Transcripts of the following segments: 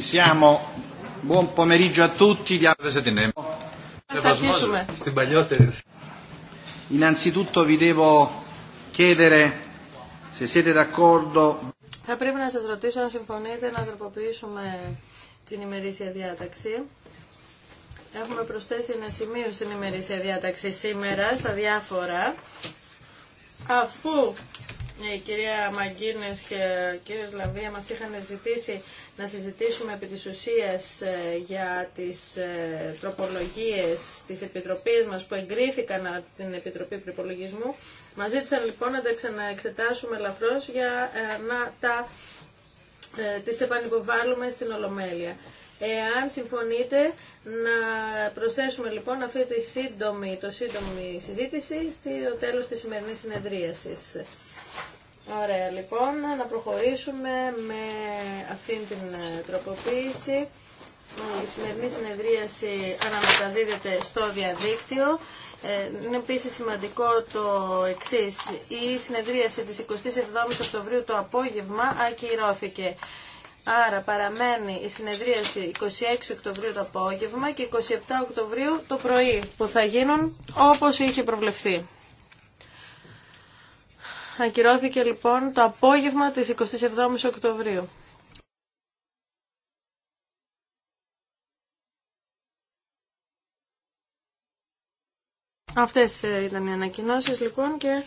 Θα πρέπει να σας ρωτήσω αν συμφωνείτε να τροποποιήσουμε την ημερήσια διάταξη. Έχουμε προσθέσει ένα σημείο στην ημερήσια διάταξη σήμερα στα διάφορα. Αφού ε, η κυρία Μαγκίνες και ο κύριος Λαβία μας είχαν ζητήσει να συζητήσουμε επί τη ουσίας ε, για τις ε, τροπολογίες της Επιτροπής μας που εγκρίθηκαν από την Επιτροπή Προπολογισμού. Μας ζήτησαν λοιπόν να τα ξαναεξετάσουμε ελαφρώς για να τα, τις επανυποβάλλουμε στην Ολομέλεια. Εάν συμφωνείτε, να προσθέσουμε λοιπόν αυτή τη σύντομη, το σύντομη συζήτηση στο τέλος της σημερινής συνεδρίασης. Ωραία, λοιπόν, να προχωρήσουμε με αυτήν την ε, τροποποίηση. Η σημερινή συνεδρίαση αναμεταδίδεται στο διαδίκτυο. Ε, είναι επίση σημαντικό το εξή. Η συνεδρίαση της 27ης Οκτωβρίου το απόγευμα ακυρώθηκε. Άρα παραμένει η συνεδρίαση 26 Οκτωβρίου το απόγευμα και 27 Οκτωβρίου το πρωί που θα γίνουν όπως είχε προβλεφθεί ακυρώθηκε λοιπόν το απόγευμα της 27ης Οκτωβρίου. Αυτές ε, ήταν οι ανακοινώσεις λοιπόν και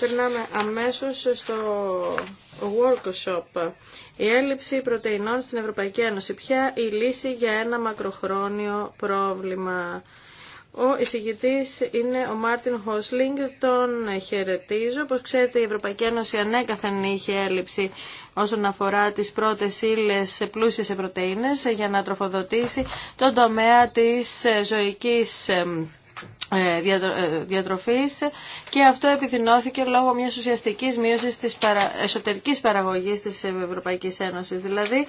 περνάμε αμέσως στο workshop. Η έλλειψη πρωτεϊνών στην Ευρωπαϊκή Ένωση. Ποια η λύση για ένα μακροχρόνιο πρόβλημα. Ο εισηγητής είναι ο Μάρτιν Χόσλινγκ, τον χαιρετίζω. Όπως ξέρετε η Ευρωπαϊκή Ένωση ανέκαθεν είχε έλλειψη όσον αφορά τις πρώτες ύλες πλούσιες σε πρωτεΐνες για να τροφοδοτήσει τον τομέα της ε, ζωικής ε, ε, διατροφής και αυτό επιθυνώθηκε λόγω μιας ουσιαστικής μείωσης της εσωτερικής παραγωγής της Ευρωπαϊκής Ένωσης. Δηλαδή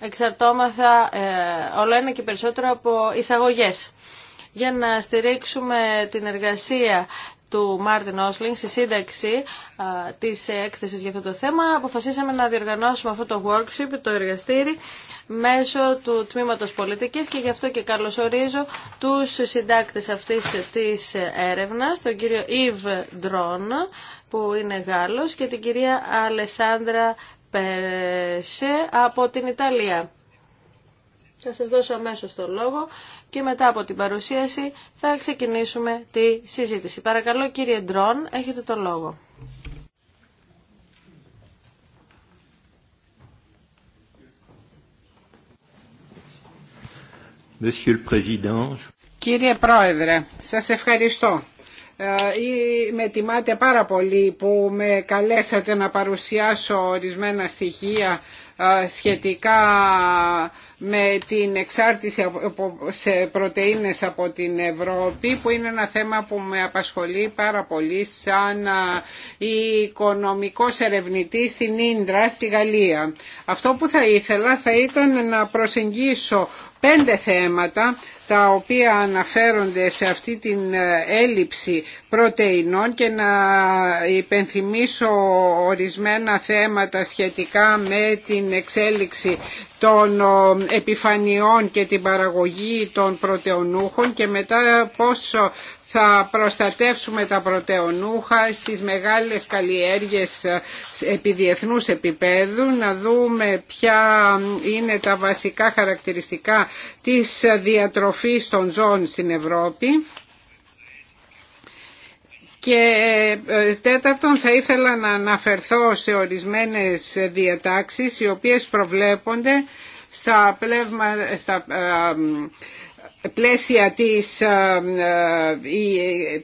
εξαρτώμαθα ε, όλο ένα και περισσότερο από εισαγωγές. Για να στηρίξουμε την εργασία του Μάρτιν Όσλινγκ στη σύνταξη της έκθεσης για αυτό το θέμα αποφασίσαμε να διοργανώσουμε αυτό το workshop, το εργαστήρι μέσω του Τμήματος Πολιτικής και γι' αυτό και καλωσορίζω τους συντάκτες αυτής της έρευνας, τον κύριο Ιβ Ντρόν που είναι Γάλλος και την κυρία Αλεσάνδρα Περσέ από την Ιταλία. Θα σας δώσω αμέσως το λόγο και μετά από την παρουσίαση θα ξεκινήσουμε τη συζήτηση. Παρακαλώ κύριε Ντρόν, έχετε το λόγο. Κύριε Πρόεδρε, σας ευχαριστώ. Ε, με τιμάτε πάρα πολύ που με καλέσατε να παρουσιάσω ορισμένα στοιχεία ε, σχετικά με την εξάρτηση σε πρωτεΐνες από την Ευρώπη που είναι ένα θέμα που με απασχολεί πάρα πολύ σαν οικονομικός ερευνητής στην Ίντρα στη Γαλλία. Αυτό που θα ήθελα θα ήταν να προσεγγίσω πέντε θέματα τα οποία αναφέρονται σε αυτή την ε, έλλειψη πρωτεϊνών και να υπενθυμίσω ορισμένα θέματα σχετικά με την εξέλιξη των ε, επιφανειών και την παραγωγή των πρωτεονούχων και μετά πώς θα προστατεύσουμε τα πρωτεονούχα στις μεγάλες καλλιέργειες ε, επί επίπεδου, να δούμε ποια είναι τα βασικά χαρακτηριστικά της διατροφής των ζώων στην Ευρώπη και ε, τέταρτον θα ήθελα να αναφερθώ σε ορισμένες διατάξεις οι οποίες προβλέπονται στα, πλεύμα, ε, ε, πλαίσια της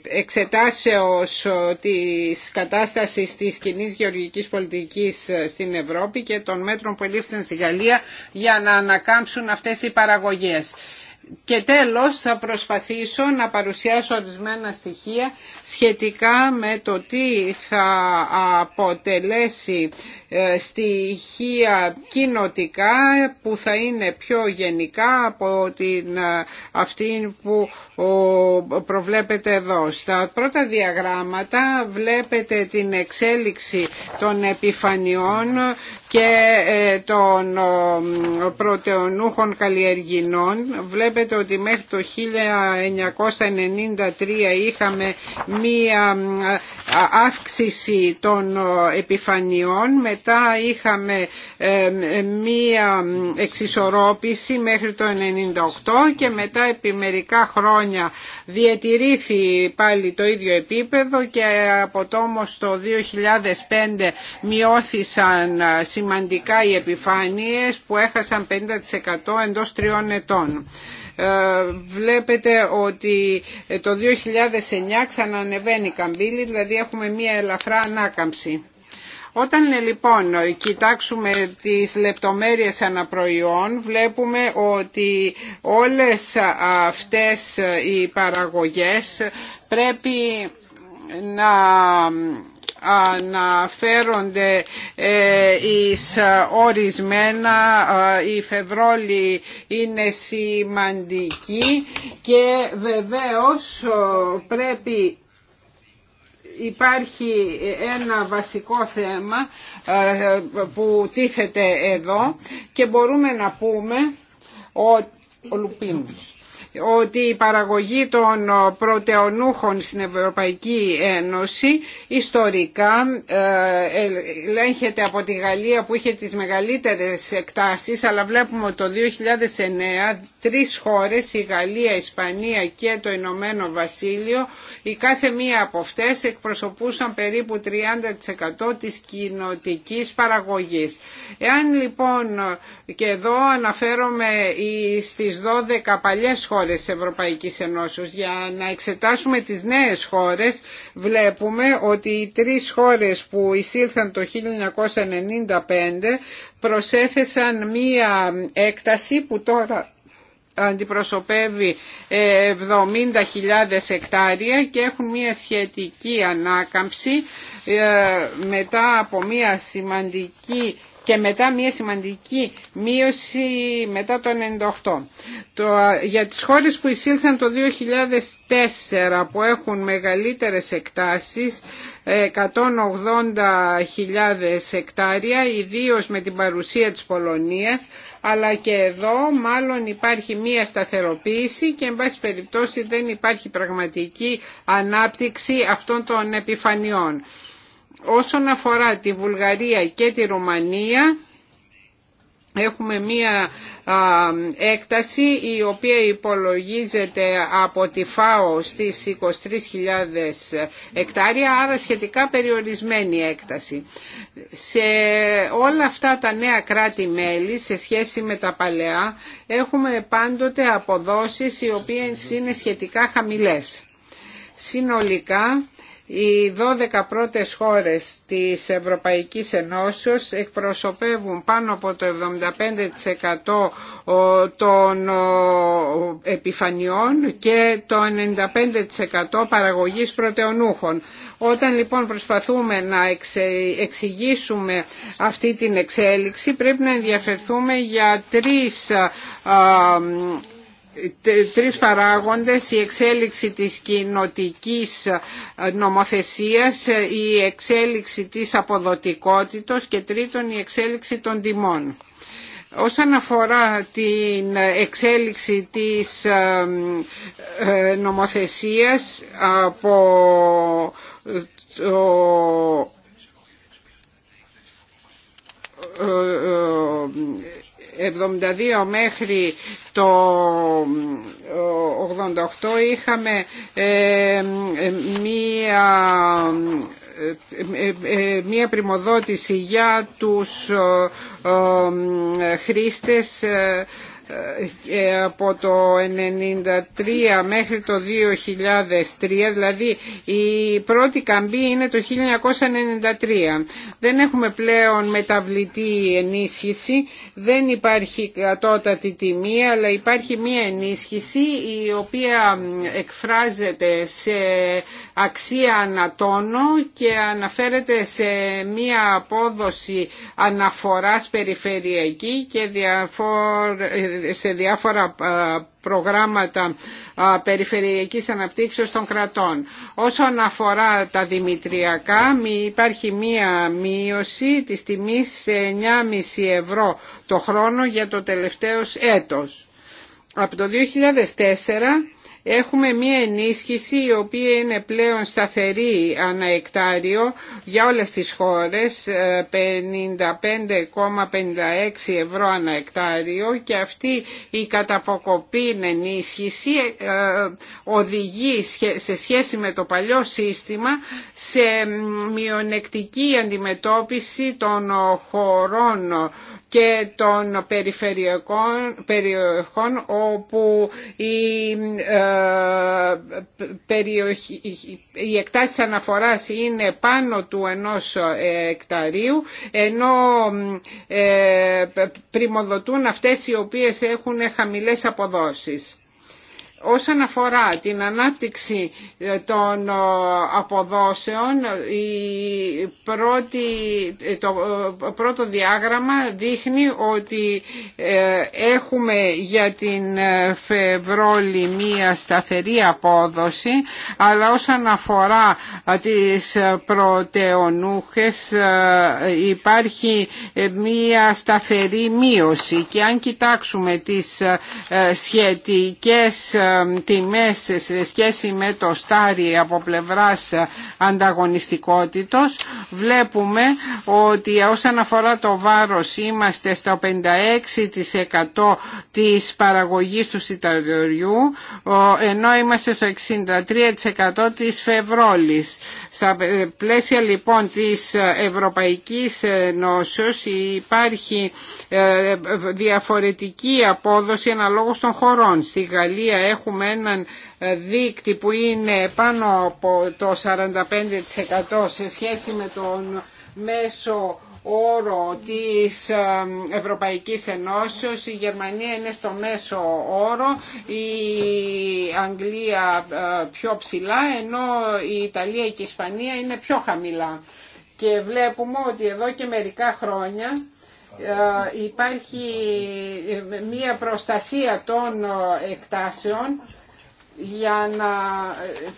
εξετάσεως της κατάστασης της κοινή γεωργικής πολιτικής στην Ευρώπη και των μέτρων που ελήφθησαν στη Γαλλία για να ανακάμψουν αυτές οι παραγωγές και τέλος θα προσπαθήσω να παρουσιάσω ορισμένα στοιχεία σχετικά με το τι θα αποτελέσει ε, στοιχεία κοινοτικά που θα είναι πιο γενικά από την ε, αυτή που προβλέπετε εδώ. Στα πρώτα διαγράμματα βλέπετε την εξέλιξη των επιφανειών και ε, των ε, πρωτεονούχων καλλιεργηνών. Βλέπετε ότι μέχρι το 1993 είχαμε μία ε, αύξηση των επιφανειών, μετά είχαμε μία εξισορρόπηση μέχρι το 1998 και μετά επιμερικά μερικά χρόνια χρόνια πάλι το ίδιο επίπεδο και από το όμως το 2005 μειώθησαν σημαντικά οι επιφάνειες που έχασαν 50% εντός τριών ετών ε, βλέπετε ότι το 2009 ξανανεβαίνει η καμπύλη, δηλαδή έχουμε μία ελαφρά ανάκαμψη. Όταν λοιπόν κοιτάξουμε τις λεπτομέρειες αναπροϊόν βλέπουμε ότι όλες αυτές οι παραγωγές πρέπει να αναφέρονται ε, εις ορισμένα ε, η φευρόλη είναι σημαντική και βεβαίως ε, πρέπει υπάρχει ένα βασικό θέμα ε, που τίθεται εδώ και μπορούμε να πούμε ότι ο Λουπίνος ότι η παραγωγή των πρωτεονούχων στην Ευρωπαϊκή Ένωση ιστορικά ε, ελέγχεται από τη Γαλλία που είχε τις μεγαλύτερες εκτάσεις αλλά βλέπουμε το 2009 τρεις χώρες, η Γαλλία, η Ισπανία και το Ηνωμένο Βασίλειο η κάθε μία από αυτές εκπροσωπούσαν περίπου 30% της κοινοτικής παραγωγής. Εάν λοιπόν και εδώ αναφέρομαι στις 12 παλιές χώρες χώρες Ευρωπαϊκής Ενώσεως. Για να εξετάσουμε τις νέες χώρες βλέπουμε ότι οι τρεις χώρες που εισήλθαν το 1995 προσέθεσαν μία έκταση που τώρα αντιπροσωπεύει 70.000 ε, εκτάρια και έχουν μια σχετική ανάκαμψη ε, μετά από μια σημαντική και μετά μια σημαντική μείωση μετά το 98. Το, για τις χώρες που εισήλθαν το 2004 που έχουν μεγαλύτερες εκτάσεις 180.000 ε, εκτάρια, ιδίως με την παρουσία της Πολωνίας, αλλά και εδώ μάλλον υπάρχει μία σταθεροποίηση και εν πάση περιπτώσει δεν υπάρχει πραγματική ανάπτυξη αυτών των επιφανειών. Όσον αφορά τη Βουλγαρία και τη Ρουμανία, έχουμε μία έκταση η οποία υπολογίζεται από τη ΦΑΟ στις 23.000 εκτάρια, άρα σχετικά περιορισμένη έκταση. Σε όλα αυτά τα νέα κράτη-μέλη σε σχέση με τα παλαιά έχουμε πάντοτε αποδόσεις οι οποίες είναι σχετικά χαμηλές. Συνολικά οι 12 πρώτες χώρες της Ευρωπαϊκής Ενώσεως εκπροσωπεύουν πάνω από το 75% των επιφανειών και το 95% παραγωγής πρωτεονούχων. Όταν λοιπόν προσπαθούμε να εξηγήσουμε αυτή την εξέλιξη πρέπει να ενδιαφερθούμε για τρεις τρεις παράγοντες, η εξέλιξη της κοινοτικής ε, νομοθεσίας, ε, η εξέλιξη της αποδοτικότητος και τρίτον η εξέλιξη των τιμών. Όσον αφορά την εξέλιξη της ε, νομοθεσίας από το 72 μέχρι το 88 είχαμε ε, ε, μία ε, μία πρημοδότηση για τους χρήστες ε, ε, από το 1993 μέχρι το 2003, δηλαδή η πρώτη καμπή είναι το 1993. Δεν έχουμε πλέον μεταβλητή ενίσχυση, δεν υπάρχει κατώτατη τιμή, αλλά υπάρχει μία ενίσχυση η οποία εκφράζεται σε αξία ανατόνο και αναφέρεται σε μία απόδοση αναφοράς περιφερειακή και διαφορετική σε διάφορα προγράμματα περιφερειακής αναπτύξεως των κρατών. Όσον αφορά τα δημητριακά, υπάρχει μία μείωση της τιμής σε 9,5 ευρώ το χρόνο για το τελευταίο έτος. Από το 2004 Έχουμε μία ενίσχυση η οποία είναι πλέον σταθερή αναεκτάριο για όλες τις χώρες 55,56 ε, ευρώ αναεκτάριο και αυτή η καταποκοπή ενίσχυση ε, ε, οδηγεί σε σχέση με το παλιό σύστημα σε μειονεκτική αντιμετώπιση των χωρών και των περιφερειακών περιοχών όπου οι, ε, περιοχή, εκτάσεις αναφοράς είναι πάνω του ενός ε, εκταρίου ενώ ε, πρημοδοτούν αυτές οι οποίες έχουν χαμηλές αποδόσεις. Όσον αφορά την ανάπτυξη ε, των ε, αποδόσεων, η πρώτη, ε, το πρώτο διάγραμμα δείχνει ότι έχουμε για την Φεβρόλη μία σταθερή απόδοση, αλλά όσον αφορά τις πρωτεονούχες υπάρχει μία σταθερή μείωση και αν κοιτάξουμε τις σχετικές τιμές σε σχέση με το στάρι από πλευράς ανταγωνιστικότητος βλέπουμε ότι όσον αφορά το βάρος είμαστε στο 56% της παραγωγής του σιταριού ενώ είμαστε στο 63% της φευρόλης. Στα πλαίσια λοιπόν της Ευρωπαϊκής Ενώσεως υπάρχει ε, διαφορετική απόδοση αναλόγως των χωρών. Στη Γαλλία έχουμε έναν ε, δείκτη που είναι πάνω από το 45% σε σχέση με τον μέσο όρο της ε, Ευρωπαϊκής Ενώσεως. Η Γερμανία είναι στο μέσο όρο, η Αγγλία ε, πιο ψηλά, ενώ η Ιταλία και η Ισπανία είναι πιο χαμηλά. Και βλέπουμε ότι εδώ και μερικά χρόνια ε, υπάρχει μία προστασία των εκτάσεων για να,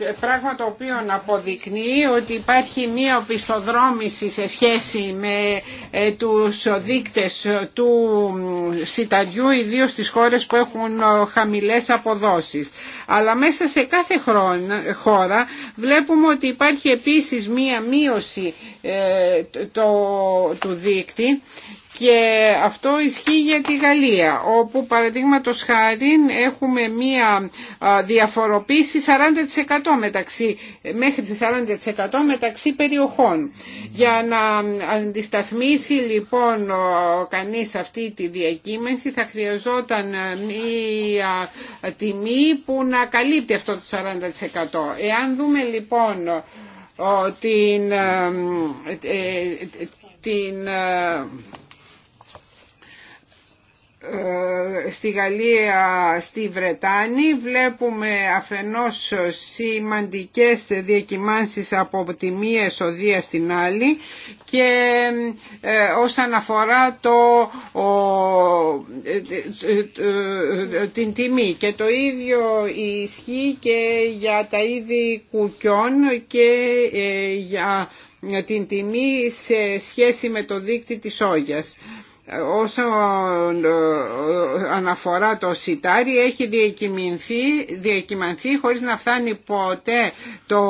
ε, πράγμα το οποίο αποδεικνύει ότι υπάρχει μία οπισθοδρόμηση σε σχέση με ε, τους δείκτες του σιταριού ιδίως στις χώρες που έχουν ε, χαμηλές αποδόσεις. Αλλά μέσα σε κάθε χώρα βλέπουμε ότι υπάρχει επίσης μία μείωση του δείκτη και αυτό ισχύει για τη Γαλλία, όπου παραδείγματο χάρη έχουμε μία διαφοροποίηση 40% μεταξύ, μέχρι 40% μεταξύ περιοχών. Για να αντισταθμίσει λοιπόν κανείς αυτή τη διακύμενση θα χρειαζόταν ε, μία τιμή που να καλύπτει αυτό το 40%. Εάν δούμε λοιπόν την, ε, ε, την ε, στη Γαλλία, στη Βρετάνη βλέπουμε αφενός σημαντικές διακυμάνσεις από τη μία εσοδεία στην άλλη και ε, όσον αφορά το, ε, την τιμή και το ίδιο ισχύει και για τα είδη κουκιών και για την τιμή σε σχέση με το δίκτυ της όγιας όσο ε, αναφορά το σιτάρι έχει διακυμανθεί, διακυμανθεί χωρίς να φτάνει ποτέ το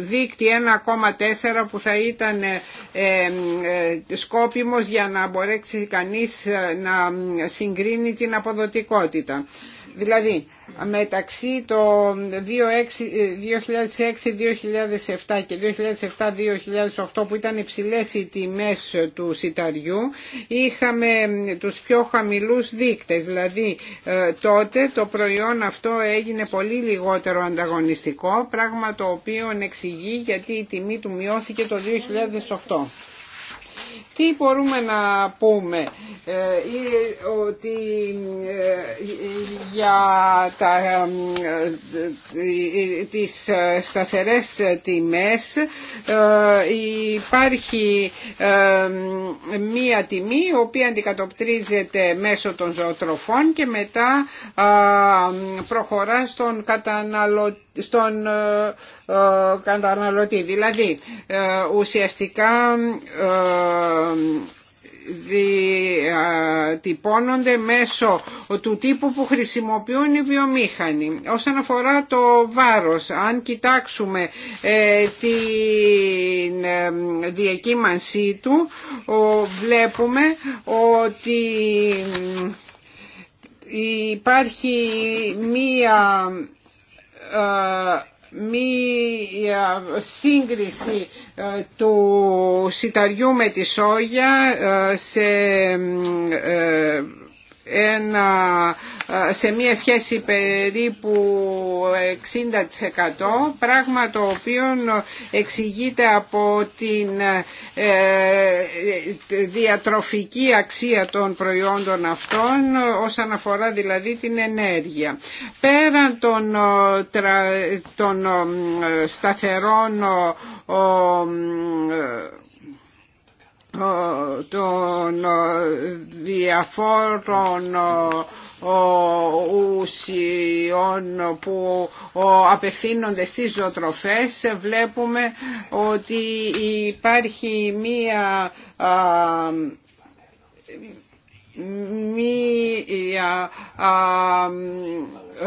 δίκτυο 1,4 που θα ήταν ε, ε, σκόπιμος για να μπορέσει κανείς να συγκρίνει την αποδοτικότητα. Δηλαδή, μεταξύ το 2006-2007 και 2007-2008 που ήταν υψηλές οι τιμές του σιταριού, είχαμε τους πιο χαμηλούς δείκτες. Δηλαδή, ε, τότε το προϊόν αυτό έγινε πολύ λιγότερο ανταγωνιστικό, πράγμα το οποίο εξηγεί γιατί η τιμή του μειώθηκε το 2008. Τι μπορούμε να πούμε ε, ότι ε, για τα, ε, τις σταθερές τιμές υπάρχει μία τιμή η οποία αντικατοπτρίζεται μέσω των ζωοτροφών και μετά προχωρά στον καταναλωτή στον ε, ε, καταναλωτή. Δηλαδή, ε, ουσιαστικά διατυπώνονται μέσω του τύπου που χρησιμοποιούν οι βιομήχανοι. Όσον αφορά το βάρος, αν κοιτάξουμε τη διακύμανσή του, βλέπουμε ότι υπάρχει μία μία σύγκριση ε, του σιταριού με τη σόγια ε, σε ε, ένα, ε, σε μια σχέση περίπου 60% πράγμα το οποίο εξηγείται από την ε, διατροφική αξία των προϊόντων αυτών όσον αφορά δηλαδή την ενέργεια. Πέραν των, ε, των σταθερών ε, των ε, διαφόρων ε, ουσιών που απευθύνονται στις ζωοτροφές βλέπουμε ότι υπάρχει μία μία ε,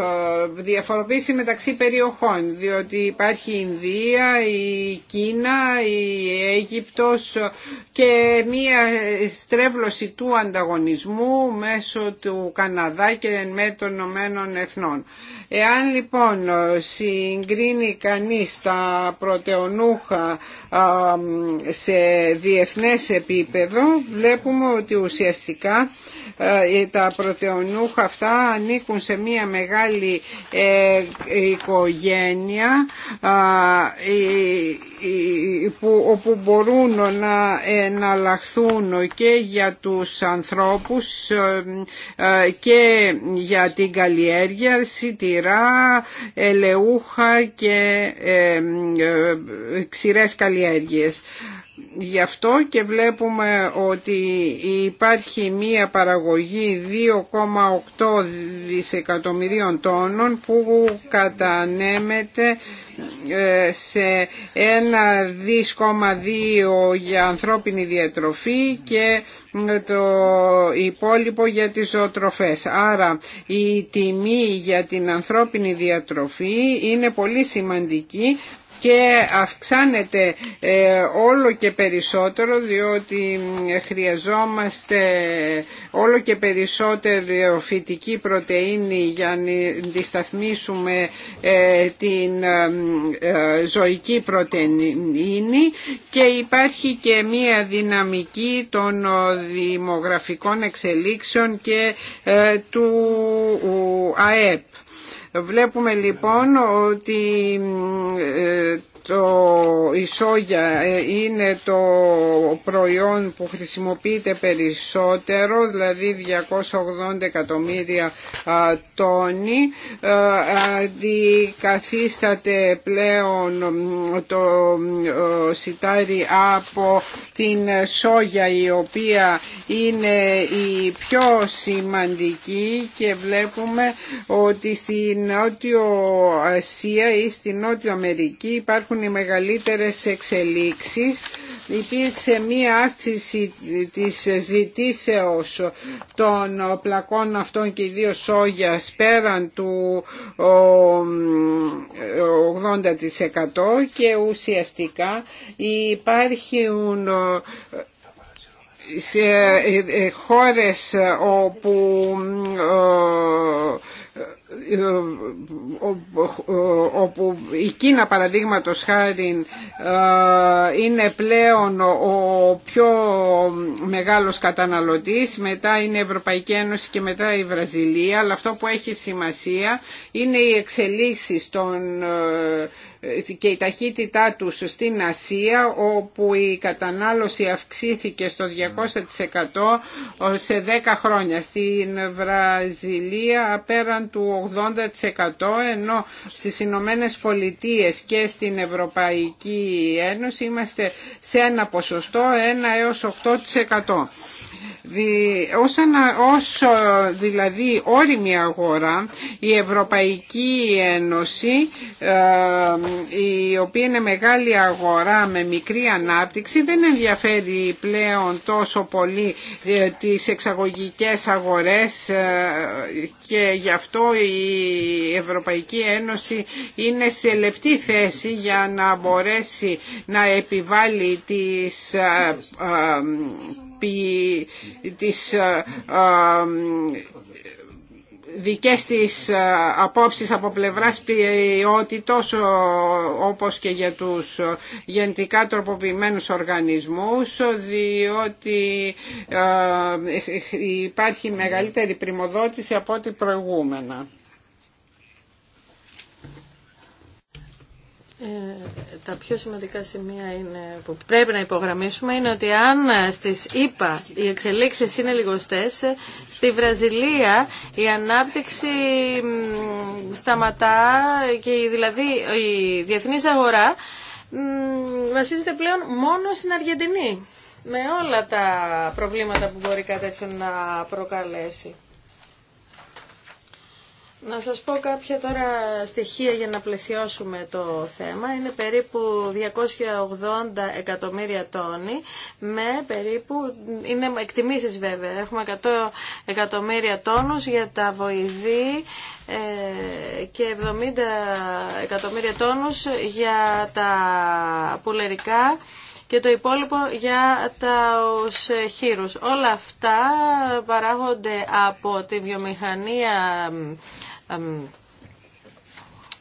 διαφοροποίηση μεταξύ περιοχών διότι υπάρχει η Ινδία, η Κίνα, η Αίγυπτος και μία στρέβλωση του ανταγωνισμού μέσω του Καναδά και μέ των Ηνωμένων Εθνών. Εάν λοιπόν συγκρίνει κανείς τα πρωτεονούχα σε διεθνές επίπεδο βλέπουμε ότι ουσιαστικά ε, τα πρωτεονούχα αυτά ανήκουν σε μια μεγάλη ε, οικογένεια όπου μπορούν να εναλλαχθούν και για τους ανθρώπους ε, και για την καλλιέργεια σιτηρά, ελαιούχα και ε, ε, ξηρές καλλιέργειες. Γι' αυτό και βλέπουμε ότι υπάρχει μία παραγωγή 2,8 δισεκατομμυρίων τόνων που κατανέμεται ε, σε 1,2 για ανθρώπινη διατροφή και ε, το υπόλοιπο για τις ζωοτροφές. Άρα η τιμή για την ανθρώπινη διατροφή είναι πολύ σημαντική και αυξάνεται ε, όλο και περισσότερο διότι χρειαζόμαστε όλο και περισσότερο φυτική πρωτεΐνη για να αντισταθμίσουμε ε, την ε, ζωική πρωτεΐνη και υπάρχει και μία δυναμική των δημογραφικών εξελίξεων και του ΑΕΠ. Βλέπουμε λοιπόν ότι ε, το, η σόγια ε, είναι το προϊόν που χρησιμοποιείται περισσότερο, δηλαδή 280 εκατομμύρια τόνοι. Ε, αντικαθίσταται πλέον το σιτάρι από την σόγια η οποία είναι η πιο σημαντική και βλέπουμε ότι στην Νότιο Ασία ή στην Νότιο Αμερική υπάρχουν οι μεγαλύτερες εξελίξεις υπήρξε μία αύξηση της ζητήσεως των πλακών αυτών και δύο σόγια πέραν του 80% και ουσιαστικά υπάρχουν σε ε, ε, χώρες όπου ε, ε, ε, όπου η Κίνα παραδείγματος χάρη είναι πλέον ο πιο μεγάλος καταναλωτής μετά είναι η Ευρωπαϊκή Ένωση και μετά η Βραζιλία αλλά αυτό που έχει σημασία είναι οι εξελίξεις των και η ταχύτητά του στην Ασία όπου η κατανάλωση αυξήθηκε στο 200% σε 10 χρόνια. Στην Βραζιλία πέραν του 80% ενώ στις Ηνωμένε Πολιτείε και στην Ευρωπαϊκή Ένωση είμαστε σε ένα ποσοστό 1 έως 8%. Όσον, όσο δηλαδή όρημη αγορά η Ευρωπαϊκή Ένωση ε, η οποία είναι μεγάλη αγορά με μικρή ανάπτυξη δεν ενδιαφέρει πλέον τόσο πολύ ε, τις εξαγωγικές αγορές ε, και γι' αυτό η Ευρωπαϊκή Ένωση είναι σε λεπτή θέση για να μπορέσει να επιβάλλει τις τις ε, ε, δικές της ε, απόψεις από πλευράς ποιότητος όπως και για τους γενικά τροποποιημένους οργανισμούς διότι υπάρχει μεγαλύτερη πρημοδότηση από ό,τι προηγούμενα. Ε, τα πιο σημαντικά σημεία είναι, που πρέπει να υπογραμμίσουμε είναι ότι αν ε, στις ΗΠΑ οι εξελίξεις είναι λιγοστές, ε, στη Βραζιλία η ανάπτυξη σταματά και δηλαδή η διεθνής αγορά βασίζεται πλέον μόνο στην Αργεντινή με όλα τα προβλήματα που μπορεί κάτι να προκαλέσει. Να σας πω κάποια τώρα στοιχεία για να πλαισιώσουμε το θέμα. Είναι περίπου 280 εκατομμύρια τόνοι με περίπου, είναι εκτιμήσεις βέβαια, έχουμε 100 εκατομμύρια τόνους για τα βοηδή ε, και 70 εκατομμύρια τόνους για τα πουλερικά και το υπόλοιπο για τα χείρους. Όλα αυτά παράγονται από τη βιομηχανία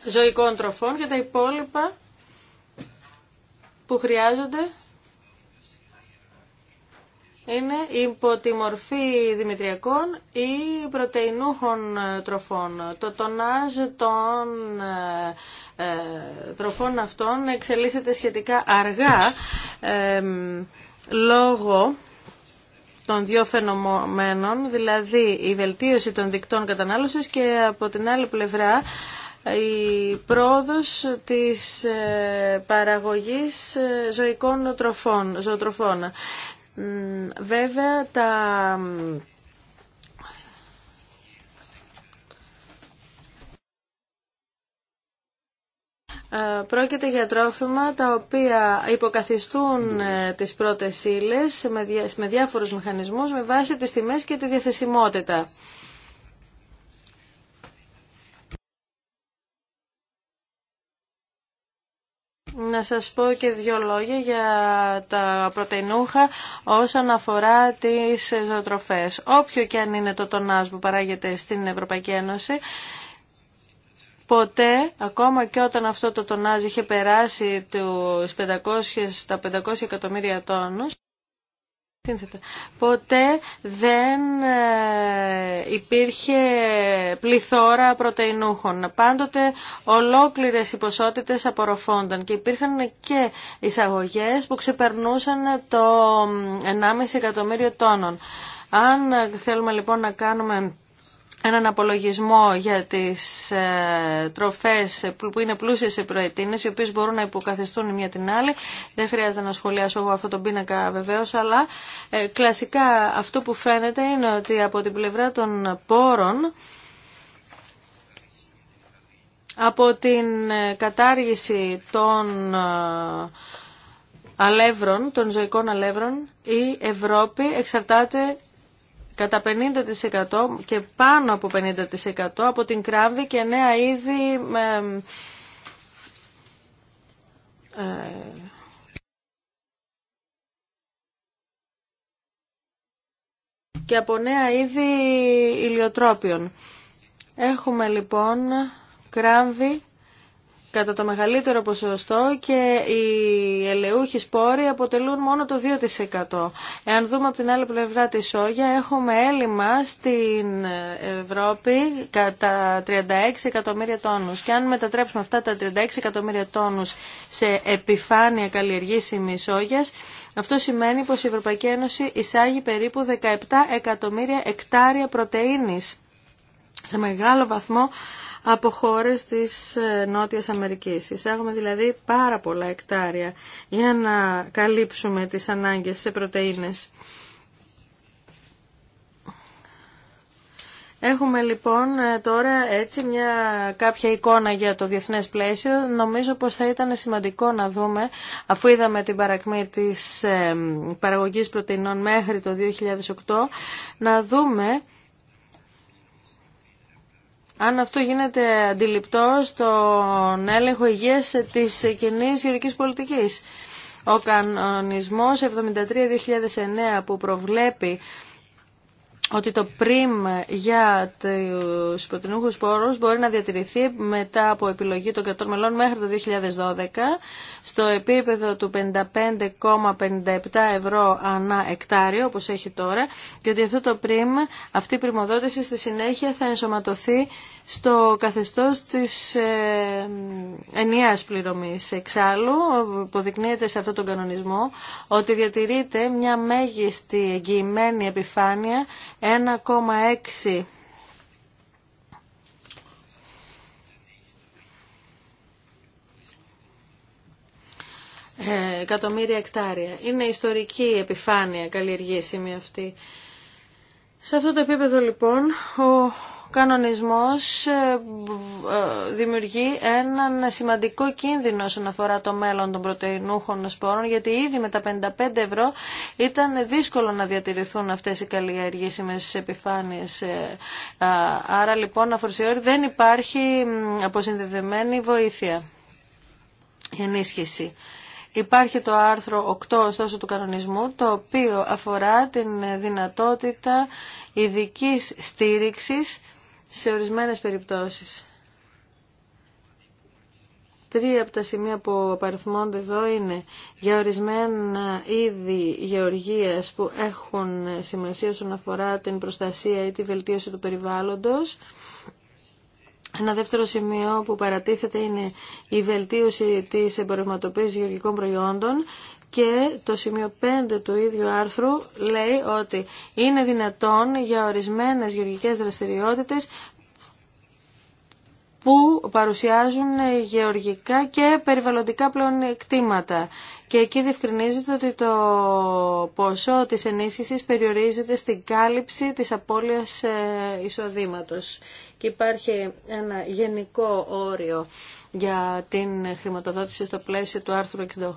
ζωικών τροφών και τα υπόλοιπα που χρειάζονται είναι υπό τη μορφή δημητριακών ή πρωτεϊνούχων ε, τροφών. Το τονάζ των ε, ε, τροφών αυτών εξελίσσεται σχετικά αργά λόγω των δύο φαινομένων, δηλαδή η βελτίωση των δικτών κατανάλωσης και από την άλλη πλευρά η πρόοδος της ε, παραγωγής ε, ζωικών τροφών, ζωοτροφών. Βέβαια τα Ε, πρόκειται για τρόφιμα τα οποία υποκαθιστούν ε, τις πρώτες ύλε με διάφορους μηχανισμούς με βάση τις τιμές και τη διαθεσιμότητα. Να σας πω και δύο λόγια για τα πρωτεϊνούχα όσον αφορά τις ζωοτροφές. Όποιο και αν είναι το τονάζ που παράγεται στην Ευρωπαϊκή Ένωση, Ποτέ, ακόμα και όταν αυτό το τονάζ είχε περάσει τους 500, τα 500 εκατομμύρια τόνους, Ποτέ δεν ε, υπήρχε πληθώρα πρωτεϊνούχων. Πάντοτε ολόκληρες οι ποσότητες απορροφώνταν και υπήρχαν και εισαγωγές που ξεπερνούσαν το 1,5 ε, εκατομμύριο τόνων. Αν θέλουμε λοιπόν να κάνουμε έναν απολογισμό για τις ε, τροφές που είναι πλούσιες σε προετίνες, οι οποίες μπορούν να υποκαθιστούν η μία την άλλη. Δεν χρειάζεται να σχολιάσω εγώ αυτό τον πίνακα βεβαίως, αλλά ε, κλασικά αυτό που φαίνεται είναι ότι από την πλευρά των πόρων, από την ε, κατάργηση των αλεύρων, των ζωικών αλεύρων, η Ευρώπη εξαρτάται κατά 50% και πάνω από 50% από την κράμβη και νέα είδη ε, και από νέα είδη ηλιοτρόπιων. Έχουμε λοιπόν κράμβη κατά το μεγαλύτερο ποσοστό και οι ελαιούχοι σπόροι αποτελούν μόνο το 2%. Εάν δούμε από την άλλη πλευρά τη σόγια, έχουμε έλλειμμα στην Ευρώπη κατά 36 εκατομμύρια τόνους. Και αν μετατρέψουμε αυτά τα 36 εκατομμύρια τόνους σε επιφάνεια καλλιεργήσιμη σόγιας, αυτό σημαίνει πως η Ευρωπαϊκή Ένωση εισάγει περίπου 17 εκατομμύρια εκτάρια πρωτεΐνης σε μεγάλο βαθμό από χώρες της ε, Νότιας Αμερικής. Εισάγουμε δηλαδή πάρα πολλά εκτάρια για να καλύψουμε τις ανάγκες σε πρωτεΐνες. Έχουμε λοιπόν ε, τώρα έτσι μια κάποια εικόνα για το διεθνές πλαίσιο. Νομίζω πως θα ήταν σημαντικό να δούμε, αφού είδαμε την παρακμή της ε, παραγωγής πρωτεϊνών μέχρι το 2008, να δούμε αν αυτό γίνεται αντιληπτό στον έλεγχο υγείας της κοινή γερικής πολιτικής. Ο κανονισμός 73-2009 που προβλέπει ότι το πριμ για τους πρωτενούχους πόρους μπορεί να διατηρηθεί μετά από επιλογή των κρατών μελών μέχρι το 2012 στο επίπεδο του 55,57 ευρώ ανά εκτάριο όπως έχει τώρα και ότι αυτό το πριμ, αυτή η πριμοδότηση στη συνέχεια θα ενσωματωθεί στο καθεστώς της ε, ενιαίας πληρωμής. Εξάλλου, υποδεικνύεται σε αυτόν τον κανονισμό ότι διατηρείται μια μέγιστη εγγυημένη επιφάνεια 1,6 εκατομμύρια εκτάρια. Είναι ιστορική επιφάνεια καλλιεργήσιμη αυτή. Σε αυτό το επίπεδο λοιπόν ο κανονισμός ε, ε, δημιουργεί έναν σημαντικό κίνδυνο όσον αφορά το μέλλον των πρωτεϊνούχων σπόρων, γιατί ήδη με τα 55 ευρώ ήταν δύσκολο να διατηρηθούν αυτές οι καλλιεργήσιμες επιφάνειες. Ε, άρα λοιπόν αφορσιόρι δεν υπάρχει αποσυνδεδεμένη βοήθεια, ενίσχυση. Υπάρχει το άρθρο 8 ωστόσο του κανονισμού, το οποίο αφορά την δυνατότητα ειδική στήριξης σε ορισμένες περιπτώσεις. Τρία από τα σημεία που απαριθμώνται εδώ είναι για ορισμένα είδη γεωργίας που έχουν σημασία όσον αφορά την προστασία ή τη βελτίωση του περιβάλλοντος. Ένα δεύτερο σημείο που παρατίθεται είναι η βελτίωση της εμπορευματοποίησης γεωργικών προϊόντων και το σημείο 5 του ίδιου άρθρου λέει ότι είναι δυνατόν για ορισμένες γεωργικές δραστηριότητες που παρουσιάζουν γεωργικά και περιβαλλοντικά πλεονεκτήματα. Και εκεί διευκρινίζεται ότι το ποσό της ενίσχυσης περιορίζεται στην κάλυψη της απώλειας ε, εισοδήματος. Και υπάρχει ένα γενικό όριο για την χρηματοδότηση στο πλαίσιο του άρθρου 68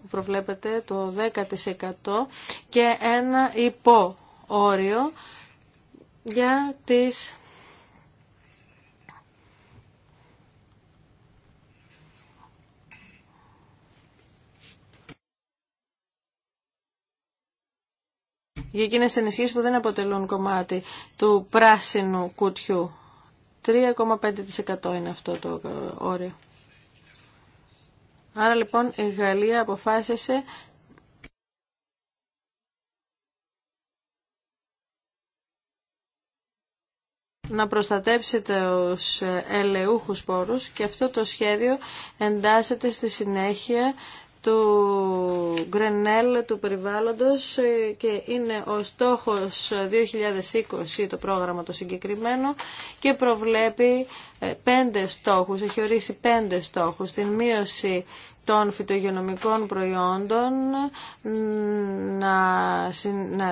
που προβλέπεται το 10% και ένα υπό όριο για τις για εκείνες ενισχύσεις που δεν αποτελούν κομμάτι του πράσινου κουτιού. 3,5% είναι αυτό το όριο. Άρα λοιπόν η Γαλλία αποφάσισε να προστατεύσει τους ελαιούχους πόρους και αυτό το σχέδιο εντάσσεται στη συνέχεια του Γκρενέλ του περιβάλλοντος ε, και είναι ο στόχος 2020 το πρόγραμμα το συγκεκριμένο και προβλέπει ε, πέντε στόχους, έχει ορίσει πέντε στόχους, την μείωση των φυτογενομικών προϊόντων να,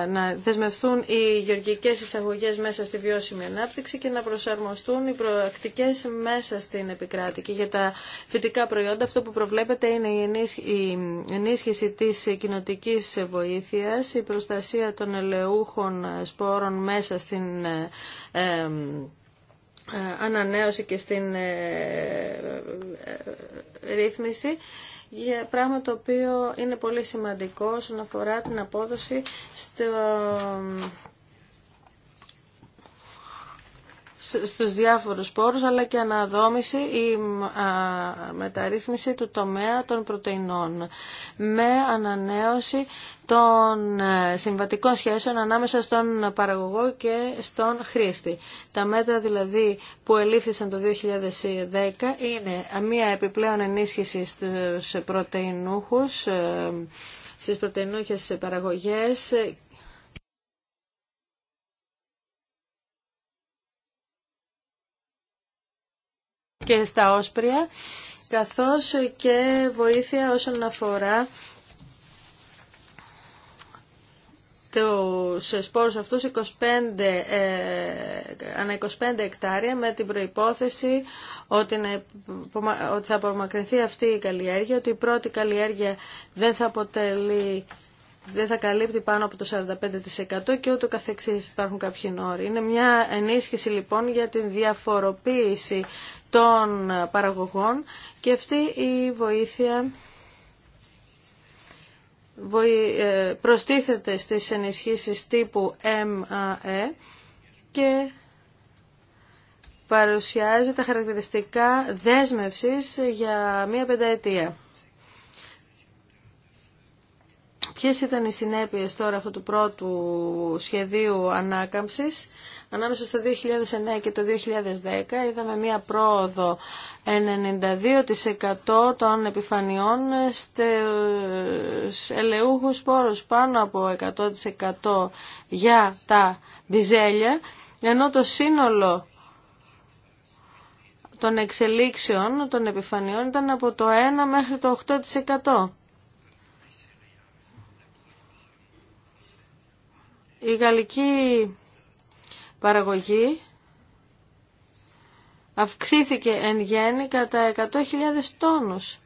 να, δεσμευθούν οι γεωργικές εισαγωγές μέσα στη βιώσιμη ανάπτυξη και να προσαρμοστούν οι προακτικές μέσα στην επικράτη. για τα φυτικά προϊόντα αυτό που προβλέπεται είναι η ενίσχυση της κοινοτική βοήθειας, η προστασία των ελαιούχων σπόρων μέσα στην ε, ε, ε, ανανέωση και στην ε, ε, ρύθμιση για πράγμα το οποίο είναι πολύ σημαντικό όσον αφορά την απόδοση στο στους διάφορους πόρους αλλά και αναδόμηση ή μεταρρύθμιση του τομέα των πρωτεϊνών με ανανέωση των ε, συμβατικών σχέσεων ανάμεσα στον παραγωγό και στον χρήστη. Τα μέτρα δηλαδή που ελήφθησαν το 2010 είναι μια επιπλέον ενίσχυση στους πρωτεϊνούχους ε, στις πρωτεϊνούχες παραγωγές και στα όσπρια, καθώς και βοήθεια όσον αφορά σε σπόρους αυτούς 25, ε, ανά 25 εκτάρια με την προϋπόθεση ότι, θα απομακρυνθεί αυτή η καλλιέργεια, ότι η πρώτη καλλιέργεια δεν θα αποτελεί δεν θα καλύπτει πάνω από το 45% και ούτω καθεξής υπάρχουν κάποιοι νόροι. Είναι μια ενίσχυση λοιπόν για την διαφοροποίηση των παραγωγών και αυτή η βοήθεια ε, προστίθεται στις ενισχύσεις τύπου MAE και παρουσιάζει τα χαρακτηριστικά δέσμευσης για μία πενταετία. Ποιες ήταν οι συνέπειες τώρα αυτού του πρώτου σχεδίου ανάκαμψης. Ανάμεσα στο 2009 και το 2010 είδαμε μία πρόοδο 92% των επιφανειών στους ελαιούχους πόρους πάνω από 100% για τα μπιζέλια, ενώ το σύνολο των εξελίξεων των επιφανειών ήταν από το 1 μέχρι το 8%. Η γαλλική παραγωγή αυξήθηκε εν γέννη κατά 100.000 τόνους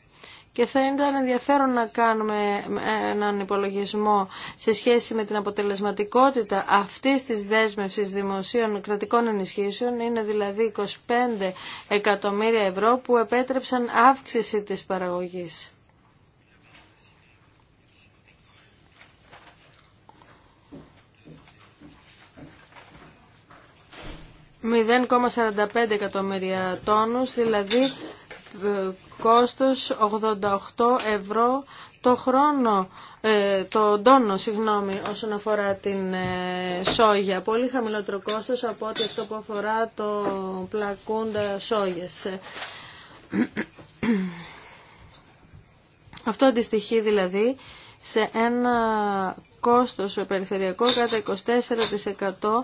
και θα ήταν ενδιαφέρον να κάνουμε έναν υπολογισμό σε σχέση με την αποτελεσματικότητα αυτής της δέσμευσης δημοσίων κρατικών ενισχύσεων. Είναι δηλαδή 25 εκατομμύρια ευρώ που επέτρεψαν αύξηση της παραγωγής. 0,45 εκατομμύρια τόνους, δηλαδή ε, κόστος 88 ευρώ το χρόνο, ε, το τόνο, συγγνώμη, όσον αφορά την ε, σόγια. Πολύ χαμηλότερο κόστος από ό,τι αυτό που αφορά το πλακούντα σόγιας. Αυτό αντιστοιχεί δηλαδή σε ένα κόστος περιφερειακό κατά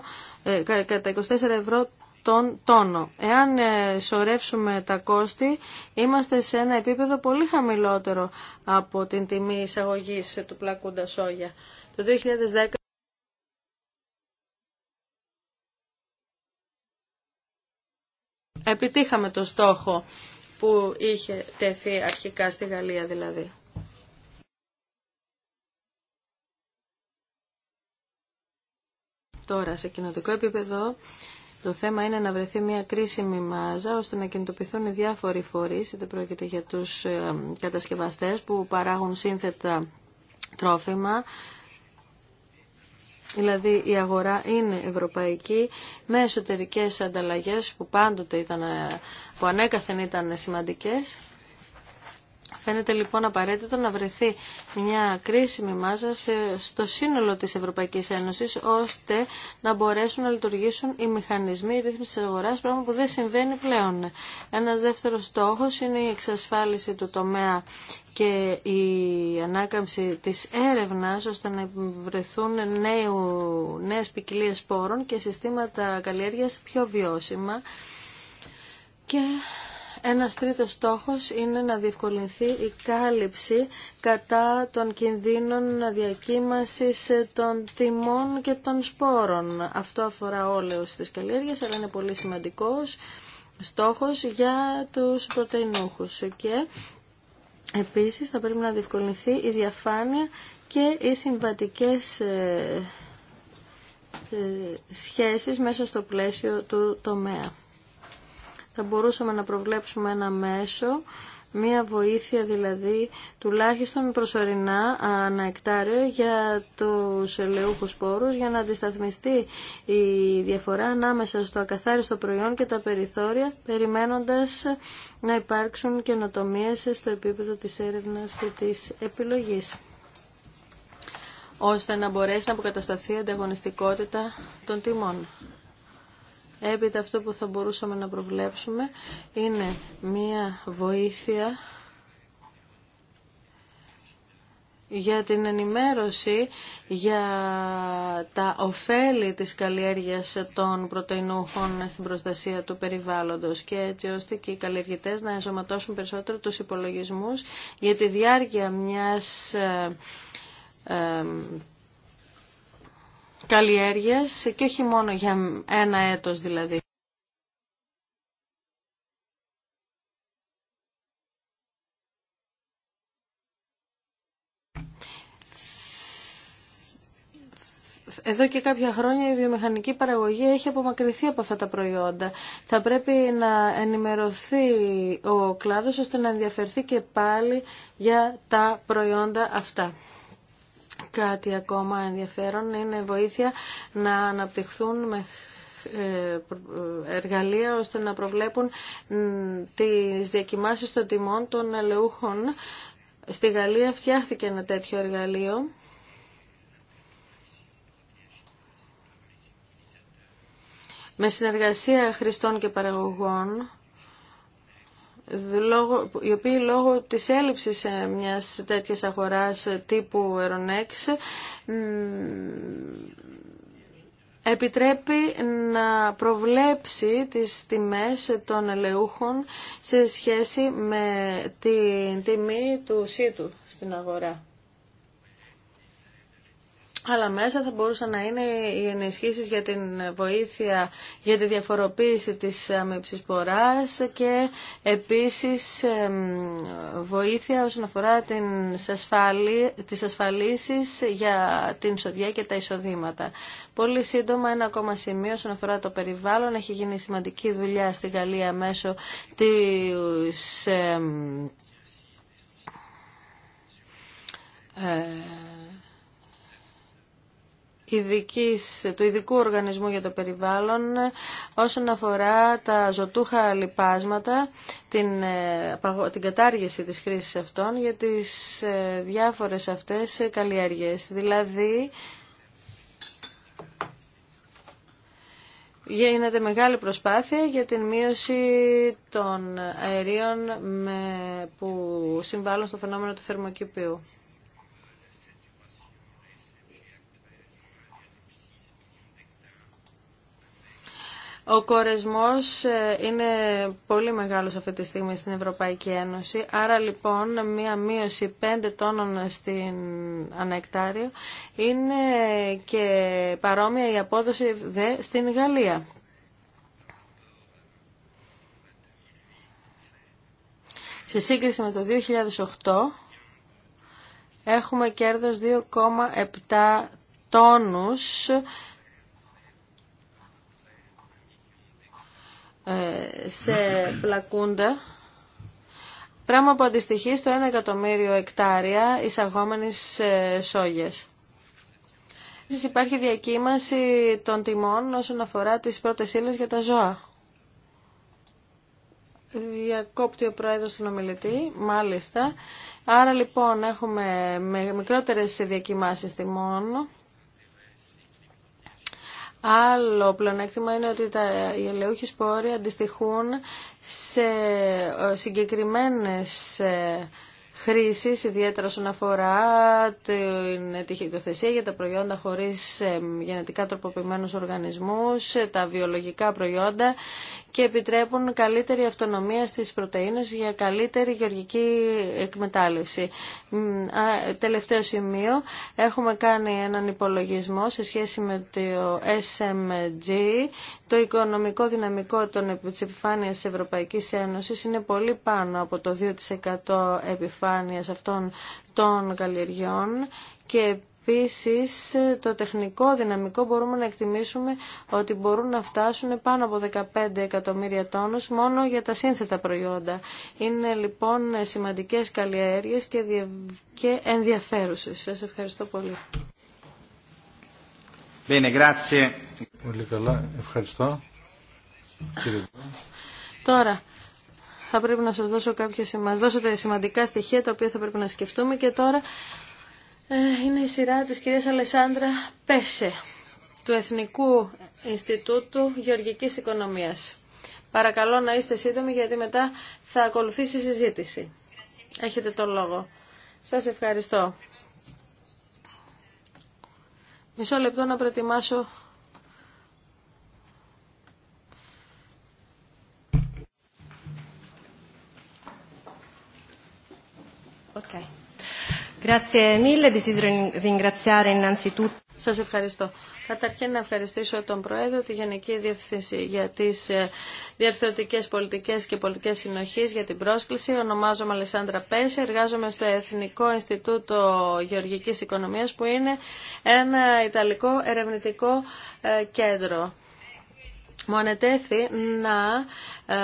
24% ε, κατά 24 ευρώ τον τόνο. Εάν ε, σωρεύσουμε τα κόστη, είμαστε σε ένα επίπεδο πολύ χαμηλότερο από την τιμή εισαγωγής του πλακούντα σόγια. Το 2010 επιτύχαμε το στόχο που είχε τεθεί αρχικά στη Γαλλία δηλαδή. Τώρα, σε κοινοτικό επίπεδο, το θέμα είναι να βρεθεί μια κρίσιμη μάζα ώστε να κινητοποιηθούν οι διάφοροι φορείς, είτε πρόκειται για τους ε, κατασκευαστές που παράγουν σύνθετα τρόφιμα, Δηλαδή η αγορά είναι ευρωπαϊκή με εσωτερικές ανταλλαγές που πάντοτε ήταν, ε, που ανέκαθεν ήταν σημαντικές Φαίνεται λοιπόν απαραίτητο να βρεθεί μια κρίσιμη μάζα στο σύνολο της Ευρωπαϊκής Ένωσης ώστε να μπορέσουν να λειτουργήσουν οι μηχανισμοί ρύθμισης της αγοράς, πράγμα που δεν συμβαίνει πλέον. Ένας δεύτερος στόχος είναι η εξασφάλιση του τομέα και η ανάκαμψη της έρευνας ώστε να βρεθούν νέου, νέες ποικιλίε σπόρων και συστήματα καλλιέργειας πιο βιώσιμα και ένας τρίτος στόχος είναι να διευκολυνθεί η κάλυψη κατά των κινδύνων διακύμασης ε, των τιμών και των σπόρων. Αυτό αφορά όλες τις καλλιέργειες, αλλά είναι πολύ σημαντικός στόχος για τους πρωτεϊνούχους. Και επίσης θα πρέπει να διευκολυνθεί η διαφάνεια και οι συμβατικές ε, ε, σχέσεις μέσα στο πλαίσιο του τομέα θα μπορούσαμε να προβλέψουμε ένα μέσο μία βοήθεια δηλαδή τουλάχιστον προσωρινά ανά εκτάριο για τους ελαιούχους πόρους για να αντισταθμιστεί η διαφορά ανάμεσα στο ακαθάριστο προϊόν και τα περιθώρια περιμένοντας να υπάρξουν καινοτομίες στο επίπεδο της έρευνας και της επιλογής ώστε να μπορέσει να αποκατασταθεί η ανταγωνιστικότητα των τιμών. Έπειτα αυτό που θα μπορούσαμε να προβλέψουμε είναι μία βοήθεια για την ενημέρωση για τα ωφέλη της καλλιέργειας των πρωτεϊνούχων στην προστασία του περιβάλλοντος και έτσι ώστε και οι καλλιεργητές να ενσωματώσουν περισσότερο τους υπολογισμούς για τη διάρκεια μιας ε, ε, καλλιέργειας και όχι μόνο για ένα έτος δηλαδή. Εδώ και κάποια χρόνια η βιομηχανική παραγωγή έχει απομακρυνθεί από αυτά τα προϊόντα. Θα πρέπει να ενημερωθεί ο κλάδος ώστε να ενδιαφερθεί και πάλι για τα προϊόντα αυτά. Κάτι ακόμα ενδιαφέρον είναι βοήθεια να αναπτυχθούν με ε, ε, εργαλεία ώστε να προβλέπουν τις διακοιμάσεις των τιμών των ελαιούχων. Στη Γαλλία φτιάχθηκε ένα τέτοιο εργαλείο. Με συνεργασία χρηστών και παραγωγών η οποία λόγω της έλλειψης ε, μιας τέτοιας αγοράς ε, τύπου Euronex επιτρέπει να προβλέψει τις τιμές των ελαιούχων σε σχέση με την τιμή του ΣΥΤΟΥ στην αγορά αλλά μέσα θα μπορούσαν να είναι οι ενισχύσεις για την βοήθεια για τη διαφοροποίηση της αμυψης και επίσης βοήθεια όσον αφορά τις ασφαλίσεις για την σοδιά και τα εισοδήματα. Πολύ σύντομα ένα ακόμα σημείο όσον αφορά το περιβάλλον. Έχει γίνει σημαντική δουλειά στη Γαλλία μέσω της ε, του ειδικού οργανισμού για το περιβάλλον ε, όσον αφορά τα ζωτούχα λιπάσματα, την, ε, την κατάργηση της χρήσης αυτών για τις ε, διάφορες αυτές καλλιέργειες. Δηλαδή, γίνεται μεγάλη προσπάθεια για την μείωση των αερίων με, που συμβάλλουν στο φαινόμενο του θερμοκηπίου. Ο κορεσμός ε, είναι πολύ μεγάλος αυτή τη στιγμή στην Ευρωπαϊκή Ένωση, άρα λοιπόν μία μείωση 5 τόνων στην ανεκτάριο είναι και παρόμοια η απόδοση δε στην Γαλλία. Σε σύγκριση με το 2008 έχουμε κέρδος 2,7 τόνους Ε, σε πλακούντα, πράγμα που αντιστοιχεί στο 1 εκατομμύριο εκτάρια εισαγόμενης ε, σόγιας. Επίσης υπάρχει διακύμαση των τιμών όσον αφορά τις πρώτες ύλες για τα ζώα. Διακόπτει ο Πρόεδρος στον ομιλητή, μάλιστα. Άρα λοιπόν έχουμε με μικρότερες διακοιμάσεις τιμών Άλλο πλεονέκτημα είναι ότι τα, οι ελαιούχοι σπόροι αντιστοιχούν σε ε, συγκεκριμένες ε, χρήσεις, ιδιαίτερα όσον αφορά την τυχητοθεσία για τα προϊόντα χωρίς ε, γενετικά τροποποιημένους οργανισμούς, τα βιολογικά προϊόντα και επιτρέπουν καλύτερη αυτονομία στις πρωτεΐνες για καλύτερη γεωργική εκμετάλλευση. Τελευταίο σημείο, έχουμε κάνει έναν υπολογισμό σε σχέση με το SMG. Το οικονομικό δυναμικό των επιφάνειας της Ευρωπαϊκής Ένωσης είναι πολύ πάνω από το 2% επιφάνειας αυτών των καλλιεργιών και Επίσης, το τεχνικό δυναμικό μπορούμε να εκτιμήσουμε ότι μπορούν να φτάσουν πάνω από 15 εκατομμύρια τόνους μόνο για τα σύνθετα προϊόντα. Είναι λοιπόν σημαντικές καλλιέργειες και, και ενδιαφέρουσες. Σας ευχαριστώ πολύ. Πολύ καλά. Ευχαριστώ. Τώρα, θα πρέπει να σας δώσω κάποια μας δώσετε σημαντικά στοιχεία τα οποία θα πρέπει να σκεφτούμε και τώρα ε, είναι η σειρά της κυρίας Αλεσάνδρα Πέσε του Εθνικού Ινστιτούτου Γεωργικής Οικονομίας. Παρακαλώ να είστε σύντομοι γιατί μετά θα ακολουθήσει η συζήτηση. Έχετε τον λόγο. Σας ευχαριστώ. Μισό λεπτό να προετοιμάσω Okay. Σας ευχαριστώ. Καταρχήν να ευχαριστήσω τον Πρόεδρο, τη Γενική Διευθύνση για τις ε, διαρθρωτικές πολιτικές και πολιτικές συνοχής για την πρόσκληση. Ονομάζομαι Αλεσάνδρα Πέση, εργάζομαι στο Εθνικό Ινστιτούτο Γεωργικής Οικονομίας που είναι ένα Ιταλικό ερευνητικό ε, κέντρο μου ανετέθη να ε,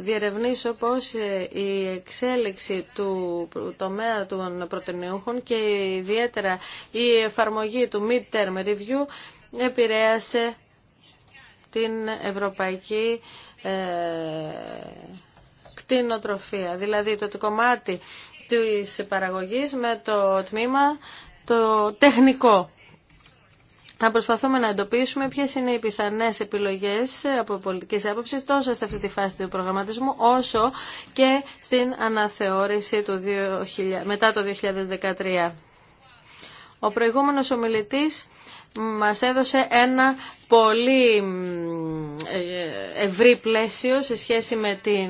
διερευνήσω πώς ε, η εξέλιξη του τομέα των πρωτενιούχων και ιδιαίτερα η εφαρμογή του mid-term review επηρέασε την ευρωπαϊκή ε, κτηνοτροφία. Δηλαδή το κομμάτι της παραγωγής με το τμήμα το τεχνικό να προσπαθούμε να εντοπίσουμε ποιε είναι οι πιθανέ επιλογέ ε, από πολιτική άποψη τόσο σε αυτή τη φάση του προγραμματισμού όσο και στην αναθεώρηση 2000, μετά το 2013. Ο προηγούμενος ομιλητής μας έδωσε ένα πολύ ε, ευρύ πλαίσιο σε σχέση με τις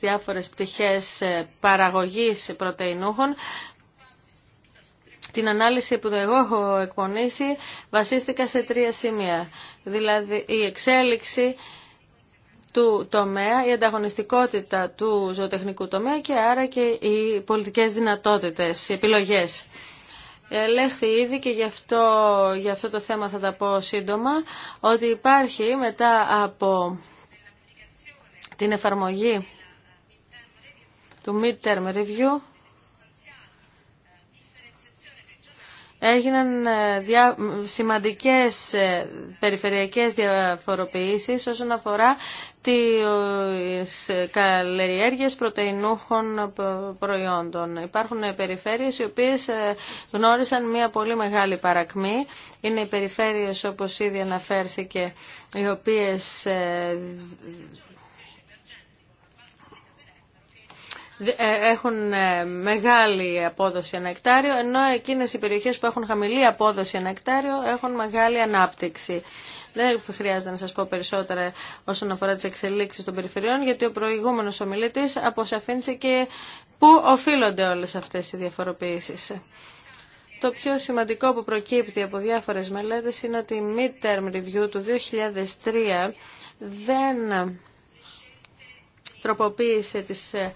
διάφορες πτυχές ε, παραγωγής πρωτεϊνούχων την ανάλυση που εγώ έχω εκπονήσει βασίστηκα σε τρία σημεία. Δηλαδή η εξέλιξη του τομέα, η ανταγωνιστικότητα του ζωοτεχνικού τομέα και άρα και οι πολιτικές δυνατότητες, οι επιλογές. Ελέγχθη ήδη και γι' αυτό, γι αυτό το θέμα θα τα πω σύντομα, ότι υπάρχει μετά από την εφαρμογή του Midterm Review έγιναν ε, δια... σημαντικές ε, περιφερειακές διαφοροποιήσεις όσον αφορά τις ε, καλλιέργειες πρωτεϊνούχων προϊόντων. Υπάρχουν περιφέρειες οι οποίες γνώρισαν μια πολύ μεγάλη παρακμή. Είναι οι περιφέρειες όπως ήδη αναφέρθηκε οι οποίες Ε, έχουν ε, μεγάλη απόδοση ένα εκτάριο, ενώ εκείνες οι περιοχές που έχουν χαμηλή απόδοση ένα εκτάριο έχουν μεγάλη ανάπτυξη. Δεν χρειάζεται να σας πω περισσότερα όσον αφορά τις εξελίξεις των περιφερειών, γιατί ο προηγούμενος ομιλητής αποσαφήνισε και πού οφείλονται όλες αυτές οι διαφοροποιήσεις. Το πιο σημαντικό που προκύπτει από διάφορες μελέτες είναι ότι η mid-term Review του 2003 δεν τροποποίησε τις ε,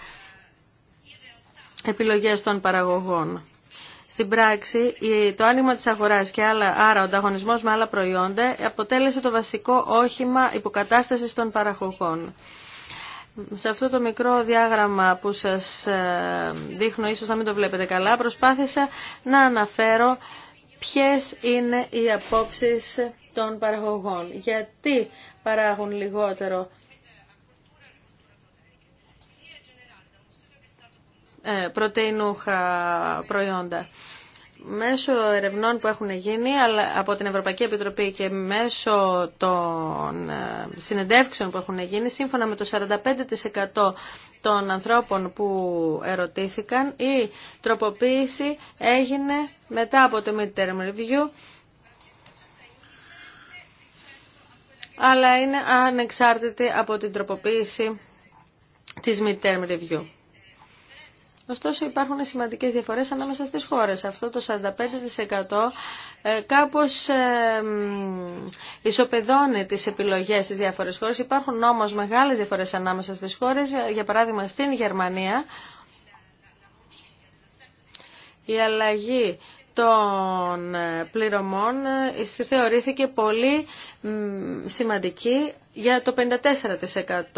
επιλογές των παραγωγών. Στην πράξη, το άνοιγμα της αγοράς και άλλα, άρα ο ανταγωνισμός με άλλα προϊόντα αποτέλεσε το βασικό όχημα υποκατάστασης των παραγωγών. Σε αυτό το μικρό διάγραμμα που σας ε, δείχνω, ίσως να μην το βλέπετε καλά, προσπάθησα να αναφέρω ποιες είναι οι απόψεις των παραγωγών. Γιατί παράγουν λιγότερο Ε, πρωτεϊνούχα προϊόντα. Μέσω ερευνών που έχουν γίνει από την Ευρωπαϊκή Επιτροπή και μέσω των ε, συνεντεύξεων που έχουν γίνει, σύμφωνα με το 45% των ανθρώπων που ερωτήθηκαν, η τροποποίηση έγινε μετά από το midterm review, αλλά είναι ανεξάρτητη από την τροποποίηση της mid-term review. Ωστόσο υπάρχουν σημαντικές διαφορές ανάμεσα στις χώρες. Αυτό το 45% ε, κάπως ε, ισοπεδώνει τις επιλογές στις διάφορες χώρες. Υπάρχουν όμως μεγάλες διαφορές ανάμεσα στις χώρες. Ε, για παράδειγμα στην Γερμανία η αλλαγή των πληρωμών θεωρήθηκε πολύ σημαντική για το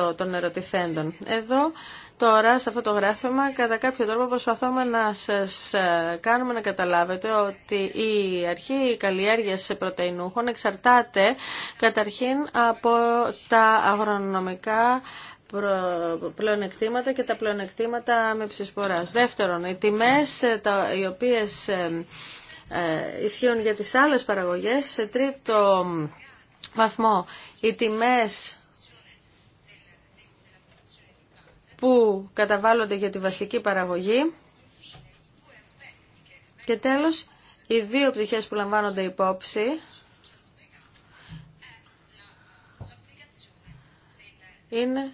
54% των ερωτηθέντων. Εδώ Τώρα, σε αυτό το γράφημα, κατά κάποιο τρόπο προσπαθούμε να σας ε, κάνουμε να καταλάβετε ότι η αρχή καλλιέργειας πρωτεϊνούχων εξαρτάται καταρχήν από τα αγρονομικά πλεονεκτήματα και τα πλεονεκτήματα με ψησποράς. Δεύτερον, οι τιμές ε, οι οποίες ε, ισχύουν για τις άλλες παραγωγές. Σε τρίτο βαθμό, οι τιμές που καταβάλλονται για τη βασική παραγωγή. Και τέλος, οι δύο πτυχές που λαμβάνονται υπόψη είναι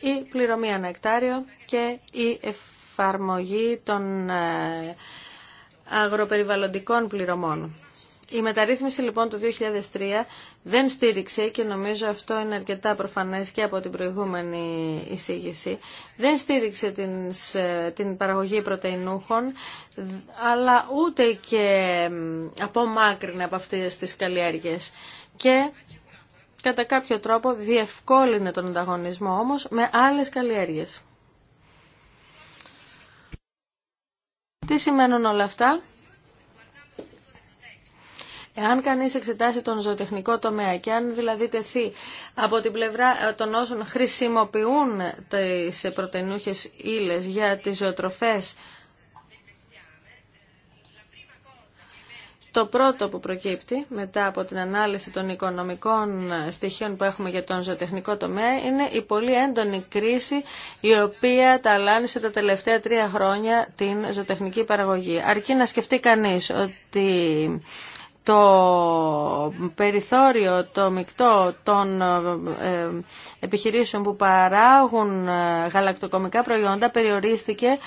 η πληρωμή ένα εκτάριο και η εφαρμογή των ε, αγροπεριβαλλοντικών πληρωμών. Η μεταρρύθμιση λοιπόν του 2003 δεν στήριξε και νομίζω αυτό είναι αρκετά προφανές και από την προηγούμενη εισήγηση. Δεν στήριξε την, την παραγωγή πρωτεϊνούχων αλλά ούτε και απομάκρυνε από αυτές τις καλλιέργειες. Και κατά κάποιο τρόπο διευκόλυνε τον ανταγωνισμό όμως με άλλες καλλιέργειες. Τι σημαίνουν όλα αυτά. Εάν κανεί εξετάσει τον ζωοτεχνικό τομέα και αν δηλαδή τεθεί από την πλευρά ε, των όσων χρησιμοποιούν τις πρωτενούχε ύλε για τις ζωοτροφές, Το πρώτο που προκύπτει μετά από την ανάλυση των οικονομικών στοιχείων που έχουμε για τον ζωοτεχνικό τομέα είναι η πολύ έντονη κρίση η οποία ταλάνισε τα τελευταία τρία χρόνια την ζωοτεχνική παραγωγή. Αρκεί να σκεφτεί κανείς ότι το περιθώριο, το μεικτό των ε, επιχειρήσεων που παράγουν ε, γαλακτοκομικά προϊόντα περιορίστηκε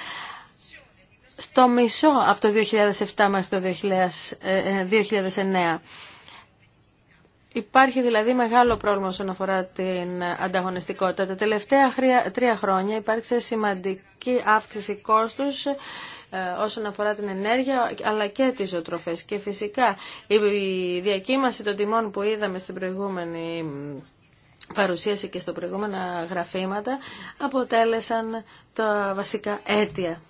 στο μισό από το 2007 μέχρι το 2009. Υπάρχει δηλαδή μεγάλο πρόβλημα όσον αφορά την ανταγωνιστικότητα. Τα τελευταία τρία χρόνια υπάρξε σημαντική αύξηση κόστους ε, όσον αφορά την ενέργεια αλλά και τις ζωοτροφές. Και φυσικά η διακύμαση των τιμών που είδαμε στην προηγούμενη παρουσίαση και στο προηγούμενα γραφήματα αποτέλεσαν τα βασικά αίτια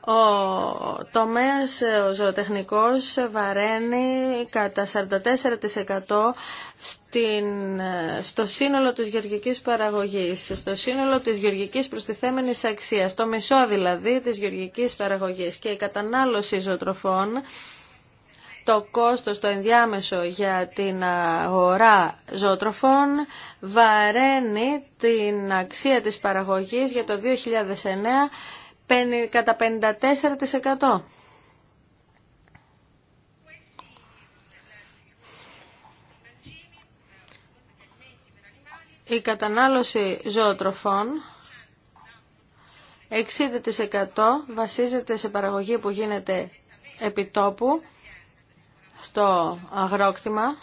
Ο τομέας ε, ο ζωοτεχνικός ε, βαραίνει κατά 44% στην, ε, στο σύνολο της γεωργικής παραγωγής, στο σύνολο της γεωργικής προστιθέμενης αξίας, το μισό δηλαδή της γεωργικής παραγωγής και η κατανάλωση ζωοτροφών το κόστος το ενδιάμεσο για την αγορά ζωοτροφών βαραίνει την αξία της παραγωγής για το 2009 κατά 54%. Η κατανάλωση ζωοτροφών 60% βασίζεται σε παραγωγή που γίνεται επιτόπου στο αγρόκτημα.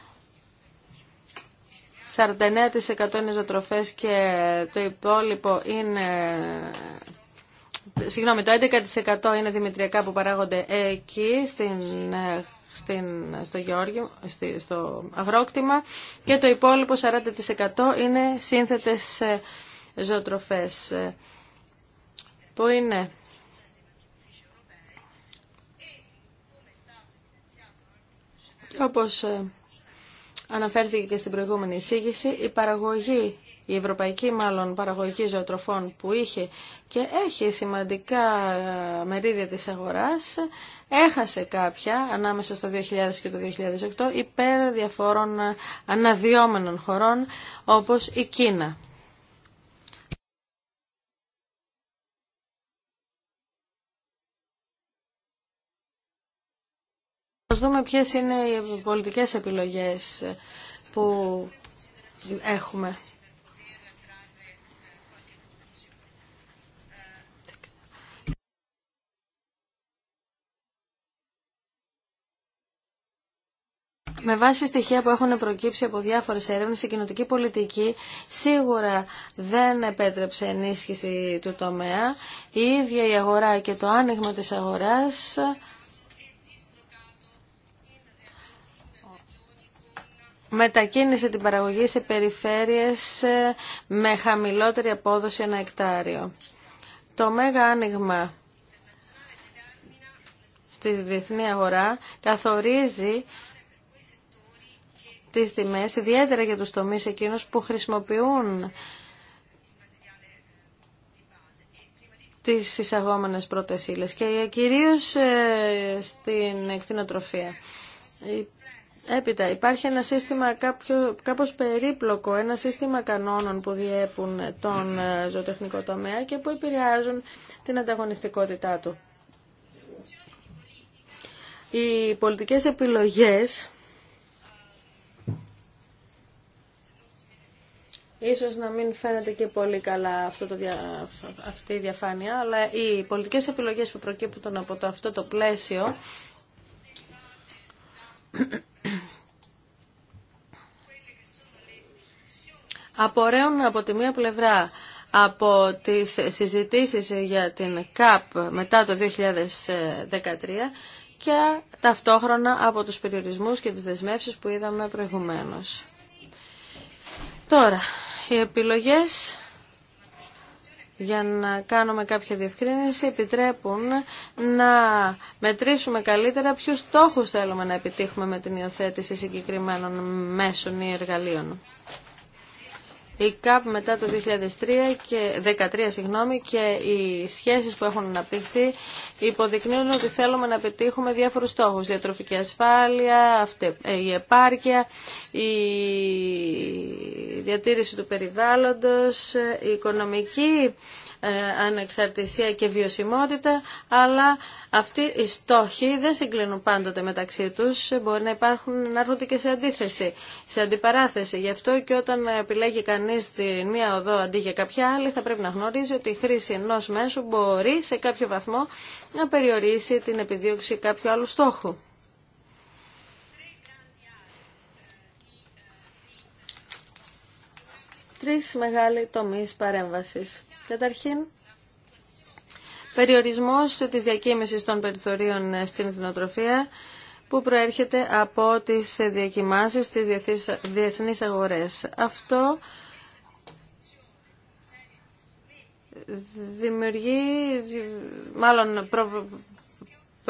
49% είναι ζωοτροφές και το υπόλοιπο είναι συγγνώμη, το 11% είναι δημητριακά που παράγονται εκεί στην, ε, στην, στο, Γεώργιο, στο αγρόκτημα και το υπόλοιπο 40% είναι σύνθετες ε, ζωοτροφές ε, που είναι όπως αναφέρθηκε και στην προηγούμενη εισήγηση η παραγωγή η ευρωπαϊκή μάλλον παραγωγική ζωοτροφών που είχε και έχει σημαντικά ε, μερίδια της αγοράς, έχασε κάποια ανάμεσα στο 2000 και το 2008 υπέρ διαφόρων ε, αναδυόμενων χωρών όπως η Κίνα. Ας δούμε ποιες είναι οι πολιτικές επιλογές που έχουμε. Με βάση στοιχεία που έχουν προκύψει από διάφορε έρευνε, η κοινοτική πολιτική σίγουρα δεν επέτρεψε ενίσχυση του τομέα. Η ίδια η αγορά και το άνοιγμα τη αγορά μετακίνησε την παραγωγή σε περιφέρειες με χαμηλότερη απόδοση ένα εκτάριο. Το μέγα άνοιγμα στη διεθνή αγορά καθορίζει τις τιμές, ιδιαίτερα για τους τομείς εκείνους που χρησιμοποιούν τις εισαγόμενες πρώτες ύλες και κυρίως ε, στην εκτινοτροφία. Ε, έπειτα υπάρχει ένα σύστημα κάποιο, κάπως περίπλοκο, ένα σύστημα κανόνων που διέπουν τον ε, ζωοτεχνικό τομέα και που επηρεάζουν την ανταγωνιστικότητά του. Οι πολιτικές επιλογές Ίσως να μην φαίνεται και πολύ καλά αυτό το αυτή η διαφάνεια, αλλά οι πολιτικές επιλογές που προκύπτουν από το, αυτό το πλαίσιο απορρέουν από τη μία πλευρά από τις συζητήσεις για την ΚΑΠ μετά το 2013 και ταυτόχρονα από τους περιορισμούς και τις δεσμεύσεις που είδαμε προηγουμένως. Τώρα, οι επιλογές για να κάνουμε κάποια διευκρίνηση επιτρέπουν να μετρήσουμε καλύτερα ποιους στόχους θέλουμε να επιτύχουμε με την υιοθέτηση συγκεκριμένων μέσων ή εργαλείων η ΚΑΠ μετά το 2013 και, 13 συγγνώμη, και οι σχέσεις που έχουν αναπτυχθεί υποδεικνύουν ότι θέλουμε να πετύχουμε διάφορους στόχους. Διατροφική ασφάλεια, ε, η επάρκεια, η διατήρηση του περιβάλλοντος, ε, η οικονομική ε, ανεξαρτησία και βιωσιμότητα, αλλά αυτοί οι στόχοι δεν συγκλίνουν πάντοτε μεταξύ τους, μπορεί να, υπάρχουν, να έρχονται και σε αντίθεση, σε αντιπαράθεση. Γι' αυτό και όταν επιλέγει κανείς την μία οδό αντί για κάποια άλλη, θα πρέπει να γνωρίζει ότι η χρήση ενός μέσου μπορεί σε κάποιο βαθμό να περιορίσει την επιδίωξη κάποιου άλλου στόχου. τρεις μεγάλοι τομείς παρέμβασης. Καταρχήν, περιορισμός της διακύμησης των περιθωρίων στην εθνοτροφία που προέρχεται από τις διακοιμάσεις στις διεθνείς αγορές. Αυτό δημιουργεί, μάλλον προ,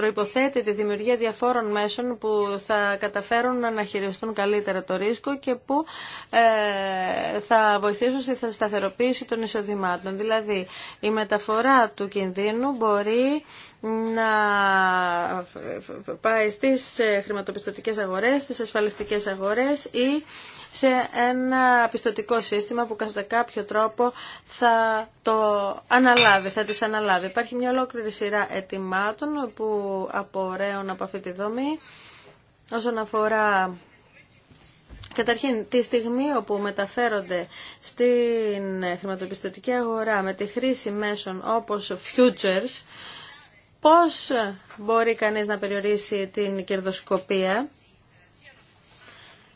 προϋποθέτει τη δημιουργία διαφόρων μέσων που θα καταφέρουν να αναχειριστούν καλύτερα το ρίσκο και που ε, θα βοηθήσουν στη σταθεροποίηση των εισοδημάτων. Δηλαδή, η μεταφορά του κινδύνου μπορεί να πάει στις ε, χρηματοπιστωτικές αγορές, στις ασφαλιστικές αγορές ή σε ένα πιστωτικό σύστημα που κατά κάποιο τρόπο θα το αναλάβει, θα τις αναλάβει. Υπάρχει μια ολόκληρη σειρά ετοιμάτων που απορρέουν από αυτή τη δομή όσον αφορά Καταρχήν, τη στιγμή όπου μεταφέρονται στην χρηματοπιστωτική αγορά με τη χρήση μέσων όπως futures, Πώς μπορεί κανείς να περιορίσει την κερδοσκοπία,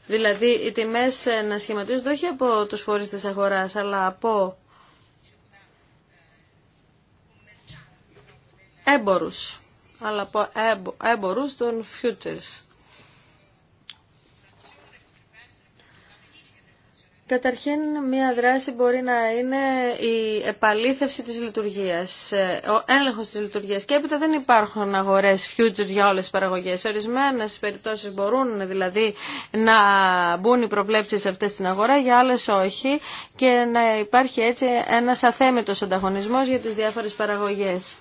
δηλαδή οι τιμές να σχηματίζονται όχι από τους φορείς της αγοράς, αλλά από έμπορους, αλλά από έμπορους των futures. Καταρχήν, μια δράση μπορεί να είναι η επαλήθευση της λειτουργίας, ε, ο έλεγχος της λειτουργίας και έπειτα δεν υπάρχουν αγορές futures για όλες τις παραγωγές. ορισμένες περιπτώσεις μπορούν δηλαδή να μπουν οι προβλέψεις αυτές στην αγορά, για άλλες όχι και να υπάρχει έτσι ένας αθέμητος ανταγωνισμός για τις διάφορες παραγωγές.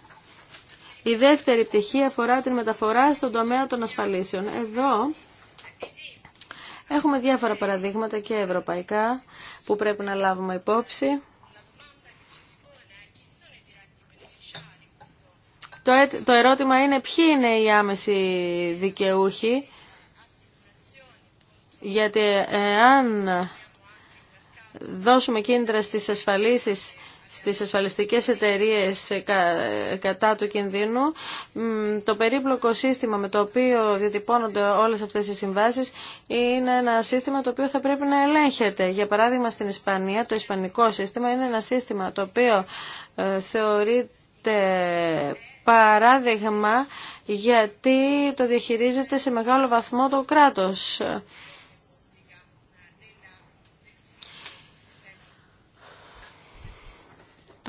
Η δεύτερη πτυχή αφορά την μεταφορά στον τομέα των ασφαλίσεων. Εδώ Έχουμε διάφορα παραδείγματα και ευρωπαϊκά που πρέπει να λάβουμε υπόψη. Το ερώτημα είναι ποιοι είναι οι άμεσοι δικαιούχοι, γιατί αν δώσουμε κίνητρα στις ασφαλίσεις στις ασφαλιστικές εταιρείες ε, ε, κατά του κινδύνου. Το περίπλοκο σύστημα με το οποίο διατυπώνονται όλες αυτές οι συμβάσεις είναι ένα σύστημα το οποίο θα πρέπει να ελέγχεται. Για παράδειγμα στην Ισπανία το ισπανικό σύστημα είναι ένα σύστημα το οποίο ε, θεωρείται παράδειγμα γιατί το διαχειρίζεται σε μεγάλο βαθμό το κράτος.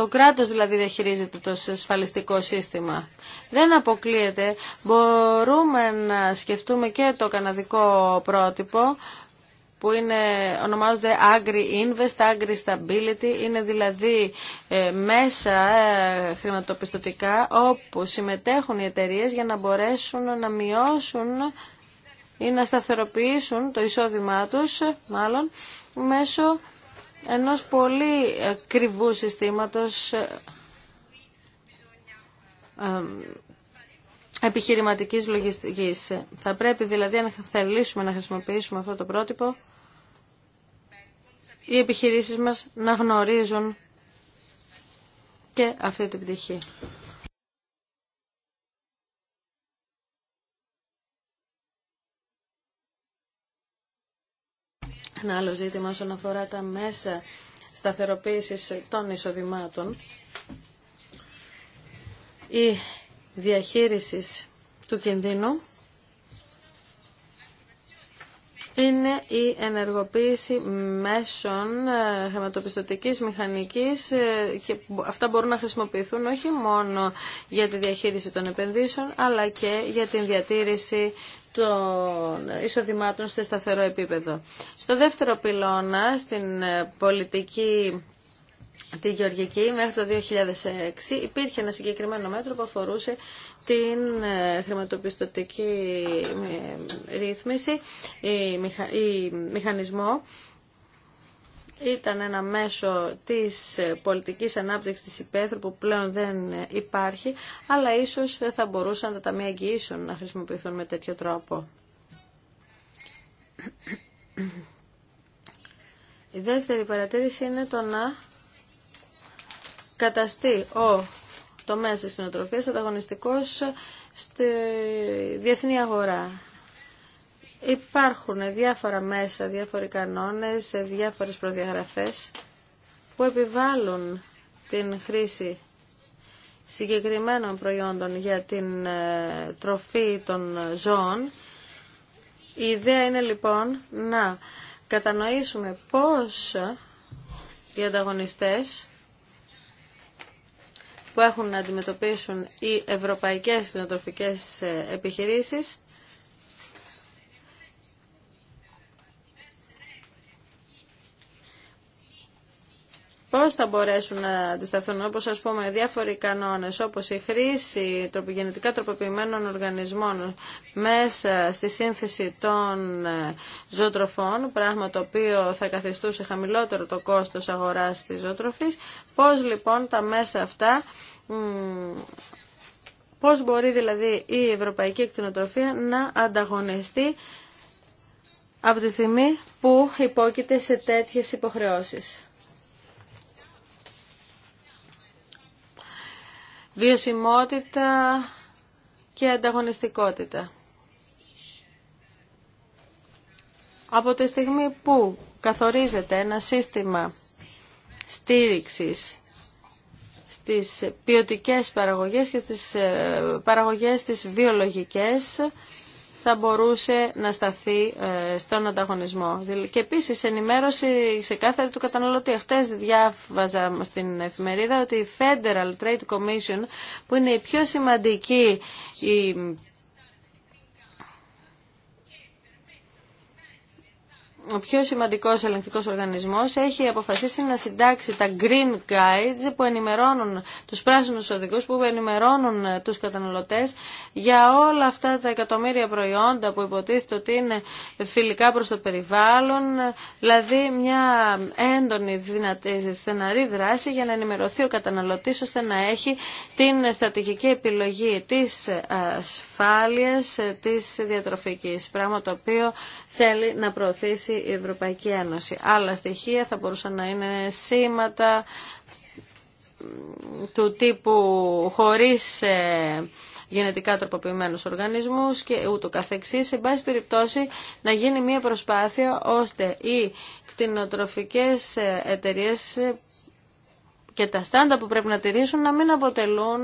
Το κράτος δηλαδή διαχειρίζεται το ασφαλιστικό σύστημα. Δεν αποκλείεται. Μπορούμε να σκεφτούμε και το καναδικό πρότυπο που είναι, ονομάζονται Agri Invest, Agri Stability, είναι δηλαδή ε, μέσα ε, χρηματοπιστωτικά όπου συμμετέχουν οι εταιρείε για να μπορέσουν να μειώσουν ή να σταθεροποιήσουν το εισόδημά τους, μάλλον, μέσω ενός πολύ ακριβού συστήματος επιχειρηματικής λογιστικής. Θα πρέπει δηλαδή να θελήσουμε να χρησιμοποιήσουμε αυτό το πρότυπο οι επιχειρήσεις μας να γνωρίζουν και αυτή την πτυχή. Ένα άλλο ζήτημα όσον αφορά τα μέσα σταθεροποίησης των εισοδημάτων ή διαχείρισης του κινδύνου είναι η διαχείριση του κινδυνου μέσων ε, χρηματοπιστωτικής μηχανικής ε, και αυτά μπορούν να χρησιμοποιηθούν όχι μόνο για τη διαχείριση των επενδύσεων αλλά και για την διατήρηση των εισοδημάτων σε σταθερό επίπεδο. Στο δεύτερο πυλώνα, στην ε, πολιτική τη Γεωργική μέχρι το 2006 υπήρχε ένα συγκεκριμένο μέτρο που αφορούσε την ε, χρηματοπιστωτική ρύθμιση ή μηχανισμό ήταν ένα μέσο της πολιτικής ανάπτυξης της υπαίθρου που πλέον δεν υπάρχει, αλλά ίσως θα μπορούσαν τα ταμεία εγγυήσεων να χρησιμοποιηθούν με τέτοιο τρόπο. Η δεύτερη παρατήρηση είναι το να καταστεί ο τομέας της συνοτροφίας ανταγωνιστικός στη διεθνή αγορά. Υπάρχουν διάφορα μέσα, διάφοροι κανόνες, διάφορες προδιαγραφές που επιβάλλουν την χρήση συγκεκριμένων προϊόντων για την ε, τροφή των ζώων. Η ιδέα είναι λοιπόν να κατανοήσουμε πώς οι ανταγωνιστές που έχουν να αντιμετωπίσουν οι ευρωπαϊκές τροφικές ε, επιχειρήσεις πώς θα μπορέσουν να αντισταθούν, όπως ας πούμε διάφοροι κανόνες, όπως η χρήση γενετικά τροποποιημένων οργανισμών μέσα στη σύνθεση των ε, ζωοτροφών, πράγμα το οποίο θα καθιστούσε χαμηλότερο το κόστος αγοράς της ζωοτροφής, πώς λοιπόν τα μέσα αυτά Πώς μπορεί δηλαδή η ευρωπαϊκή εκτινοτροφία να ανταγωνιστεί από τη στιγμή που υπόκειται σε τέτοιες υποχρεώσεις. βιωσιμότητα και ανταγωνιστικότητα. Από τη στιγμή που καθορίζεται ένα σύστημα στήριξης στις ποιοτικές παραγωγές και στις ε, παραγωγές τις βιολογικές, θα μπορούσε να σταθεί ε, στον ανταγωνισμό. Και επίση, ενημέρωση σε κάθε του καταναλωτή. Χτες διάβαζα στην εφημερίδα ότι η Federal Trade Commission που είναι η πιο σημαντική ο πιο σημαντικός ελεγκτικός οργανισμός έχει αποφασίσει να συντάξει τα green guides που ενημερώνουν τους πράσινους οδηγούς, που ενημερώνουν τους καταναλωτές για όλα αυτά τα εκατομμύρια προϊόντα που υποτίθεται ότι είναι φιλικά προς το περιβάλλον, δηλαδή μια έντονη δυνατή στεναρή δράση για να ενημερωθεί ο καταναλωτής ώστε να έχει την στρατηγική επιλογή της ασφάλειας της διατροφικής, πράγμα το οποίο θέλει να προωθήσει η Ευρωπαϊκή Ένωση. Άλλα στοιχεία θα μπορούσαν να είναι σήματα του τύπου χωρίς ε, γενετικά τροποποιημένους οργανισμούς και ούτω καθεξής. Σε πάση περιπτώσει να γίνει μια προσπάθεια ώστε οι κτηνοτροφικές ε, εταιρείες ε, και τα στάντα που πρέπει να τηρήσουν να μην αποτελούν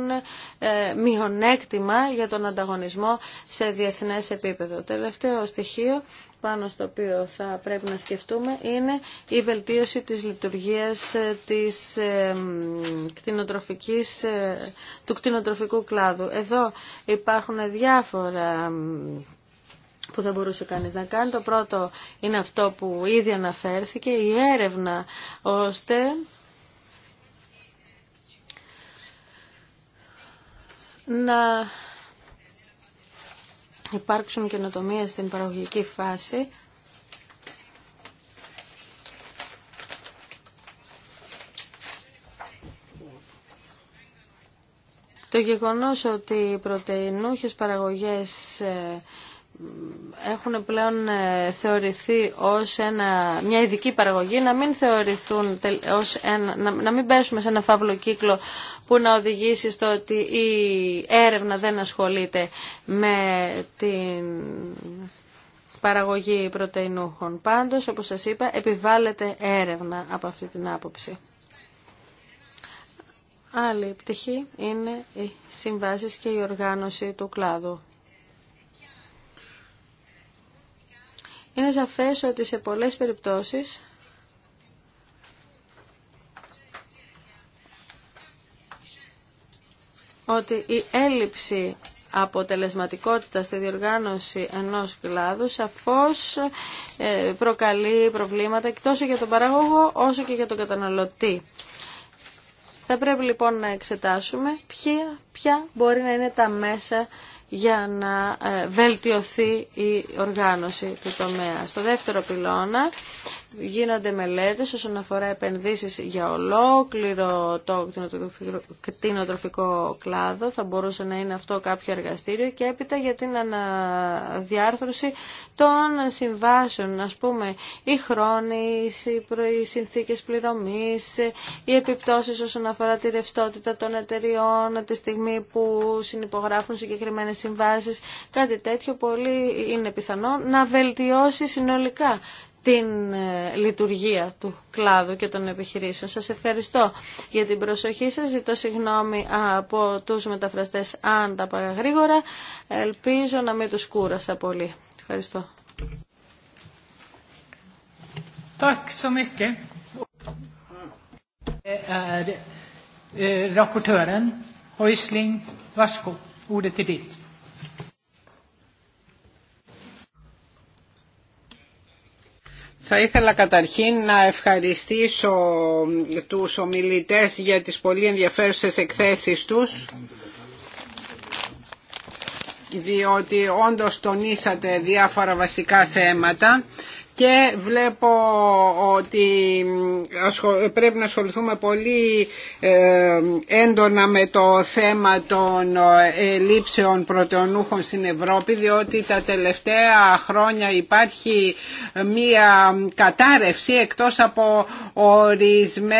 μειονέκτημα για τον ανταγωνισμό σε διεθνές επίπεδο. Τελευταίο στοιχείο πάνω στο οποίο θα πρέπει να σκεφτούμε είναι η βελτίωση της λειτουργίας ε, της ε, ε, του κτηνοτροφικού κλάδου. Εδώ υπάρχουν διάφορα που θα μπορούσε κανείς να κάνει. Το πρώτο είναι αυτό που ήδη αναφέρθηκε, η έρευνα ώστε να υπάρξουν καινοτομίε στην παραγωγική φάση Το γεγονός ότι οι πρωτεϊνούχες παραγωγές ε, έχουν πλέον ε, θεωρηθεί ως μια ειδική παραγωγή, να μην θεωρηθούν ως να, μην πέσουμε σε ένα φαύλο κύκλο που να οδηγήσει στο ότι η έρευνα δεν ασχολείται με την παραγωγή πρωτεϊνούχων. Πάντως, όπως σας είπα, επιβάλλεται έρευνα από αυτή την άποψη. Άλλη πτυχή είναι οι συμβάσεις και η οργάνωση του κλάδου. Είναι σαφές ότι σε πολλές περιπτώσεις ότι η έλλειψη αποτελεσματικότητα στη διοργάνωση ενός κλάδου σαφώς ε, προκαλεί προβλήματα τόσο για τον παραγωγό όσο και για τον καταναλωτή. Θα πρέπει λοιπόν να εξετάσουμε ποια, ποια μπορεί να είναι τα μέσα για να ε, βελτιωθεί η οργάνωση του τομέα. Στο δεύτερο πυλώνα γίνονται μελέτες όσον αφορά επενδύσεις για ολόκληρο το κτηνοτροφικό κλάδο, θα μπορούσε να είναι αυτό κάποιο εργαστήριο και έπειτα για την αναδιάρθρωση των συμβάσεων, ας πούμε οι χρόνοι, οι συνθήκες πληρωμής, οι επιπτώσεις όσον αφορά τη ρευστότητα των εταιριών, τη στιγμή που συνυπογράφουν συγκεκριμένες συμβάσεις, κάτι τέτοιο πολύ είναι πιθανό να βελτιώσει συνολικά την ε, λειτουργία του κλάδου και των επιχειρήσεων. Σας ευχαριστώ για την προσοχή σας. Ζητώ συγγνώμη από τους μεταφραστές αν τα πάγα γρήγορα. Ελπίζω να μην τους κούρασα πολύ. Ευχαριστώ. Tack så mycket. Eh, eh, eh, Θα ήθελα καταρχήν να ευχαριστήσω τους ομιλητές για τις πολύ ενδιαφέρουσες εκθέσεις τους διότι όντως τονίσατε διάφορα βασικά θέματα και βλέπω ότι πρέπει να ασχοληθούμε πολύ ε, έντονα με το θέμα των ε, λήψεων πρωτεονούχων στην Ευρώπη διότι τα τελευταία χρόνια υπάρχει μία κατάρρευση εκτός από ορισμένες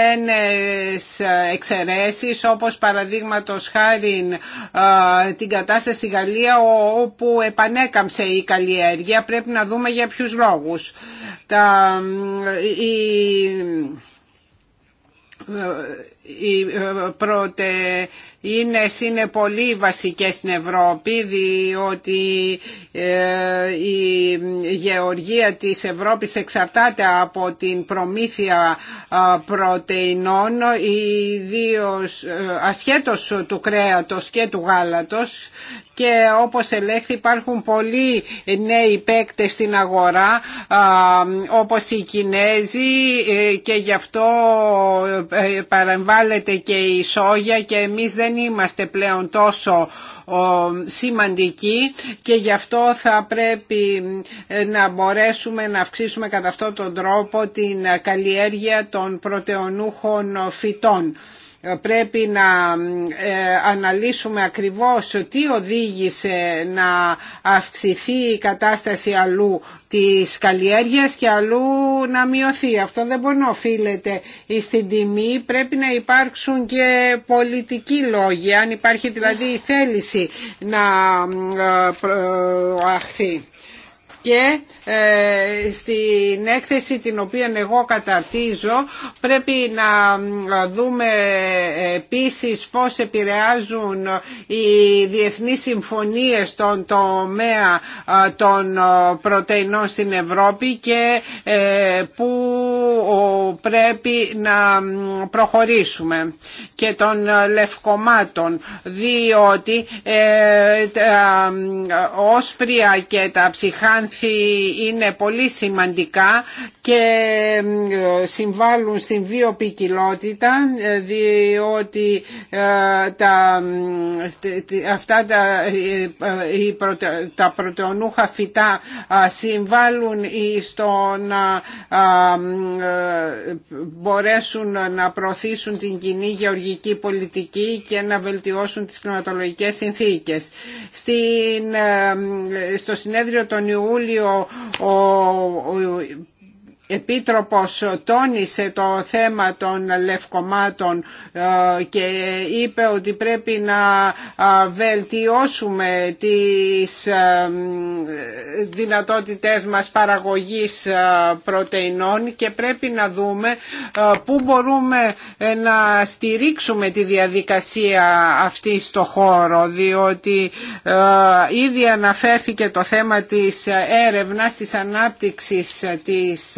εξαιρέσεις όπως παραδείγματος χάρη ε, την κατάσταση στη Γαλλία όπου επανέκαμψε η καλλιέργεια πρέπει να δούμε για ποιους λόγους τα, η, οι ε, ε, πρώτε είναι πολύ βασικές στην Ευρώπη διότι ε, η γεωργία της Ευρώπης εξαρτάται από την προμήθεια πρωτεϊνών ιδίως ε, ασχέτως του κρέατος και του γάλατος και όπως ελέγχθη υπάρχουν πολλοί νέοι παίκτες στην αγορά όπως οι Κινέζοι ε, και γι' αυτό παρεμβάλλεται και η Σόγια και εμείς δεν είμαστε πλέον τόσο σημαντικοί και γι' αυτό θα πρέπει ε, να μπορέσουμε να αυξήσουμε κατά αυτόν τον τρόπο την καλλιέργεια των πρωτεονούχων φυτών ε, πρέπει να ε, αναλύσουμε ακριβώς τι οδήγησε να αυξηθεί η κατάσταση αλλού Τη καλλιέργειας και αλλού να μειωθεί. Αυτό δεν μπορεί να οφείλεται στην τιμή. Πρέπει να υπάρξουν και πολιτικοί λόγοι, αν υπάρχει δηλαδή η θέληση να ε, προαχθεί. Ε, και ε, στην έκθεση την οποία εγώ καταρτίζω πρέπει να ε, δούμε ε, επίσης πώς επηρεάζουν οι διεθνείς συμφωνίες στον τομέα των πρωτεϊνών στην Ευρώπη και που πρέπει να προχωρήσουμε και των λευκομάτων διότι τα όσπρια και τα ψυχάν είναι πολύ σημαντικά και συμβάλλουν στην βιοπικιλότητα ε, διότι ε, τα, αυτά τα, ε, τα πρωτεονούχα φυτά συμβάλλουν στο να μπορέσουν να προωθήσουν την κοινή γεωργική πολιτική και να βελτιώσουν τις κλιματολογικές συνθήκες. Στην, στο συνέδριο των ΙΟΥ ο, Επίτροπος τόνισε το θέμα των λευκομάτων ε, και είπε ότι πρέπει να βελτιώσουμε τις ε, δυνατότητές μας παραγωγής ε, πρωτεϊνών και πρέπει να δούμε πού μπορούμε να στηρίξουμε τη διαδικασία αυτή στο χώρο διότι ήδη αναφέρθηκε το θέμα της έρευνας, της ανάπτυξης της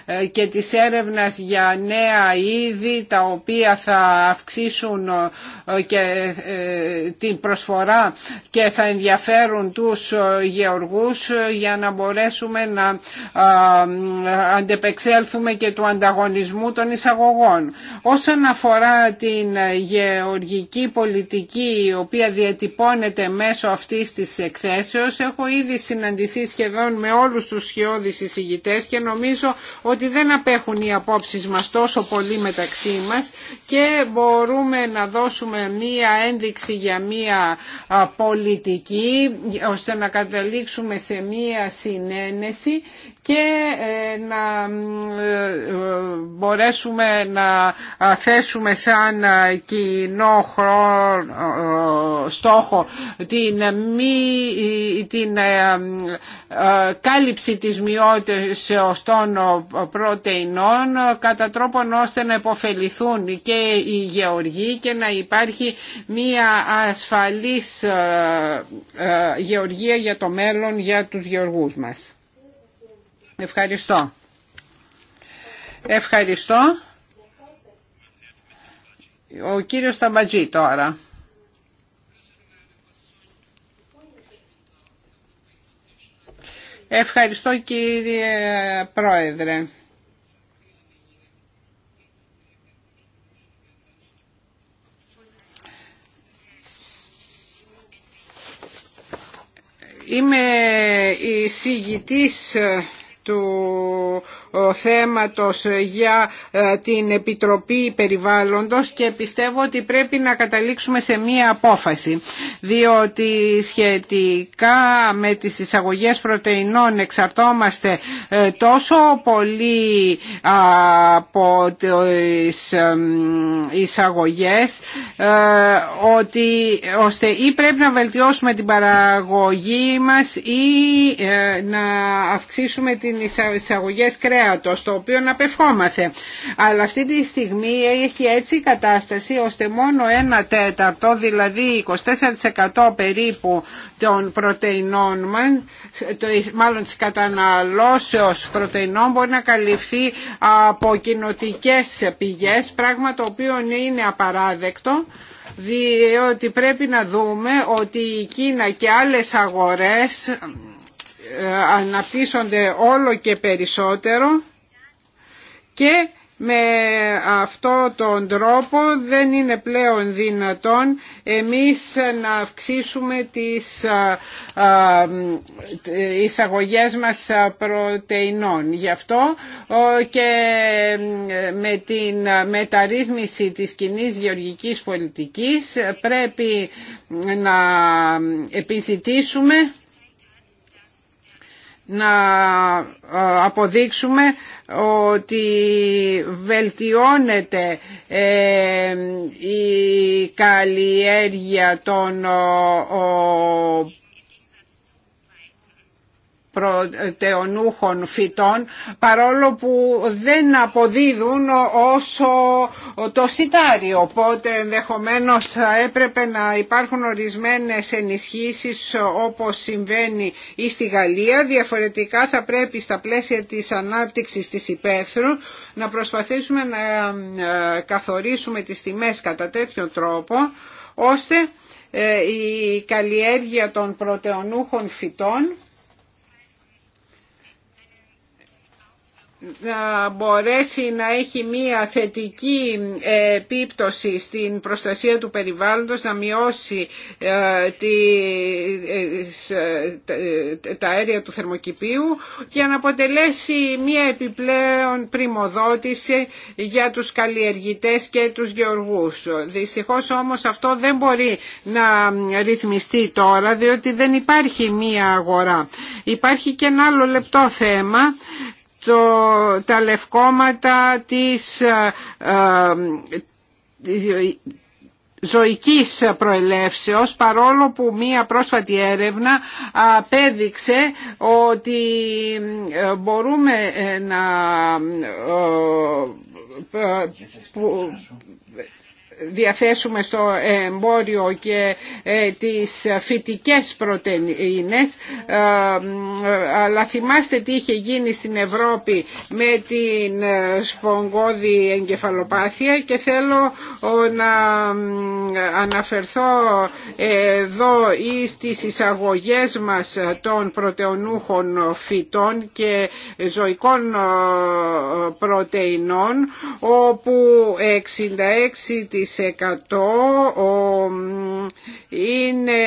Ε, και της έρευνας για νέα είδη τα οποία θα αυξήσουν ε, και ε, την προσφορά και θα ενδιαφέρουν τους γεωργούς για να μπορέσουμε να αντεπεξέλθουμε και του ανταγωνισμού των εισαγωγών. Όσον αφορά την γεωργική πολιτική η οποία διατυπώνεται μέσω αυτής της εκθέσεως έχω ήδη συναντηθεί σχεδόν με όλους τους σχεώδεις εισηγητές και νομίζω ότι δεν απέχουν οι απόψεις μας τόσο πολύ μεταξύ μας και μπορούμε να δώσουμε μία ένδειξη για μία πολιτική ώστε να καταλήξουμε σε μία συνένεση και ε, να ε, μπορέσουμε να θέσουμε σαν κοινό στόχο την, μη, την ε, κάλυψη της μειότητας των πρωτεϊνών κατά τρόπον ώστε να υποφεληθούν και οι γεωργοί και να υπάρχει μία ασφαλής γεωργία για το μέλλον για τους γεωργούς μας. Ευχαριστώ. Ευχαριστώ. Ο κύριος Σταμπατζή τώρα. Ευχαριστώ κύριε Πρόεδρε. Είμαι η συγητής του ε, θέματος ε, για ε, την Επιτροπή Περιβάλλοντος και πιστεύω ότι πρέπει να καταλήξουμε σε μία απόφαση διότι σχετικά με τις εισαγωγές πρωτεϊνών εξαρτόμαστε τόσο πολύ από τις εισαγωγές ότι ώστε ή πρέπει να βελτιώσουμε την παραγωγή μας ή να αυξήσουμε την εισαγωγές κρέας κρέατο, το οποίο να απευχόμαθε. Αλλά αυτή τη στιγμή έχει έτσι η κατάσταση ώστε μόνο ένα τέταρτο, δηλαδή 24% περίπου των πρωτεϊνών μα, μάλλον τη καταναλώσεω πρωτεϊνών μπορεί να καλυφθεί από κοινοτικέ πηγέ, πράγμα το οποίο είναι απαράδεκτο διότι πρέπει να δούμε ότι η Κίνα και άλλες αγορές ε, αναπτύσσονται όλο και περισσότερο και με αυτό τον τρόπο δεν είναι πλέον δυνατόν εμείς να αυξήσουμε τις εισαγωγές μας πρωτεϊνών. Γι' αυτό και ε, με την μεταρρύθμιση της κοινή γεωργικής πολιτικής πρέπει να επιζητήσουμε να ε, αποδείξουμε ότι βελτιώνεται ε, η καλλιέργεια των πρωτεονούχων φυτών παρόλο που δεν αποδίδουν όσο το σιτάρι οπότε ενδεχομένως θα έπρεπε να υπάρχουν ορισμένες ενισχύσεις όπως συμβαίνει ή στη Γαλλία διαφορετικά θα πρέπει στα πλαίσια της ανάπτυξης της υπαίθρου να προσπαθήσουμε να ε, καθορίσουμε τις τιμές κατά τέτοιο τρόπο ώστε ε, η καλλιέργεια των πρωτεονούχων φυτών να μπορέσει να έχει μία θετική επίπτωση στην προστασία του περιβάλλοντος, να μειώσει ε, ε, τα αέρια του θερμοκηπίου και να αποτελέσει μία επιπλέον πρημοδότηση για τους καλλιεργητές και τους γεωργούς. Δυστυχώς όμως αυτό δεν μπορεί να ρυθμιστεί τώρα διότι δεν υπάρχει μία αγορά. Υπάρχει και ένα άλλο λεπτό θέμα το, τα λευκόματα της ε, ε, ζωικής προελεύσεως παρόλο που μία πρόσφατη έρευνα απέδειξε ότι ε, μπορούμε να διαθέσουμε στο εμπόριο και ε, τις φυτικές πρωτεΐνες ε, αλλά θυμάστε τι είχε γίνει στην Ευρώπη με την ε, σπογγόδη εγκεφαλοπάθεια και θέλω να αναφερθώ εδώ ή στις εισαγωγές μας των πρωτεονούχων φυτών και ζωικών πρωτεϊνών όπου 66% είναι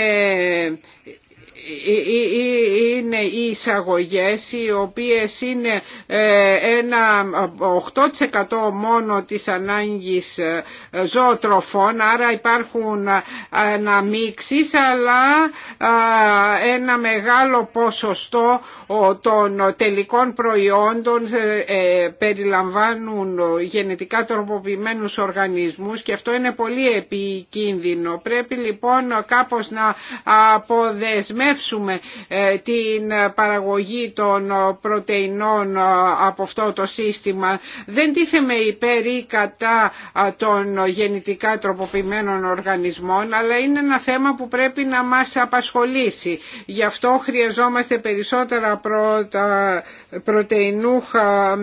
είναι οι εισαγωγές οι οποίες είναι ε, ένα 8% μόνο της ανάγκης ε, ζωοτροφών άρα υπάρχουν ε, αναμίξεις αλλά ένα μεγάλο ποσοστό των τελικών προϊόντων περιλαμβάνουν γενετικά τροποποιημένους οργανισμούς και αυτό είναι πολύ επικίνδυνο. Πρέπει λοιπόν κάπως να αποδεσμεύσουμε απαγορεύσουμε ε, την παραγωγή των πρωτεϊνών ε, από αυτό το σύστημα. Δεν τίθεμε υπέρ ή κατά ε, των γεννητικά τροποποιημένων οργανισμών, αλλά είναι ένα θέμα που πρέπει να μας απασχολήσει. Γι' αυτό χρειαζόμαστε περισσότερα πρώτα πρωτεϊνούχα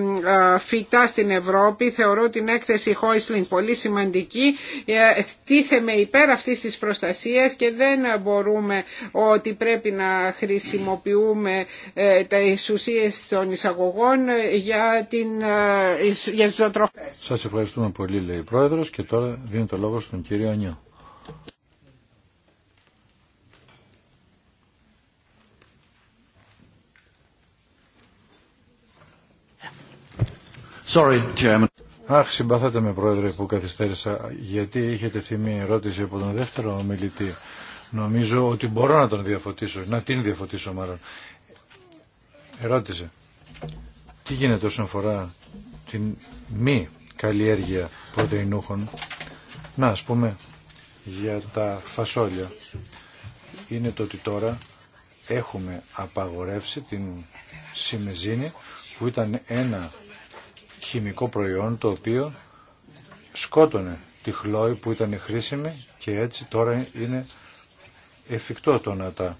φυτά στην Ευρώπη. Θεωρώ την έκθεση Χόισλινγκ πολύ σημαντική. Ε, τίθεμε υπέρ αυτής της προστασίας και δεν μπορούμε ότι πρέπει να χρησιμοποιούμε ε, τα ισουσίες των εισαγωγών για, την, ε, για τις ζωοτροφές. Σας ευχαριστούμε πολύ λέει η Πρόεδρος και τώρα δίνω το λόγο στον κύριο Ανιώ. Sorry, Chairman. Αχ, συμπαθάτε με πρόεδρε που καθυστέρησα, γιατί είχε τεθεί ερώτηση από τον δεύτερο ομιλητή. Νομίζω ότι μπορώ να τον διαφωτίσω, να την διαφωτίσω μάλλον. Ερώτησε, τι γίνεται όσον αφορά την μη καλλιέργεια πρωτεϊνούχων, να ας πούμε για τα φασόλια, είναι το ότι τώρα έχουμε απαγορεύσει την συμμεζίνη που ήταν ένα χημικό προϊόν το οποίο σκότωνε τη χλόη που ήταν χρήσιμη και έτσι τώρα είναι εφικτό το να τα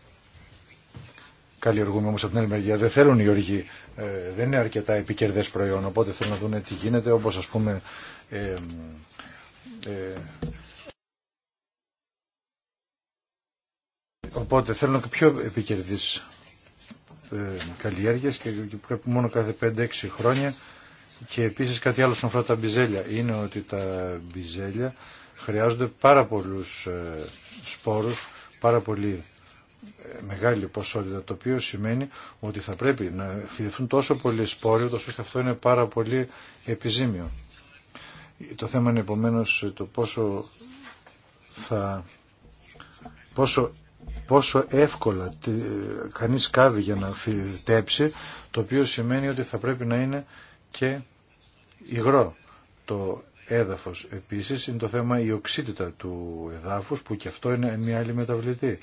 καλλιεργούμε όμως από την άλλη μεριά. Δεν θέλουν οι οργοί, ε, δεν είναι αρκετά επικερδές προϊόν, οπότε θέλουν να δουν τι γίνεται, όπως ας πούμε ε, ε, Οπότε θέλουν πιο επικερδείς ε, καλλιέργειες και πρέπει μόνο κάθε 5-6 χρόνια και επίσης κάτι άλλο σχετικά τα μπιζέλια. Είναι ότι τα μπιζέλια χρειάζονται πάρα πολλούς ε, σπόρους, πάρα πολύ ε, μεγάλη ποσότητα, το οποίο σημαίνει ότι θα πρέπει να φυδευτούν τόσο πολλοί σπόροι, ώστε αυτό είναι πάρα πολύ επιζήμιο. Το θέμα είναι επομένως το πόσο θα... Πόσο πόσο εύκολα ε, κανείς κάβει για να φυτέψει, το οποίο σημαίνει ότι θα πρέπει να είναι και υγρό. Το έδαφος επίσης είναι το θέμα η οξύτητα του εδάφους που και αυτό είναι μια άλλη μεταβλητή.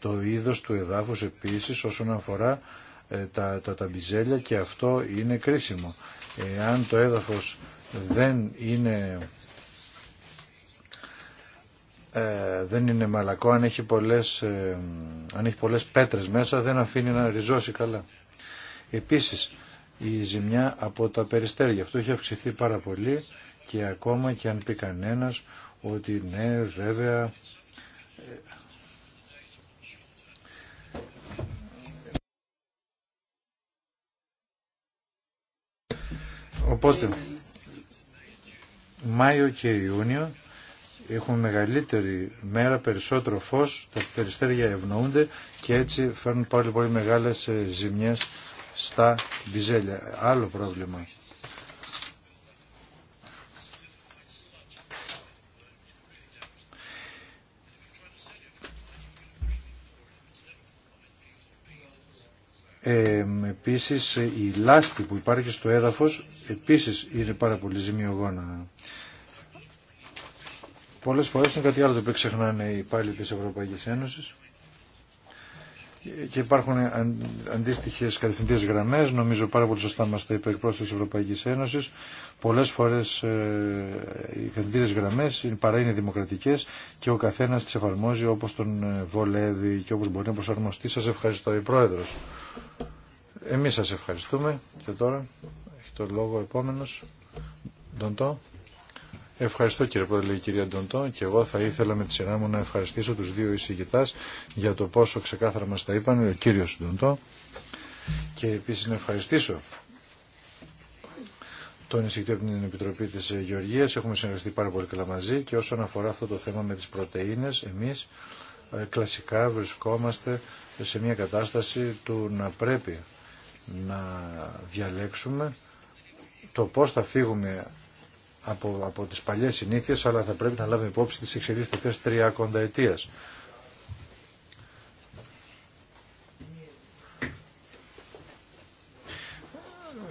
Το είδος του εδάφους επίσης όσον αφορά ε, τα, τα, τα μπιζέλια και αυτό είναι κρίσιμο. αν το έδαφος δεν είναι ε, δεν είναι μαλακό, αν έχει, πολλές, ε, αν έχει πολλές πέτρες μέσα δεν αφήνει να ριζώσει καλά. Επίσης, η ζημιά από τα περιστέρια. Αυτό έχει αυξηθεί πάρα πολύ και ακόμα και αν πει κανένα ότι ναι βέβαια Οπότε, Μάιο και Ιούνιο έχουν μεγαλύτερη μέρα, περισσότερο φως, τα περιστέρια ευνοούνται και έτσι φέρνουν πάρα πολύ μεγάλες ε, ζημιές στα μπιζέλια. Άλλο πρόβλημα. Ε, επίσης η λάσπη που υπάρχει στο έδαφος επίσης είναι πάρα πολύ ζημιογόνα. Πολλές φορές είναι κάτι άλλο το οποίο ξεχνάνε οι υπάλληλοι της Ευρωπαϊκής Ένωσης και υπάρχουν αντίστοιχε κατευθυντέ γραμμέ. Νομίζω πάρα πολύ σωστά μα τα είπε ο εκπρόσωπο τη Ευρωπαϊκή Ένωση. Πολλέ φορέ ε, οι κατευθυντήριε γραμμέ παρά είναι δημοκρατικέ και ο καθένα τι εφαρμόζει όπω τον ε, βολεύει και όπω μπορεί να προσαρμοστεί. Σα ευχαριστώ, η Πρόεδρο. Εμεί σα ευχαριστούμε. Και τώρα έχει το λόγο ο επόμενο. Ευχαριστώ κύριε Πρόεδρε, λέει η κυρία Ντοντό και εγώ θα ήθελα με τη σειρά μου να ευχαριστήσω του δύο εισηγητές για το πόσο ξεκάθαρα μα τα είπαν, ο κύριο Ντοντό και επίση να ευχαριστήσω τον εισηγητή από την Επιτροπή τη Γεωργίας. Έχουμε συνεργαστεί πάρα πολύ καλά μαζί και όσον αφορά αυτό το θέμα με τι πρωτενε, εμεί ε, κλασικά βρισκόμαστε σε μια κατάσταση του να πρέπει να διαλέξουμε το πώς θα φύγουμε από, από τις παλιές συνήθειες, αλλά θα πρέπει να λάβουμε υπόψη τις εξελίξεις τριακόντα ετίας.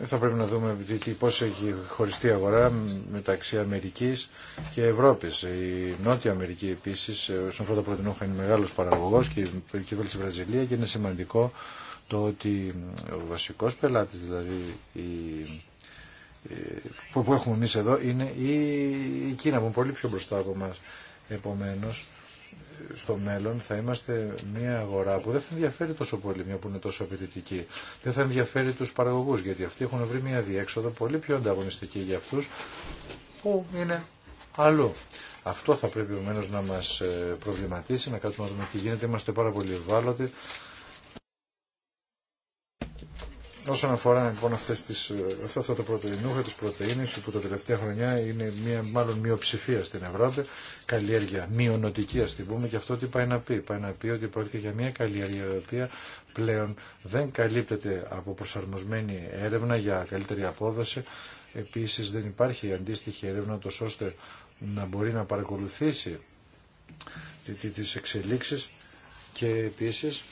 θα πρέπει να δούμε πώς έχει χωριστεί η αγορά μεταξύ Αμερικής και Ευρώπης. Η Νότια Αμερική επίσης, στον πρώτο πρωτινόχα είναι μεγάλος παραγωγός και κυβέρνηση Βραζιλία και είναι σημαντικό το ότι ο βασικός πελάτης, δηλαδή η που έχουμε εμείς εδώ είναι η Κίνα που είναι πολύ πιο μπροστά από μας. Επομένως, στο μέλλον θα είμαστε μια αγορά που δεν θα ενδιαφέρει τόσο πολύ, μια που είναι τόσο απαιτητική. Δεν θα ενδιαφέρει τους παραγωγούς, γιατί αυτοί έχουν βρει μια διέξοδο πολύ πιο ανταγωνιστική για αυτούς που είναι αλλού. Αυτό θα πρέπει ομένως να μας ε, προβληματίσει, να κάτσουμε να δούμε τι γίνεται. Είμαστε πάρα πολύ ευάλωτοι Όσον αφορά λοιπόν αυτές τις, αυτό, αυτό το πρωτεϊνούχα, τις πρωτεΐνες, που τα τελευταία χρονιά είναι μια, μάλλον μειοψηφία στην Ευρώπη, καλλιέργεια μειονοτική ας την πούμε, και αυτό τι πάει να πει. Πάει να πει ότι πρόκειται για μια καλλιέργεια η οποία πλέον δεν καλύπτεται από προσαρμοσμένη έρευνα για καλύτερη απόδοση. Επίσης δεν υπάρχει αντίστοιχη έρευνα τόσο ώστε να μπορεί να παρακολουθήσει τις εξελίξεις και επίσης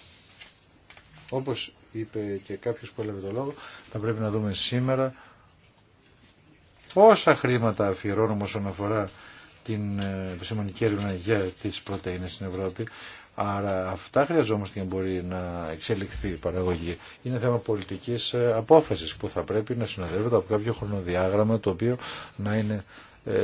όπως είπε και κάποιος που έλαβε το λόγο, θα πρέπει να δούμε σήμερα πόσα χρήματα αφιερώνουμε όσον αφορά την ε, επιστημονική έρευνα για τις πρωτεΐνες στην Ευρώπη Άρα αυτά χρειαζόμαστε για να μπορεί να εξελιχθεί η παραγωγή. Είναι θέμα πολιτική ε, απόφαση που θα πρέπει να συνοδεύεται από κάποιο χρονοδιάγραμμα το οποίο να είναι ε,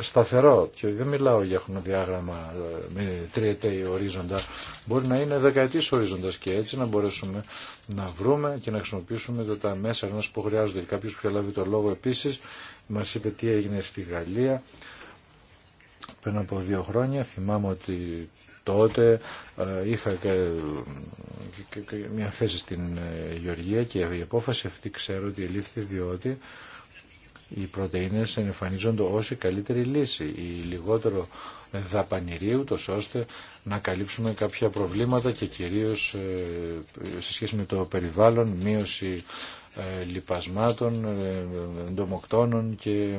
σταθερό και δεν μιλάω για χρονοδιάγραμμα ε, με τριετέι ορίζοντα μπορεί να είναι δεκαετή ορίζοντα και έτσι να μπορέσουμε να βρούμε και να χρησιμοποιήσουμε τα μέσα μας που χρειάζονται και κάποιος που λάβει το λόγο επίση, μα είπε τι έγινε στη Γαλλία πριν από δύο χρόνια θυμάμαι ότι τότε ε, είχα και μια θέση στην ε, Γεωργία και η απόφαση αυτή ξέρω ότι ελήφθη διότι οι πρωτεΐνες εμφανίζονται ως η καλύτερη λύση, η λιγότερο δαπανηρή, ούτω ώστε να καλύψουμε κάποια προβλήματα και κυρίως ε, σε σχέση με το περιβάλλον, μείωση λιπασμάτων, εντομοκτώνων και,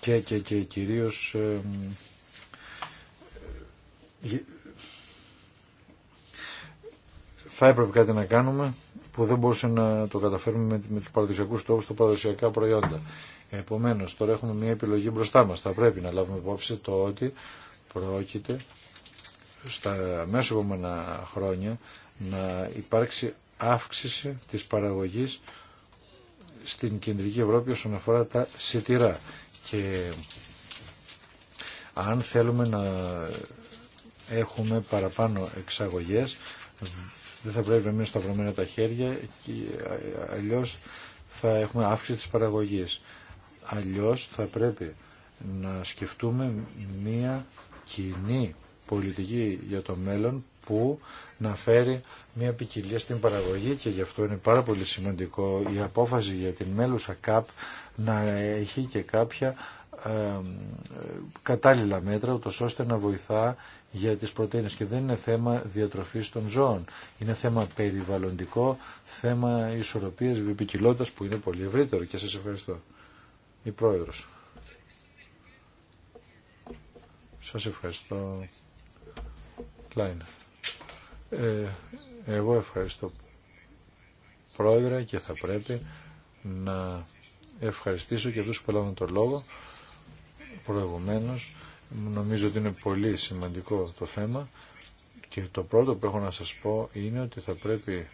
και, και, και κυρίως θα έπρεπε κάτι να κάνουμε που δεν μπορούσε να το καταφέρουμε με τους παραδοσιακούς στόχους, στα παραδοσιακά προϊόντα. Επομένως, τώρα έχουμε μια επιλογή μπροστά μας. Θα πρέπει να λάβουμε υπόψη το ότι πρόκειται στα μέσα επόμενα χρόνια να υπάρξει αύξηση της παραγωγής στην κεντρική Ευρώπη όσον αφορά τα σιτηρά. Και αν θέλουμε να έχουμε παραπάνω εξαγωγές δεν θα πρέπει να μείνουν σταυρωμένα τα χέρια και αλλιώς θα έχουμε αύξηση της παραγωγής. Αλλιώς θα πρέπει να σκεφτούμε μία κοινή πολιτική για το μέλλον που να φέρει μια ποικιλία στην παραγωγή και γι' αυτό είναι πάρα πολύ σημαντικό η απόφαση για την μέλουσα ΚΑΠ να έχει και κάποια κατάλληλα μέτρα, ούτως ώστε να βοηθά για τις πρωτεΐνες και δεν είναι θέμα διατροφής των ζώων. Είναι θέμα περιβαλλοντικό, θέμα ισορροπίας, βιοπικιλότητας που είναι πολύ ευρύτερο και σας ευχαριστώ. Η Πρόεδρος. Σας ευχαριστώ. Ε, εγώ ευχαριστώ Πρόεδρε και θα πρέπει να ευχαριστήσω και αυτούς που έλαβαν τον λόγο προηγουμένως. Νομίζω ότι είναι πολύ σημαντικό το θέμα και το πρώτο που έχω να σας πω είναι ότι θα πρέπει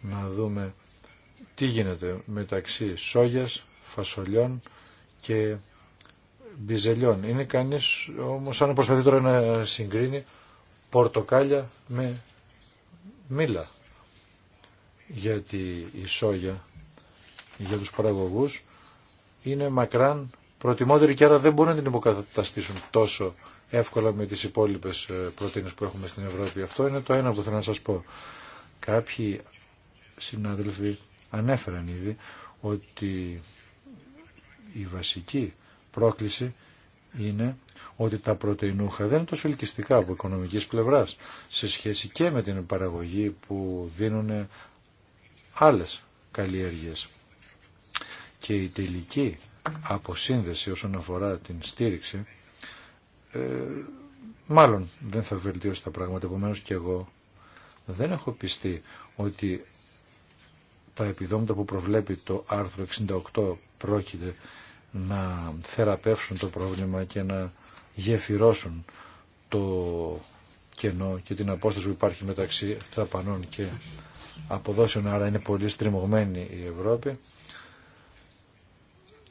να δούμε τι γίνεται μεταξύ σόγιας, φασολιών και μπιζελιών. Είναι κανείς όμως αν προσπαθεί τώρα να συγκρίνει πορτοκάλια με μήλα. Γιατί η σόγια για τους παραγωγούς είναι μακράν Προτιμότεροι και άρα δεν μπορούν να την υποκαταστήσουν τόσο εύκολα με τις υπόλοιπες ε, πρωτεΐνες που έχουμε στην Ευρώπη. Αυτό είναι το ένα που θέλω να σας πω. Κάποιοι συνάδελφοι ανέφεραν ήδη ότι η βασική πρόκληση είναι ότι τα πρωτεϊνούχα δεν είναι τόσο ελκυστικά από οικονομικής πλευράς σε σχέση και με την παραγωγή που δίνουν άλλες καλλιέργειες. Και η τελική αποσύνδεση όσον αφορά την στήριξη, ε, μάλλον δεν θα βελτιώσει τα πράγματα. Επομένως και εγώ δεν έχω πιστεί ότι τα επιδόματα που προβλέπει το άρθρο 68 πρόκειται να θεραπεύσουν το πρόβλημα και να γεφυρώσουν το κενό και την απόσταση που υπάρχει μεταξύ θαπανών και αποδόσεων. Άρα είναι πολύ στριμωγμένη η Ευρώπη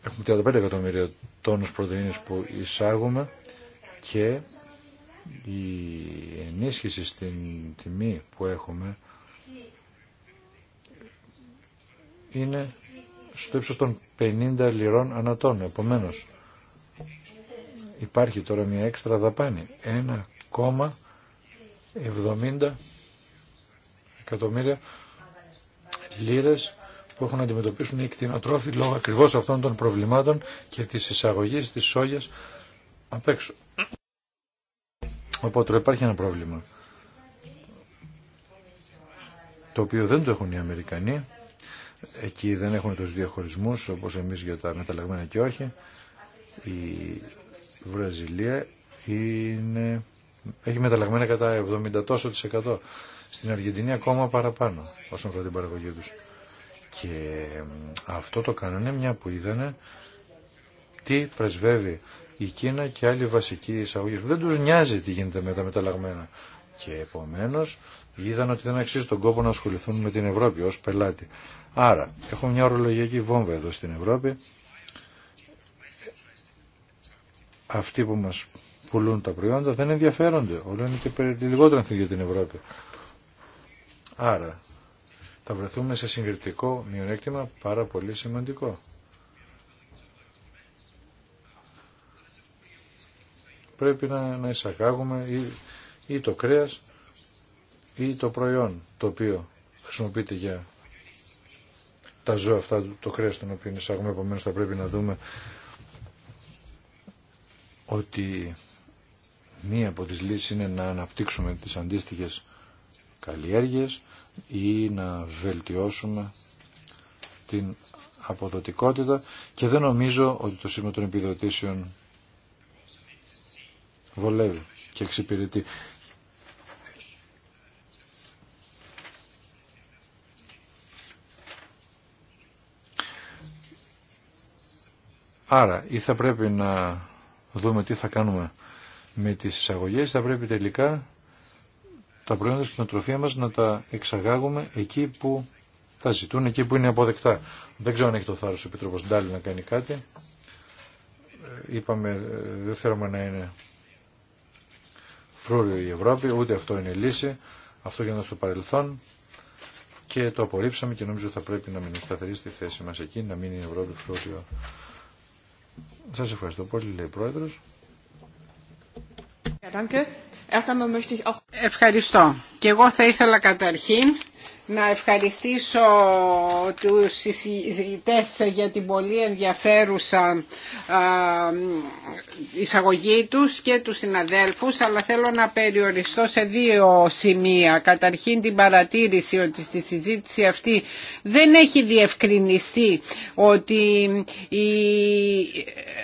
Έχουμε 35 εκατομμύρια τόνους πρωτεΐνης που εισάγουμε και η ενίσχυση στην τιμή που έχουμε είναι στο ύψος των 50 λιρών τόνο. Επομένως, υπάρχει τώρα μια έξτρα δαπάνη. 1,70 εκατομμύρια λίρες που έχουν να αντιμετωπίσουν οι κτηνοτρόφοι λόγω ακριβώς αυτών των προβλημάτων και της εισαγωγής της σόγιας απ' έξω. Οπότε υπάρχει ένα πρόβλημα το οποίο δεν το έχουν οι Αμερικανοί. Εκεί δεν έχουν τους διαχωρισμούς όπως εμείς για τα μεταλλαγμένα και όχι. Η Βραζιλία είναι... έχει μεταλλαγμένα κατά 70% Στην Αργεντινή ακόμα παραπάνω όσον αφορά την παραγωγή τους. Και αυτό το κάνανε μια που είδανε τι πρεσβεύει η Κίνα και άλλοι βασικοί εισαγωγές. Δεν τους νοιάζει τι γίνεται με τα μεταλλαγμένα. Και επομένως είδαν ότι δεν αξίζει τον κόπο να ασχοληθούν με την Ευρώπη ως πελάτη. Άρα έχουμε μια ορολογιακή βόμβα εδώ στην Ευρώπη. Αυτοί που μας πουλούν τα προϊόντα δεν ενδιαφέρονται. Όλο είναι και λιγότερο για την Ευρώπη. Άρα θα βρεθούμε σε συγκριτικό μειονέκτημα πάρα πολύ σημαντικό. Πρέπει να, να εισακάγουμε ή, ή το κρέας ή το προϊόν το οποίο χρησιμοποιείται για τα ζώα αυτά, το κρέας το οποίο εισάγουμε. Επομένως θα πρέπει να δούμε ότι μία από τις λύσεις είναι να αναπτύξουμε τις αντίστοιχες καλλιέργειες ή να βελτιώσουμε την αποδοτικότητα και δεν νομίζω ότι το σύστημα των επιδοτήσεων βολεύει και εξυπηρετεί. Άρα ή θα πρέπει να δούμε τι θα κάνουμε με τις εισαγωγές, θα πρέπει τελικά τα προϊόντα στην οτροφία μας να τα εξαγάγουμε εκεί που τα ζητούν, εκεί που είναι αποδεκτά. Δεν ξέρω αν έχει το θάρρος ο Επιτρόπος Ντάλι να κάνει κάτι. Ε, είπαμε ε, δεν θέλουμε να είναι φρούριο η Ευρώπη, ούτε αυτό είναι λύση. Αυτό να στο παρελθόν και το απορρίψαμε και νομίζω θα πρέπει να μείνει σταθερή στη θέση μας εκεί, να μείνει η Ευρώπη φρούριο. Σας ευχαριστώ πολύ, λέει ο Πρόεδρος. Ευχαριστώ. Και εγώ θα ήθελα καταρχήν να ευχαριστήσω τους συζητητές για την πολύ ενδιαφέρουσα εισαγωγή τους και τους συναδέλφους αλλά θέλω να περιοριστώ σε δύο σημεία. Καταρχήν την παρατήρηση ότι στη συζήτηση αυτή δεν έχει διευκρινιστεί ότι η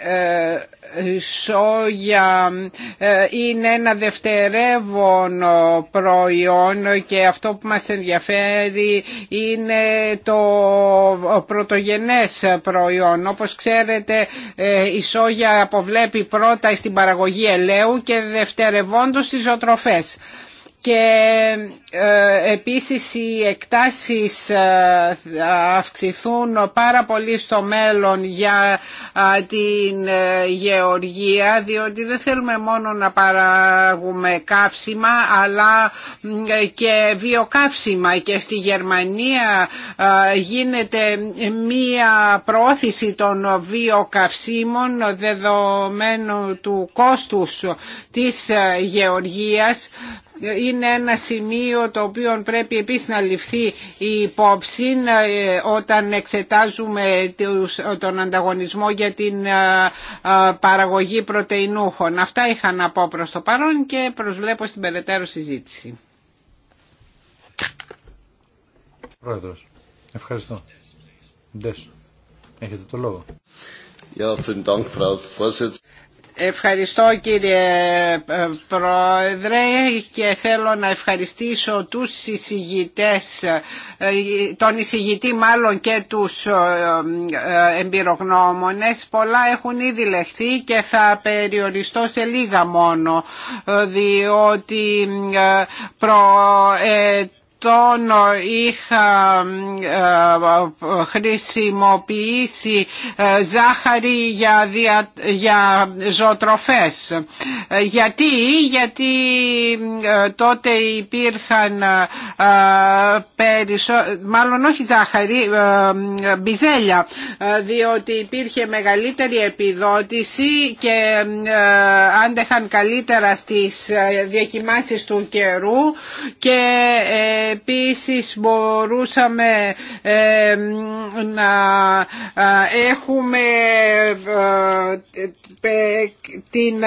ε, η σόγια ε, είναι ένα δευτερεύον προϊόν και αυτό που μας ενδιαφέρει είναι το πρωτογενές προϊόν. Όπως ξέρετε η ε, σόγια αποβλέπει πρώτα στην παραγωγή ελαίου και δευτερευόντως στις ζωοτροφές και ε, επίσης οι εκτάσεις ε, αυξηθούν πάρα πολύ στο μέλλον για την ε, γεωργία διότι δεν θέλουμε μόνο να παράγουμε καύσιμα αλλά και βιοκαύσιμα και στη Γερμανία γίνεται μία προώθηση των βιοκαυσίμων δεδομένου του κόστους της γεωργίας είναι ένα σημείο το οποίο πρέπει επίσης να ληφθεί η υπόψη ε, όταν εξετάζουμε τον ανταγωνισμό για την ε, ε, παραγωγή πρωτεϊνούχων. Αυτά είχα να πω προς το παρόν και προσβλέπω στην περαιτέρω συζήτηση. Πρόεδρος, ευχαριστώ. Ντες, έχετε το λόγο. Ευχαριστώ κύριε ε, Πρόεδρε και θέλω να ευχαριστήσω τους εισηγητές, ε, τον εισηγητή μάλλον και τους ε, εμπειρογνώμονες. Πολλά έχουν ήδη λεχθεί και θα περιοριστώ σε λίγα μόνο, διότι προ τόνο είχα ε, ε, χρησιμοποιήσει ε, ζάχαρη για, δια, για ζωτροφές Γιατί, γιατί τότε υπήρχαν περισσο... μάλλον όχι ζάχαρη, μπιζέλια, διότι υπήρχε μεγαλύτερη επιδότηση και άντεχαν καλύτερα στις διακοιμάσεις του καιρού και Επίσης μπορούσαμε ε, να έχουμε ε, την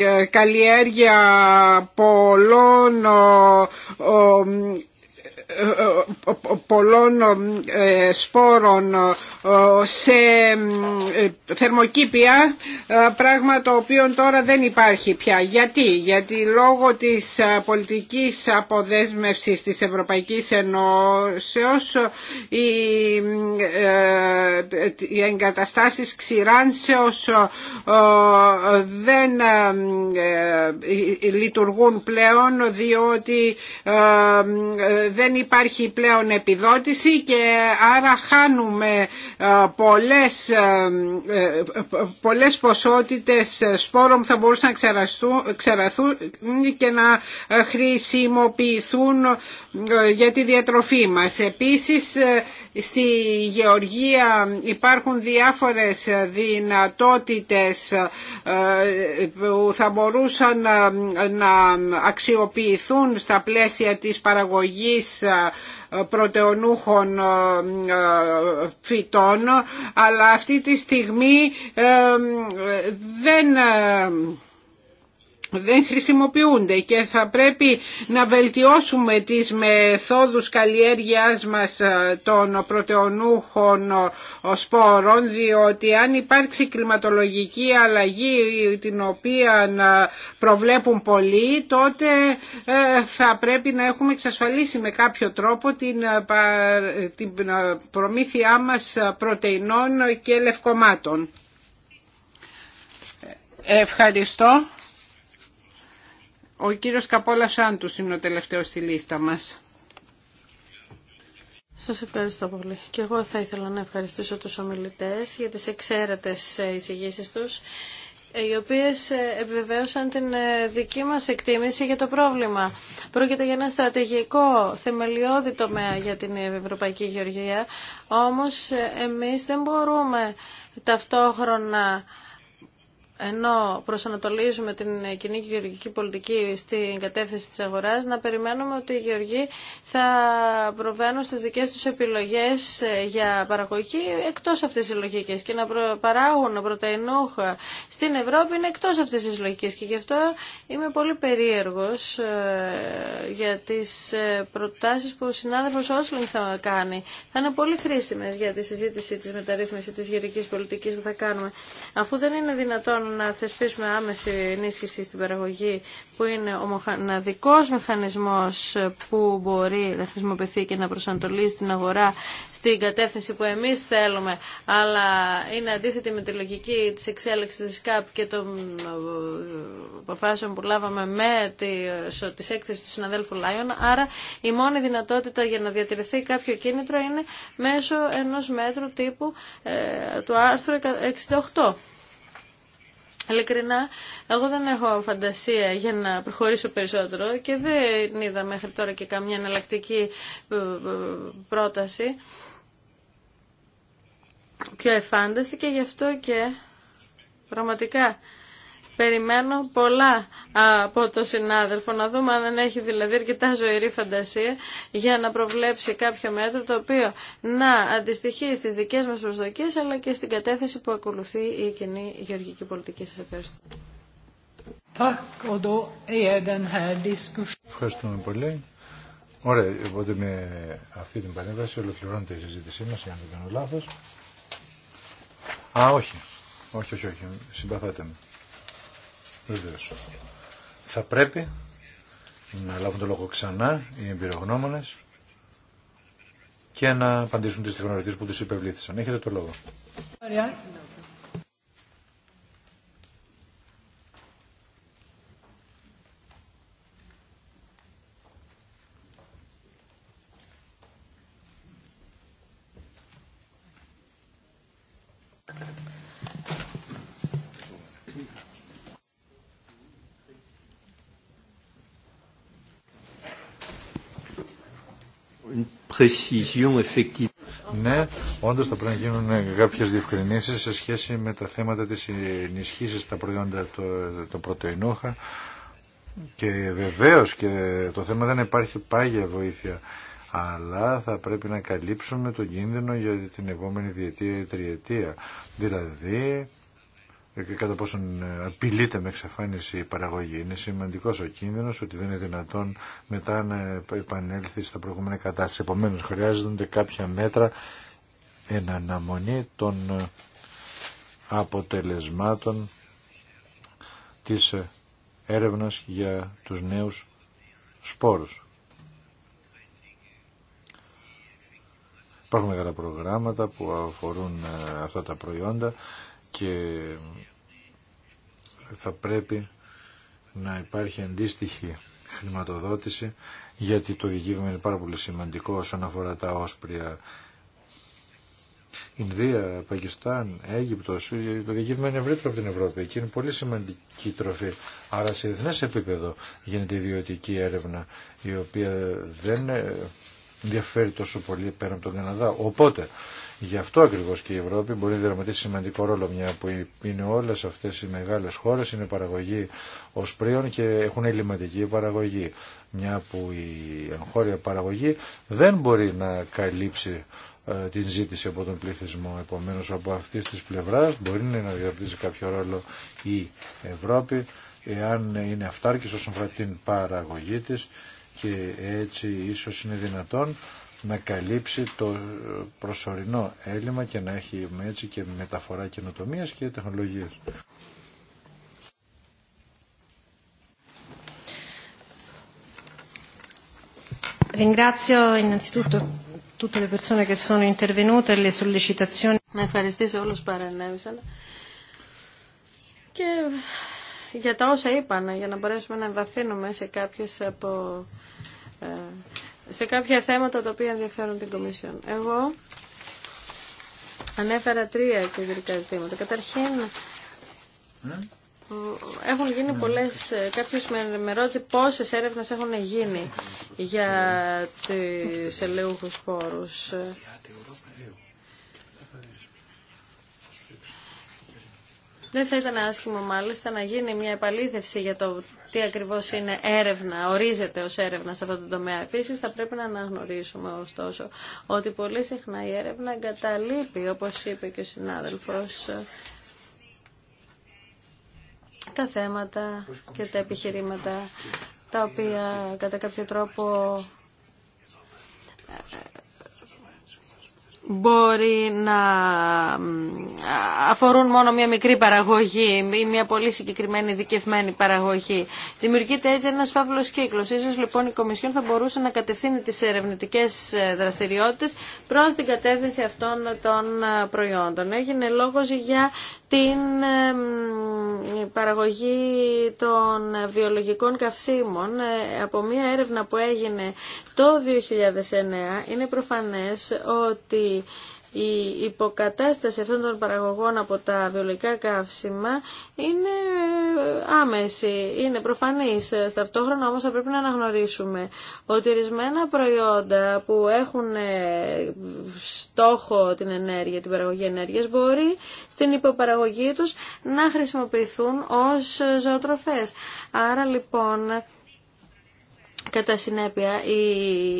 ε, καλλιέργεια πολλών πολλών ε, σπόρων ε, σε ε, θερμοκήπια πράγμα το οποίο τώρα δεν υπάρχει πια. Γιατί, Γιατί λόγω της πολιτικής αποδέσμευσης της Ευρωπαϊκής Ενώσεως οι εγκαταστάσεις ξηράνσεως δεν λειτουργούν πλέον διότι δεν υπάρχει πλέον επιδότηση και άρα χάνουμε ε, πολλές, ε, ε, πολλές ποσότητες σπόρων που θα μπορούσαν να ξεραθούν και να χρησιμοποιηθούν ε, για τη διατροφή μας. Επίσης ε, στη γεωργία υπάρχουν διάφορες δυνατότητες ε, που θα μπορούσαν να αξιοποιηθούν στα πλαίσια της παραγωγής πρωτεονούχων φυτών αλλά αυτή τη στιγμή δεν δεν χρησιμοποιούνται και θα πρέπει να βελτιώσουμε τις μεθόδους καλλιέργειάς μας ε, των πρωτεονούχων ε, σπόρων διότι αν υπάρξει κλιματολογική αλλαγή ε, την οποία προβλέπουν πολλοί τότε θα πρέπει να έχουμε εξασφαλίσει με κάποιο τρόπο την προμήθειά μας πρωτεϊνών και λευκομάτων. Ευχαριστώ. Ο κύριος Καπόλα Σάντους είναι ο τελευταίος στη λίστα μας. Σας ευχαριστώ πολύ. Και εγώ θα ήθελα να ευχαριστήσω τους ομιλητές για τις εξαίρετες εισηγήσεις τους, οι οποίες επιβεβαίωσαν την δική μας εκτίμηση για το πρόβλημα. Πρόκειται για ένα στρατηγικό θεμελιώδη τομέα για την Ευρωπαϊκή Γεωργία, όμως εμείς δεν μπορούμε ταυτόχρονα ενώ προσανατολίζουμε την κοινή γεωργική πολιτική στην κατεύθυνση της αγοράς, να περιμένουμε ότι οι γεωργοί θα προβαίνουν στις δικές τους επιλογές ε, για παραγωγή εκτός αυτής της λογικής και να παράγουν πρωτεϊνούχα στην Ευρώπη είναι εκτός αυτής της λογικής και γι' αυτό είμαι πολύ περίεργος ε, για τις ε, προτάσεις που ο συνάδελφος Όσλινγκ θα κάνει. Θα είναι πολύ χρήσιμες για τη συζήτηση της μεταρρύθμισης της γεωργικής πολιτικής που θα κάνουμε. Αφού δεν είναι δυνατόν να θεσπίσουμε άμεση ενίσχυση στην παραγωγή που είναι ο μοναδικός μηχανισμός που μπορεί να χρησιμοποιηθεί και να προσανατολίσει την αγορά στην κατεύθυνση που εμείς θέλουμε αλλά είναι αντίθετη με τη λογική της εξέλιξης της ΚΑΠ και των ε, αποφάσεων που λάβαμε με τις έκθεση του συναδέλφου Λάιον άρα η μόνη δυνατότητα για να διατηρηθεί κάποιο κίνητρο είναι μέσω ενός μέτρου τύπου ε, του άρθρου 68. Ειλικρινά, εγώ δεν έχω φαντασία για να προχωρήσω περισσότερο και δεν είδα μέχρι τώρα και καμία εναλλακτική ε, ε, πρόταση πιο εφάνταστη και γι' αυτό και πραγματικά Περιμένω πολλά από το συνάδελφο, να δούμε αν δεν έχει δηλαδή αρκετά ζωηρή φαντασία για να προβλέψει κάποιο μέτρο το οποίο να αντιστοιχεί στις δικές μας προσδοκίες αλλά και στην κατεύθυνση που ακολουθεί η κοινή γεωργική πολιτική. Σας ευχαριστώ. Ευχαριστούμε πολύ. Ωραία, οπότε με αυτή την παρέμβαση ολοκληρώνεται η συζήτησή μας, για να δεν κάνω λάθος. Α, όχι. Όχι, όχι, όχι. Συμπαθάτε με. Βεβαίως. Θα πρέπει να λάβουν το λόγο ξανά οι εμπειρογνώμονες και να απαντήσουν τις τεχνολογίες που τους υπευλήθησαν. Έχετε το λόγο. Ναι, όντω θα πρέπει να γίνουν ε, κάποιε διευκρινήσει σε σχέση με τα θέματα τη ενισχύση στα προϊόντα το, το και βεβαίω και το θέμα δεν υπάρχει πάγια βοήθεια. Αλλά θα πρέπει να καλύψουμε τον κίνδυνο για την επόμενη διετία ή τριετία. Δηλαδή και κατά πόσον ε, απειλείται με εξαφάνιση η παραγωγή. Είναι σημαντικός ο κίνδυνος ότι δεν είναι δυνατόν μετά να επανέλθει στα προηγούμενα κατάσταση. Επομένω, χρειάζονται κάποια μέτρα εν αναμονή των ε, αποτελεσμάτων της ε, έρευνας για τους νέους σπόρους. Υπάρχουν μεγάλα προγράμματα που αφορούν αυτά τα προϊόντα και θα πρέπει να υπάρχει αντίστοιχη χρηματοδότηση γιατί το διηγήμα είναι πάρα πολύ σημαντικό όσον αφορά τα όσπρια Ινδία, Πακιστάν, Αίγυπτος, το διεκείμενο είναι ευρύτερο από την Ευρώπη. Εκεί είναι πολύ σημαντική τροφή. Άρα σε διεθνές επίπεδο γίνεται ιδιωτική έρευνα η οποία δεν ενδιαφέρει τόσο πολύ πέρα από τον Καναδά. Οπότε Γι' αυτό ακριβώς και η Ευρώπη μπορεί να δραματίσει σημαντικό ρόλο μια που είναι όλες αυτές οι μεγάλες χώρες, είναι παραγωγή οσπρίων και έχουν ελληματική παραγωγή. Μια που η εγχώρια παραγωγή δεν μπορεί να καλύψει ε, την ζήτηση από τον πληθυσμό. Επομένως από αυτή τη πλευρά μπορεί να διαπτύσσει κάποιο ρόλο η Ευρώπη εάν είναι αυτάρκης όσον αφορά την παραγωγή της και έτσι ίσως είναι δυνατόν να καλύψει το προσωρινό έλλειμμα και να έχει έτσι και μεταφορά καινοτομία και τεχνολογία. Ringrazio innanzitutto tutte le persone che sono intervenute e le sollecitazioni. Να ευχαριστήσω όλου που παρενέβησαν και για τα όσα είπαν, για να μπορέσουμε να εμβαθύνουμε σε κάποιε από ε, σε κάποια θέματα τα οποία ενδιαφέρουν την Κομισιόν. Εγώ ανέφερα τρία κεντρικά ζητήματα. Καταρχήν, έχουν γίνει πολλές, κάποιος με, ρώτησε πόσες έρευνες έχουν γίνει για τις ελαιούχους πόρους. Δεν θα ήταν άσχημο μάλιστα να γίνει μια επαλήθευση για το τι ακριβώς είναι έρευνα, ορίζεται ω έρευνα σε αυτό το τομέα. Επίση θα πρέπει να αναγνωρίσουμε ωστόσο ότι πολύ συχνά η έρευνα εγκαταλείπει, όπως είπε και ο συνάδελφο τα θέματα και τα επιχειρήματα τα οποία κατά κάποιο τρόπο μπορεί να αφορούν μόνο μια μικρή παραγωγή ή μια πολύ συγκεκριμένη δικευμένη παραγωγή. Δημιουργείται έτσι ένας φαύλος κύκλος. Ίσως λοιπόν η Κομισιόν θα μπορούσε να κατευθύνει τις ερευνητικές ε, δραστηριότητες προς την κατεύθυνση αυτών των ε, προϊόντων. Έγινε λόγος για την παραγωγή των βιολογικών καυσίμων ε, από μια έρευνα που έγινε το 2009 είναι προφανές ότι η υποκατάσταση αυτών των παραγωγών από τα βιολογικά καύσιμα είναι άμεση, είναι προφανής. Σταυτόχρονα όμως θα πρέπει να αναγνωρίσουμε ότι ορισμένα προϊόντα που έχουν ε, στόχο την ενέργεια, την παραγωγή ενέργειας μπορεί στην υποπαραγωγή τους να χρησιμοποιηθούν ως ζωοτροφές. Άρα λοιπόν Κατά συνέπεια, η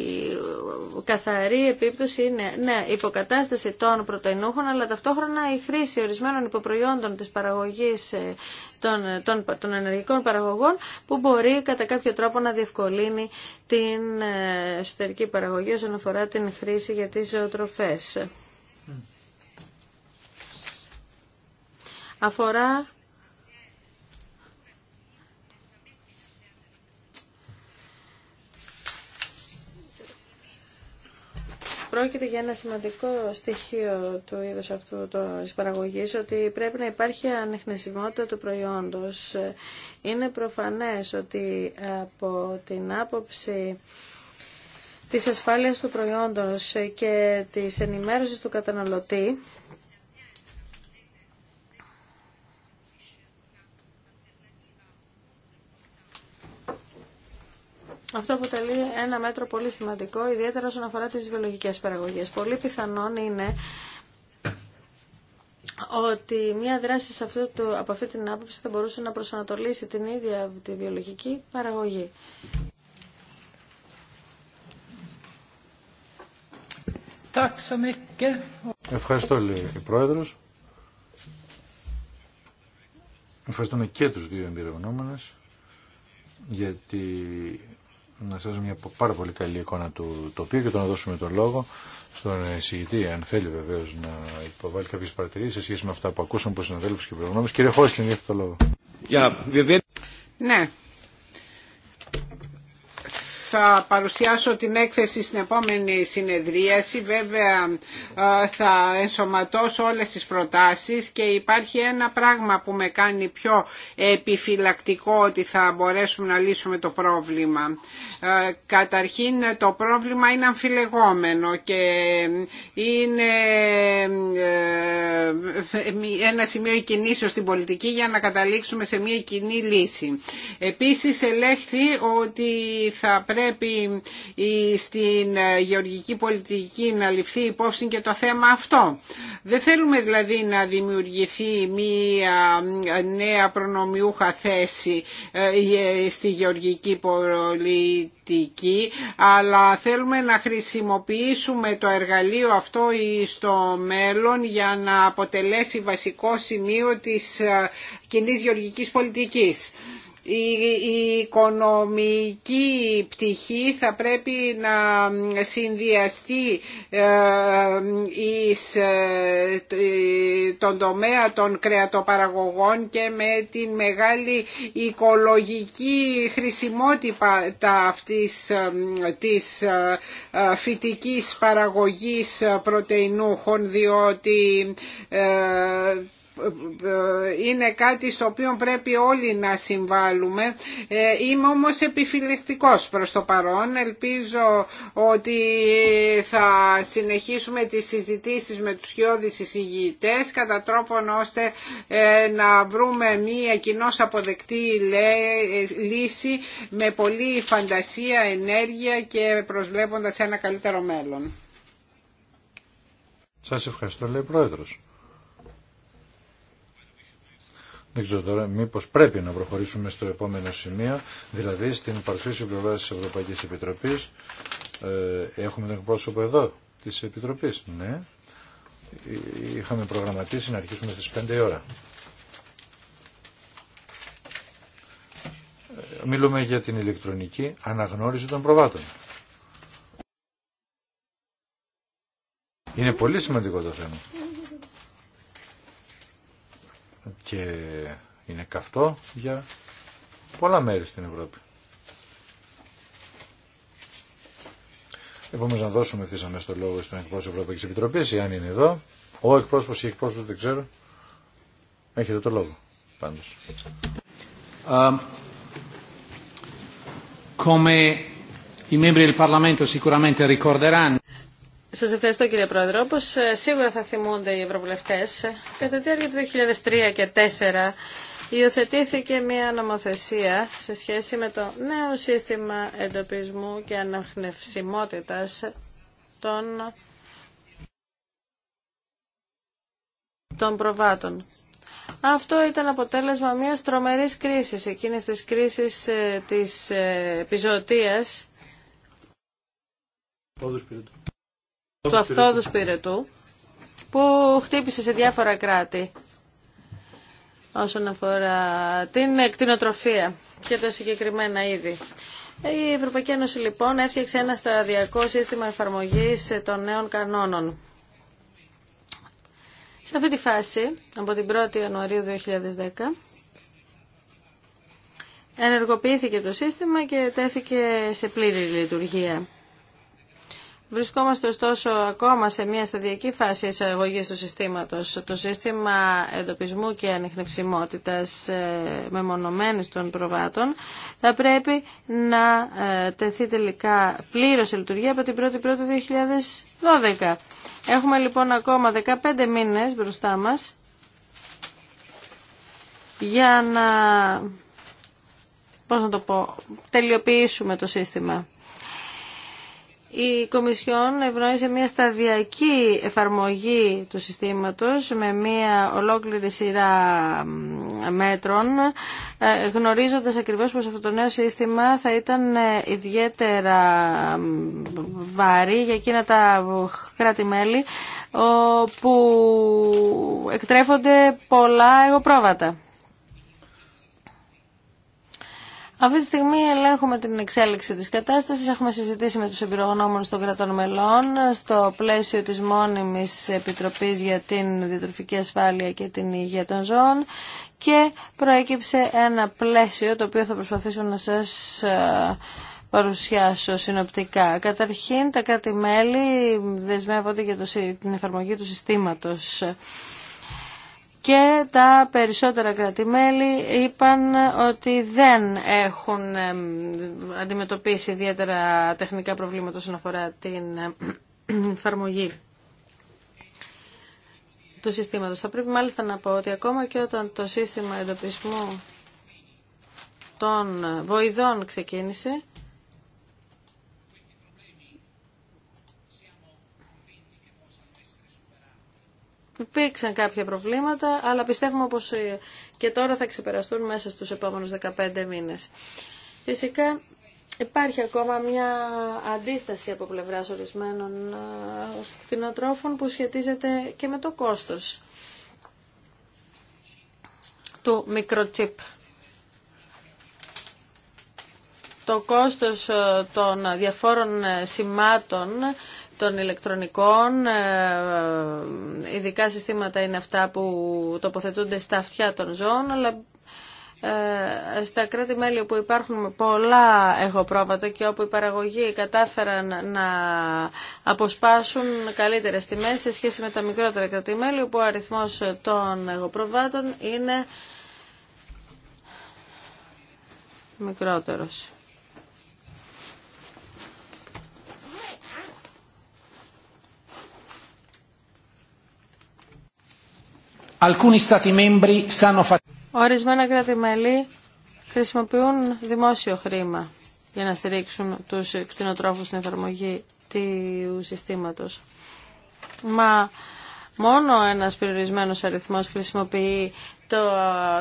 καθαρή επίπτωση είναι ναι, υποκατάσταση των πρωτενούχων, αλλά ταυτόχρονα η χρήση ορισμένων υποπροϊόντων της παραγωγής ε, των, ε, των, των ενεργικών παραγωγών που μπορεί κατά κάποιο τρόπο να διευκολύνει την ε, εσωτερική παραγωγή όσον αφορά την χρήση για τις ζωοτροφές. Αφορά Πρόκειται για ένα σημαντικό στοιχείο του είδους αυτού της παραγωγής ότι πρέπει να υπάρχει ανεχνεσιμότητα του προϊόντος. Είναι προφανές ότι από την άποψη της ασφάλειας του προϊόντος και της ενημέρωσης του καταναλωτή Αυτό αποτελεί ένα μέτρο πολύ σημαντικό, ιδιαίτερα όσον αφορά τις βιολογικές παραγωγές. Πολύ πιθανόν είναι ότι μια δράση σε αυτό το, από αυτή την άποψη θα μπορούσε να προσανατολίσει την ίδια τη βιολογική παραγωγή. Ευχαριστώ, λέει η Πρόεδρος. Ευχαριστούμε και τους δύο εμπειρογνώμονες γιατί να σας δώσω μια πάρα πολύ καλή εικόνα του τοπίου και το να δώσουμε τον λόγο στον εισηγητή, αν θέλει βεβαίω να υποβάλει κάποιε παρατηρήσει σε σχέση με αυτά που ακούσαμε από συναδέλφου και προγνώμε. Κύριε Χόστιν, έχετε το λόγο. Ναι, θα παρουσιάσω την έκθεση στην επόμενη συνεδρίαση. Βέβαια ε, θα ενσωματώσω όλες τις προτάσεις και υπάρχει ένα πράγμα που με κάνει πιο επιφυλακτικό ότι θα μπορέσουμε να λύσουμε το πρόβλημα. Ε, καταρχήν το πρόβλημα είναι αμφιλεγόμενο και είναι ε, ένα σημείο κινήσεως στην πολιτική για να καταλήξουμε σε μια κοινή λύση. Επίσης ελέγχθη ότι θα πρέπει πρέπει στην γεωργική πολιτική να ληφθεί υπόψη και το θέμα αυτό. Δεν θέλουμε δηλαδή να δημιουργηθεί μία νέα προνομιούχα θέση ε, ε, στη γεωργική πολιτική αλλά θέλουμε να χρησιμοποιήσουμε το εργαλείο αυτό στο μέλλον για να αποτελέσει βασικό σημείο της ε, κοινή γεωργικής πολιτικής η οικονομική πτυχή θα πρέπει να συνδυαστεί ε, εις ε, ε, τον τομέα των κρεατοπαραγωγών και με την μεγάλη οικολογική χρησιμότητα αυτής της φυτικής παραγωγής πρωτεϊνούχων διότι είναι κάτι στο οποίο πρέπει όλοι να συμβάλλουμε. Ε, είμαι όμως επιφυλεκτικός προς το παρόν. Ελπίζω ότι θα συνεχίσουμε τις συζητήσεις με τους χιώδεις εισηγητές κατά τρόπον ώστε ε, να βρούμε μία κοινώ αποδεκτή λύση με πολλή φαντασία, ενέργεια και προσβλέποντας ένα καλύτερο μέλλον. Σας ευχαριστώ λέει Πρόεδρος. Δεν ξέρω τώρα μήπως πρέπει να προχωρήσουμε στο επόμενο σημείο, δηλαδή στην παρουσίαση πλευρά τη Ευρωπαϊκή Επιτροπή. Ε, έχουμε τον εκπρόσωπο εδώ τη Επιτροπή. ναι. Είχαμε προγραμματίσει να αρχίσουμε στις 5 η ώρα. Ε, μιλούμε για την ηλεκτρονική αναγνώριση των προβάτων. Είναι πολύ σημαντικό το θέμα και είναι καυτό για πολλά μέρη στην Ευρώπη. Επομένω, να δώσουμε ευθύ αμέσω το λόγο στον εκπρόσωπο Ευρωπαϊκή Επιτροπή, αν είναι εδώ. Ο εκπρόσωπο ή εκπρόσωπο δεν ξέρω. Έχετε το λόγο πάντω. Come i membri del Parlamento sicuramente ricorderanno. Σας ευχαριστώ κύριε Πρόεδρο. Όπω ε, σίγουρα θα θυμούνται οι Ευρωβουλευτέ, ε, κατά τη διάρκεια του 2003 και 2004 υιοθετήθηκε μια νομοθεσία σε σχέση με το νέο σύστημα εντοπισμού και αναχνευσιμότητα των, των προβάτων. Αυτό ήταν αποτέλεσμα μιας τρομερής κρίσης, εκείνης της κρίσης ε, της επιζωτίας του αυτόδου πυρετού που χτύπησε σε διάφορα κράτη όσον αφορά την εκτινοτροφία και τα συγκεκριμένα είδη. Η Ευρωπαϊκή Ένωση λοιπόν έφτιαξε ένα σταδιακό σύστημα εφαρμογής των νέων κανόνων. Σε αυτή τη φάση, από την 1η Ιανουαρίου 2010, ενεργοποιήθηκε το σύστημα και τέθηκε σε πλήρη λειτουργία. Βρισκόμαστε ωστόσο ακόμα σε μια σταδιακή φάση εισαγωγής του συστήματος. Το σύστημα εντοπισμού και ανιχνευσιμότητα ε, μεμονωμένη των προβάτων θα πρέπει να ε, τεθεί τελικά πλήρω σε λειτουργία από την 1η Πρώτη 2012. Έχουμε λοιπόν ακόμα 15 μήνε μπροστά μα για να, πώς να το πω, τελειοποιήσουμε το σύστημα η Κομισιόν ευνόησε μια σταδιακή εφαρμογή του συστήματος με μια ολόκληρη σειρά μέτρων ε, γνωρίζοντας ακριβώς πως αυτό το νέο σύστημα θα ήταν ε, ιδιαίτερα βαρύ για εκείνα τα κράτη-μέλη που εκτρέφονται πολλά εγωπρόβατα. Αυτή τη στιγμή ελέγχουμε την εξέλιξη της κατάστασης. Έχουμε συζητήσει με τους εμπειρογνώμονες των κρατών μελών στο πλαίσιο της μόνιμης Επιτροπής για την Διατροφική Ασφάλεια και την Υγεία των Ζώων και προέκυψε ένα πλαίσιο το οποίο θα προσπαθήσω να σας ε, παρουσιάσω συνοπτικά. Καταρχήν, τα κράτη-μέλη δεσμεύονται για την εφαρμογή του συστήματος και τα περισσότερα κρατημέλη είπαν ότι δεν έχουν αντιμετωπίσει ιδιαίτερα τεχνικά προβλήματα όσον αφορά την εφαρμογή του συστήματος. Θα πρέπει μάλιστα να πω ότι ακόμα και όταν το σύστημα εντοπισμού των βοηδών ξεκίνησε, Υπήρξαν κάποια προβλήματα, αλλά πιστεύουμε πως ε, και τώρα θα ξεπεραστούν μέσα στους επόμενους 15 μήνες. Φυσικά υπάρχει ακόμα μια αντίσταση από πλευράς ορισμένων ε, κτηνοτρόφων που σχετίζεται και με το κόστος του μικροτσίπ. Το κόστος ε, των διαφόρων σημάτων των ηλεκτρονικών. Ε, ειδικά συστήματα είναι αυτά που τοποθετούνται στα αυτιά των ζώων, αλλά ε, στα κράτη-μέλη όπου υπάρχουν πολλά εγωπρόβατα και όπου οι παραγωγοί κατάφεραν να αποσπάσουν καλύτερες τιμές σε σχέση με τα μικρότερα κράτη-μέλη όπου ο αριθμός των εγωπροβάτων είναι μικρότερος. Ορισμένα κράτη-μέλη χρησιμοποιούν δημόσιο χρήμα για να στηρίξουν τους κτηνοτρόφους στην εφαρμογή του συστήματος. Μα μόνο ένας περιορισμένος αριθμός χρησιμοποιεί το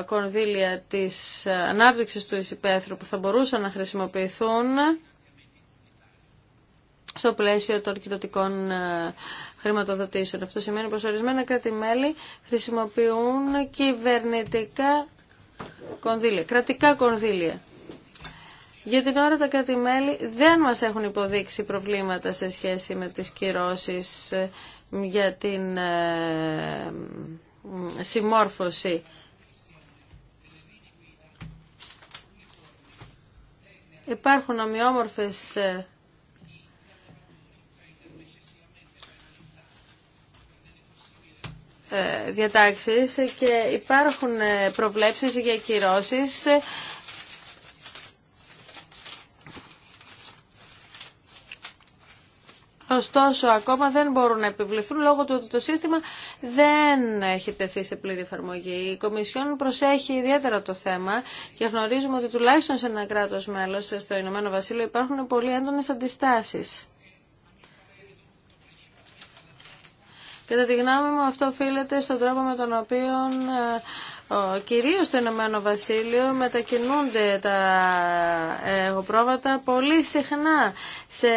κονδύλια της ανάπτυξης του Ισυπέθρου που θα μπορούσαν να χρησιμοποιηθούν στο πλαίσιο των κοινωτικών ε, χρηματοδοτήσεων. Αυτό σημαίνει πως ορισμένα κράτη-μέλη χρησιμοποιούν κυβερνητικά κονδύλια, κρατικά κονδύλια. Για την ώρα τα κράτη-μέλη δεν μας έχουν υποδείξει προβλήματα σε σχέση με τις κυρώσεις ε, για την ε, συμμόρφωση. Υπάρχουν ομοιόμορφες ε, Ε, διατάξεις και υπάρχουν ε, προβλέψεις για κυρώσεις Ωστόσο, ακόμα δεν μπορούν να επιβληθούν λόγω του ότι το σύστημα δεν έχει τεθεί σε πλήρη εφαρμογή. Η Κομισιόν προσέχει ιδιαίτερα το θέμα και γνωρίζουμε ότι τουλάχιστον σε ένα κράτο μέλο, στο Ηνωμένο Βασίλειο, υπάρχουν πολύ έντονε αντιστάσει. Κατά τη γνώμη μου αυτό οφείλεται στον τρόπο με τον οποίο ε, κυρίως στο Ηνωμένο Βασίλειο μετακινούνται τα εγωπρόβατα πολύ συχνά σε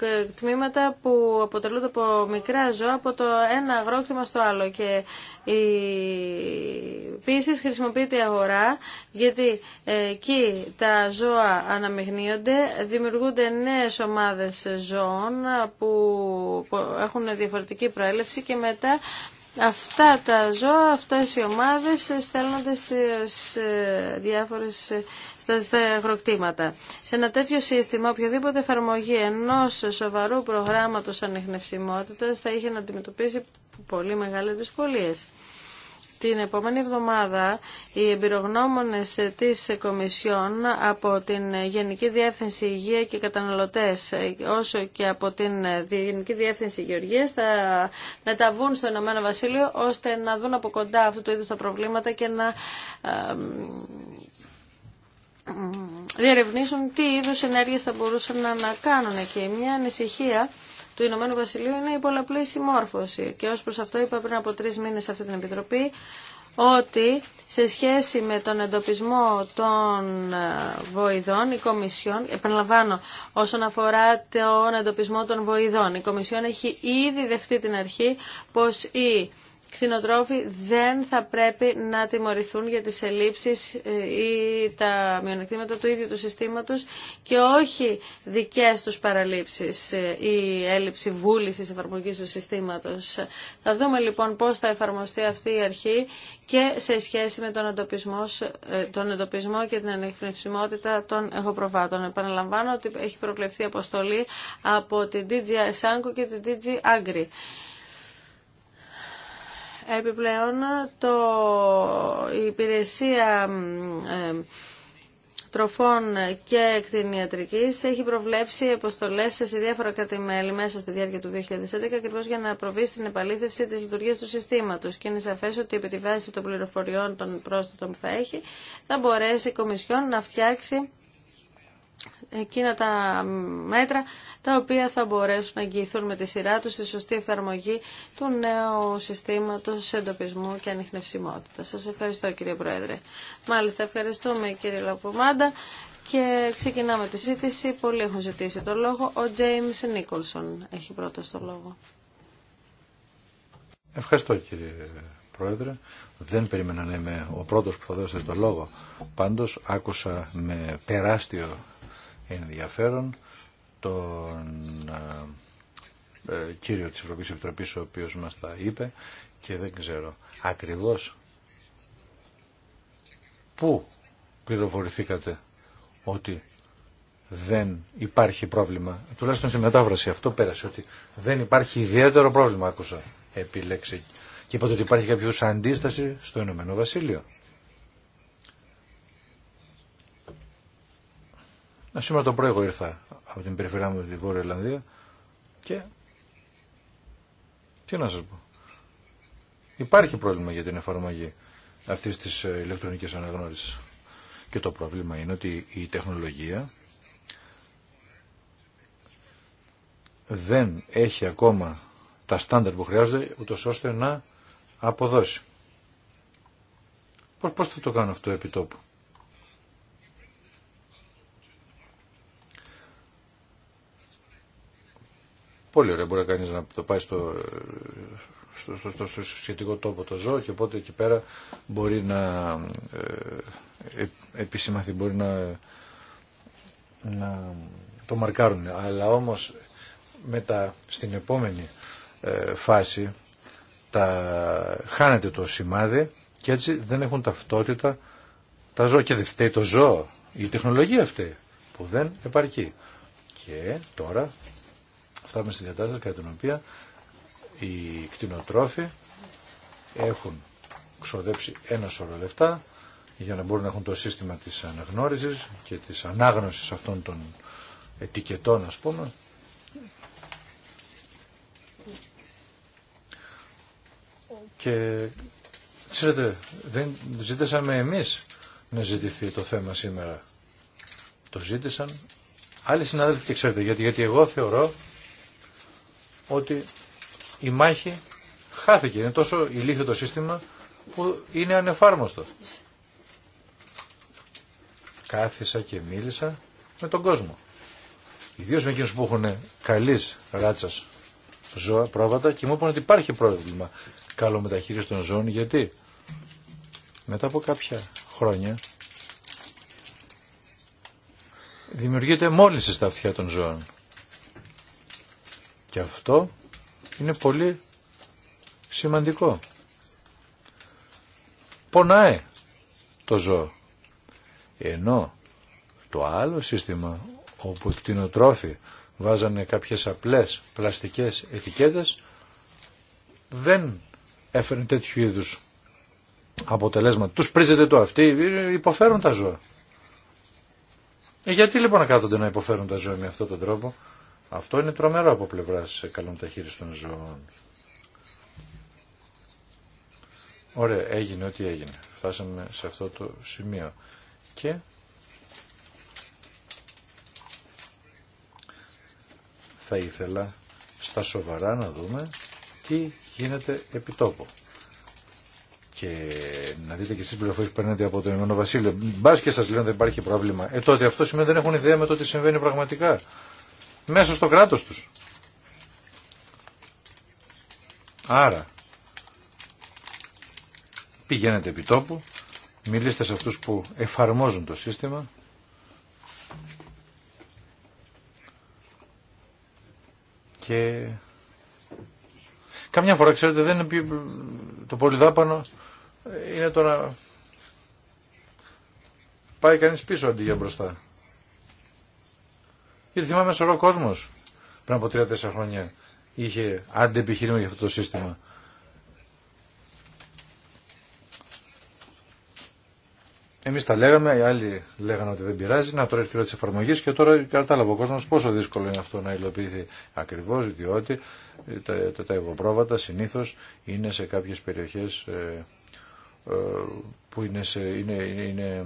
ε, τμήματα που αποτελούνται από μικρά ζώα από το ένα αγρόκτημα στο άλλο και η... χρησιμοποιείται η αγορά γιατί εκεί τα ζώα αναμειγνύονται, δημιουργούνται νέες ομάδες ζώων που έχουν διαφορετική προέλευση και μετά Αυτά τα ζώα, αυτές οι ομάδες στέλνονται στις ε, διάφορες ε, στα αγροκτήματα. Σε ένα τέτοιο σύστημα, οποιοδήποτε εφαρμογή ενό σοβαρού προγράμματο ανεχνευσιμότητας θα είχε να αντιμετωπίσει πολύ μεγάλες δυσκολίες. Την επόμενη εβδομάδα οι εμπειρογνώμονες της Κομισιόν από την Γενική Διεύθυνση Υγεία και Καταναλωτές όσο και από την Γενική Διεύθυνση Γεωργίας θα μεταβούν στο Ηνωμένο Βασίλειο ώστε να δουν από κοντά αυτού του είδους τα προβλήματα και να διερευνήσουν τι είδους ενέργειες θα μπορούσαν να κάνουν και μια ανησυχία του Ηνωμένου Βασιλείου είναι η πολλαπλή συμμόρφωση. Και ως προς αυτό είπα πριν από τρεις μήνες σε αυτή την Επιτροπή ότι σε σχέση με τον εντοπισμό των ε, βοηδών, η Κομισιόν, επαναλαμβάνω, όσον αφορά τον εντοπισμό των βοηδών, η Κομισιόν έχει ήδη δεχτεί την αρχή πως η κτηνοτρόφοι δεν θα πρέπει να τιμωρηθούν για τις ελλείψεις ε, ή τα μειονεκτήματα του ίδιου του συστήματος και όχι δικές τους παραλήψεις ε, ή έλλειψη βούλησης εφαρμογής του συστήματος. Θα δούμε λοιπόν πώς θα εφαρμοστεί αυτή η αρχή και σε σχέση με τον εντοπισμό, ε, τον εντοπισμό και την ανεχνευσιμότητα των εγωπροβάτων. Επαναλαμβάνω ότι έχει προβλεφθεί αποστολή από την DJ Sanko και την DG Επιπλέον, το, η υπηρεσία ε, τροφών και κτηνιατρικής έχει προβλέψει αποστολές σε διάφορα μέσα στη διάρκεια του 2011 ακριβώ για να προβεί στην επαλήθευση της λειτουργίας του συστήματος και είναι σαφές ότι επί τη βάση των πληροφοριών των πρόσθετων που θα έχει θα μπορέσει η Κομισιόν να φτιάξει εκείνα τα μέτρα τα οποία θα μπορέσουν να εγγυηθούν με τη σειρά τους στη σωστή εφαρμογή του νέου συστήματος εντοπισμού και ανιχνευσιμότητα. Σας ευχαριστώ κύριε Πρόεδρε. Μάλιστα ευχαριστούμε κύριε Λαπομάντα και ξεκινάμε τη συζήτηση. Πολλοί έχουν ζητήσει το λόγο. Ο Τζέιμς Νίκολσον έχει πρώτος το λόγο. Ευχαριστώ κύριε Πρόεδρε. Δεν περίμενα να είμαι ο πρώτος που θα δώσετε το λόγο. Πάντως άκουσα με τεράστιο ενδιαφέρον τον ε, ε, κύριο της Ευρωπαϊκής Επιτροπής ο οποίος μας τα είπε και δεν ξέρω ακριβώς πού πληροφορηθήκατε ότι δεν υπάρχει πρόβλημα. Τουλάχιστον στη μετάφραση αυτό πέρασε ότι δεν υπάρχει ιδιαίτερο πρόβλημα, άκουσα επιλέξει. Και είπατε ότι υπάρχει κάποιο αντίσταση στο Ηνωμένο Βασίλειο. Να Σήμερα το πρωί ήρθα από την περιφερειά μου τη Βόρεια Ιρλανδία και τι να σας πω. Υπάρχει πρόβλημα για την εφαρμογή αυτής της ε, ηλεκτρονικής αναγνώρισης. Και το πρόβλημα είναι ότι η τεχνολογία δεν έχει ακόμα τα στάνταρ που χρειάζονται ούτως ώστε να αποδώσει. Πώς, πώς θα το κάνω αυτό επί τόπου. Πολύ ωραία μπορεί να κανείς να το πάει στο, στο, σχετικό τόπο το ζώο και οπότε εκεί πέρα μπορεί να ε, ε επισημαθεί, μπορεί να, να το μαρκάρουν. Αλλά όμως μετά στην επόμενη ε, φάση τα χάνεται το σημάδι και έτσι δεν έχουν ταυτότητα τα ζώα και δεν φταίει το ζώο. Η τεχνολογία αυτή που δεν επαρκεί. Και τώρα φτάνουμε στην κατάσταση κατά την οποία οι κτηνοτρόφοι έχουν ξοδέψει ένα σωρό λεφτά για να μπορούν να έχουν το σύστημα της αναγνώρισης και της ανάγνωσης αυτών των ετικετών ας πούμε και ξέρετε δεν ζήτησαμε εμείς να ζητηθεί το θέμα σήμερα το ζήτησαν άλλοι συνάδελφοι και ξέρετε γιατί, γιατί εγώ θεωρώ ότι η μάχη χάθηκε. Είναι τόσο ηλίθιο το σύστημα που είναι ανεφάρμοστο. Κάθισα και μίλησα με τον κόσμο. Ιδίω με εκείνου που έχουν καλή ράτσα ζώα, πρόβατα και μου είπαν ότι υπάρχει πρόβλημα καλό μεταχείριση των ζώων γιατί μετά από κάποια χρόνια δημιουργείται μόλυνση στα αυτιά των ζώων. Και αυτό είναι πολύ σημαντικό. Πονάει το ζώο. Ενώ το άλλο σύστημα όπου οι κτηνοτρόφοι βάζανε κάποιες απλές πλαστικές ετικέτες δεν έφερνε τέτοιου είδους αποτελέσματα. Τους πρίζεται το αυτοί, υποφέρουν τα ζώα. Ε, γιατί λοιπόν να κάθονται να υποφέρουν τα ζώα με αυτόν τον τρόπο. Αυτό είναι τρομερό από πλευρά καλών των ζώων. Ωραία, έγινε ό,τι έγινε. Φτάσαμε σε αυτό το σημείο. Και θα ήθελα στα σοβαρά να δούμε τι γίνεται επί Και να δείτε και εσείς πληροφορίες που παίρνετε από το Ηνωμένο Βασίλειο. Μπά και σας λένε ότι υπάρχει πρόβλημα. Ε, τότε αυτό σημαίνει δεν έχουν ιδέα με το τι συμβαίνει πραγματικά μέσα στο κράτος τους. Άρα, πηγαίνετε επί τόπου, μιλήστε σε αυτούς που εφαρμόζουν το σύστημα, και καμιά φορά ξέρετε δεν το πολυδάπανο είναι το να πάει κανείς πίσω αντί για μπροστά. Γιατί θυμάμαι σωρό κόσμο πριν από τρία-τέσσερα χρόνια είχε αντεπιχείρημα για αυτό το σύστημα. Εμεί τα λέγαμε, οι άλλοι λέγανε ότι δεν πειράζει. Να τώρα έρθει η ώρα τη εφαρμογή και τώρα κατάλαβε ο κόσμο πόσο δύσκολο είναι αυτό να υλοποιηθεί. Ακριβώ διότι τα, τα, τα εγωπρόβατα συνήθω είναι σε κάποιε περιοχέ ε, ε, που είναι, σε, είναι, είναι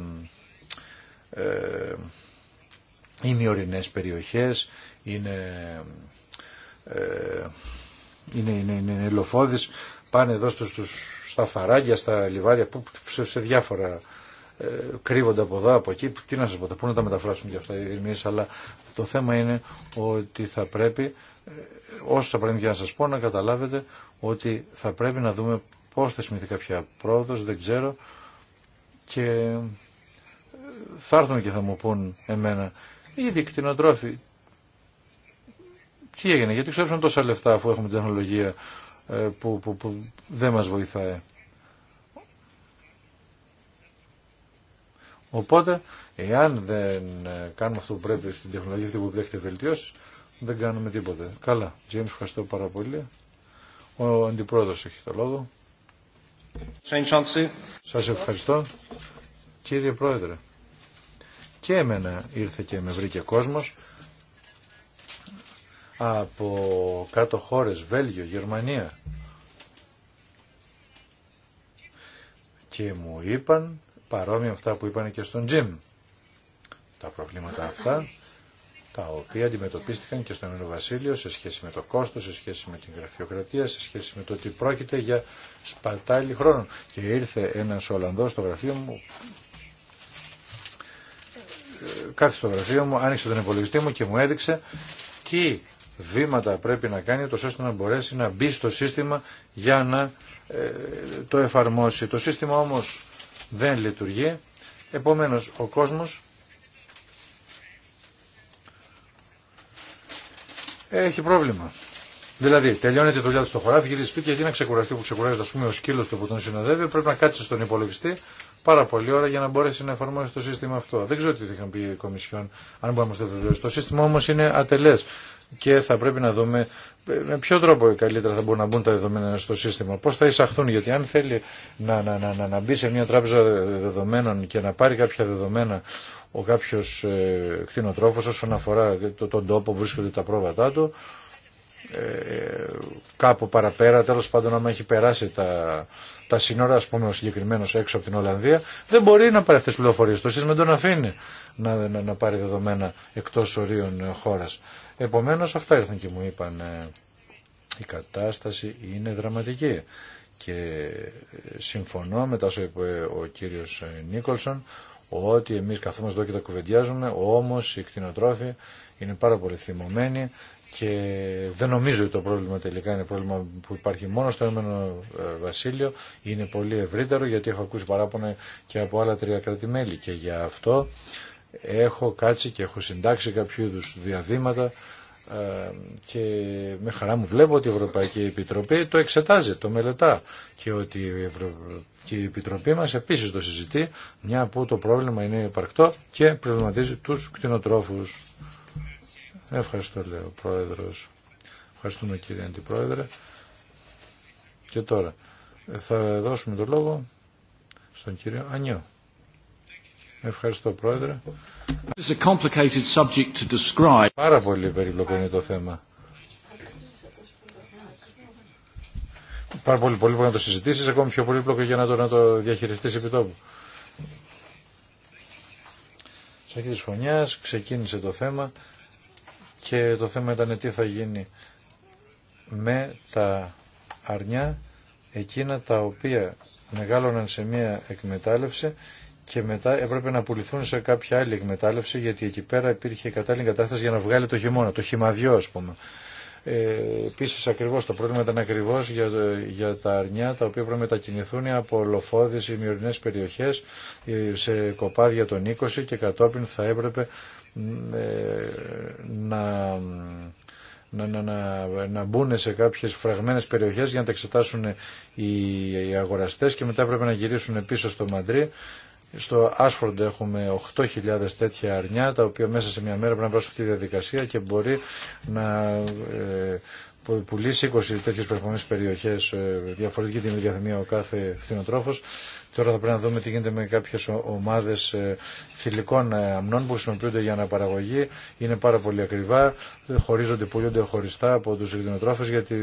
ε, είναι ορεινές περιοχές, είναι, ε, είναι, είναι, είναι πάνε εδώ στους, στους, στα φαράγγια, στα λιβάρια, που, σε, διάφορα ε, κρύβονται από εδώ, από εκεί, τι να σας πω, πού να τα μεταφράσουν για αυτά οι δημιουργίες, αλλά το θέμα είναι ότι θα πρέπει, ε, όσο θα πρέπει να σας πω, να καταλάβετε ότι θα πρέπει να δούμε πώς θα σημειωθεί κάποια πρόοδος, δεν ξέρω, και ε, θα έρθουν και θα μου πούν εμένα Ήδη κτηνοτρόφοι. Τι έγινε, γιατί ξέρουν τόσα λεφτά αφού έχουμε τεχνολογία ε, που, που, που δεν μας βοηθάει. Οπότε, εάν δεν ε, κάνουμε αυτό που πρέπει στην τεχνολογία αυτή που δέχεται βελτιώσει, δεν κάνουμε τίποτε. Καλά. James, ευχαριστώ πάρα πολύ. Ο αντιπρόεδρος έχει το λόγο. Σας ευχαριστώ. Κύριε Πρόεδρε και εμένα ήρθε και με βρήκε κόσμος από κάτω χώρες, Βέλγιο, Γερμανία και μου είπαν παρόμοια αυτά που είπαν και στον Τζιμ τα προβλήματα αυτά τα οποία αντιμετωπίστηκαν και στον Βασίλειο σε σχέση με το κόστος, σε σχέση με την γραφειοκρατία, σε σχέση με το ότι πρόκειται για σπατάλη χρόνων. Και ήρθε ένας Ολλανδός στο γραφείο μου κάθε στο γραφείο μου, άνοιξε τον υπολογιστή μου και μου έδειξε τι βήματα πρέπει να κάνει ώστε να μπορέσει να μπει στο σύστημα για να ε, το εφαρμόσει. Το σύστημα όμως δεν λειτουργεί, επομένως ο κόσμος έχει πρόβλημα. Δηλαδή, τελειώνει τη δουλειά του στο χωράφι, γυρίζει σπίτι γιατί να ξεκουραστεί που ξεκουράζεται, α πούμε, ο σκύλο του που τον συνοδεύει. Πρέπει να κάτσει στον υπολογιστή πάρα πολλή ώρα για να μπορέσει να εφαρμόσει το σύστημα αυτό. Δεν ξέρω τι είχαν πει οι Κομισιόν, αν μπορούμε να το βεβαιώσει. Το σύστημα όμω είναι ατελέ και θα πρέπει να δούμε με ποιο τρόπο καλύτερα θα μπορούν να μπουν τα δεδομένα στο σύστημα, πώ θα εισαχθούν. Γιατί αν θέλει να, να, να, να, να μπει σε μια τράπεζα δεδομένων και να πάρει κάποια δεδομένα ο κάποιο ε, κτηνοτρόφο όσον αφορά το, τον τόπο που βρίσκονται τα πρόβατά του, ε, κάπου παραπέρα, τέλο πάντων, άμα έχει περάσει τα, τα σύνορα, α πούμε, ο συγκεκριμένο έξω από την Ολλανδία, δεν μπορεί να πάρει αυτέ τι πληροφορίε. Το σύστημα τον αφήνει να, να, να πάρει δεδομένα εκτό ορίων ε, χώρα. Επομένω, αυτά ήρθαν και μου είπαν. Ε, η κατάσταση είναι δραματική και ε, συμφωνώ με τα όσο είπε ο κύριος Νίκολσον ότι εμείς καθόμαστε εδώ και τα κουβεντιάζουμε, όμως οι κτηνοτρόφοι είναι πάρα πολύ θυμωμένοι και δεν νομίζω ότι το πρόβλημα τελικά είναι πρόβλημα που υπάρχει μόνο στο Ηνωμένο ε, Βασίλειο. Είναι πολύ ευρύτερο γιατί έχω ακούσει παράπονα και από άλλα τρία κρατημέλη και για αυτό έχω κάτσει και έχω συντάξει κάποιο είδου διαδήματα ε, και με χαρά μου βλέπω ότι η Ευρωπαϊκή Επιτροπή το εξετάζει, το μελετά και ότι η, Ευρω... Επιτροπή μας επίσης το συζητεί μια που το πρόβλημα είναι υπαρκτό και προβληματίζει τους κτηνοτρόφους. Ευχαριστώ, λέει ο Πρόεδρος. Ευχαριστούμε, κύριε Αντιπρόεδρε. Και τώρα θα δώσουμε το λόγο στον κύριο Ανιώ. Ευχαριστώ, Πρόεδρε. Πάρα πολύ περίπλοκο είναι το θέμα. Πάρα πολύ πολύπλοκο να το συζητήσεις, ακόμη πιο πολύπλοκο για να το, να το διαχειριστείς επί τόπου. Σε αρχή της ξεκίνησε το θέμα και το θέμα ήταν τι θα γίνει με τα αρνιά εκείνα τα οποία μεγάλωναν σε μία εκμετάλλευση και μετά έπρεπε να πουληθούν σε κάποια άλλη εκμετάλλευση γιατί εκεί πέρα υπήρχε κατάλληλη κατάσταση για να βγάλει το χειμώνα, το χυμαδιό ας πούμε. Ε, Επίση, ακριβώ το πρόβλημα ήταν ακριβώ για, για τα αρνιά τα οποία πρέπει να μετακινηθούν από λοφόδες ή μειωρινέ περιοχέ ε, σε κοπάδια των 20 και κατόπιν θα έπρεπε να, να, να, να, να μπουν σε κάποιες φραγμένες περιοχές για να τα εξετάσουν οι, οι αγοραστές και μετά πρέπει να γυρίσουν πίσω στο Μαντρί. Στο Άσφορντ έχουμε 8.000 τέτοια αρνιά, τα οποία μέσα σε μια μέρα πρέπει να σε αυτή τη διαδικασία και μπορεί να πουλήσει 20 τέτοιες περιοχέ περιοχές, διαφορετική την διαθεμία ο κάθε Τώρα θα πρέπει να δούμε τι γίνεται με κάποιες ομάδες ε, θηλυκών ε, αμνών που χρησιμοποιούνται για αναπαραγωγή. Είναι πάρα πολύ ακριβά, χωρίζονται, πουλούνται χωριστά από τους εκδημοτρόφου γιατί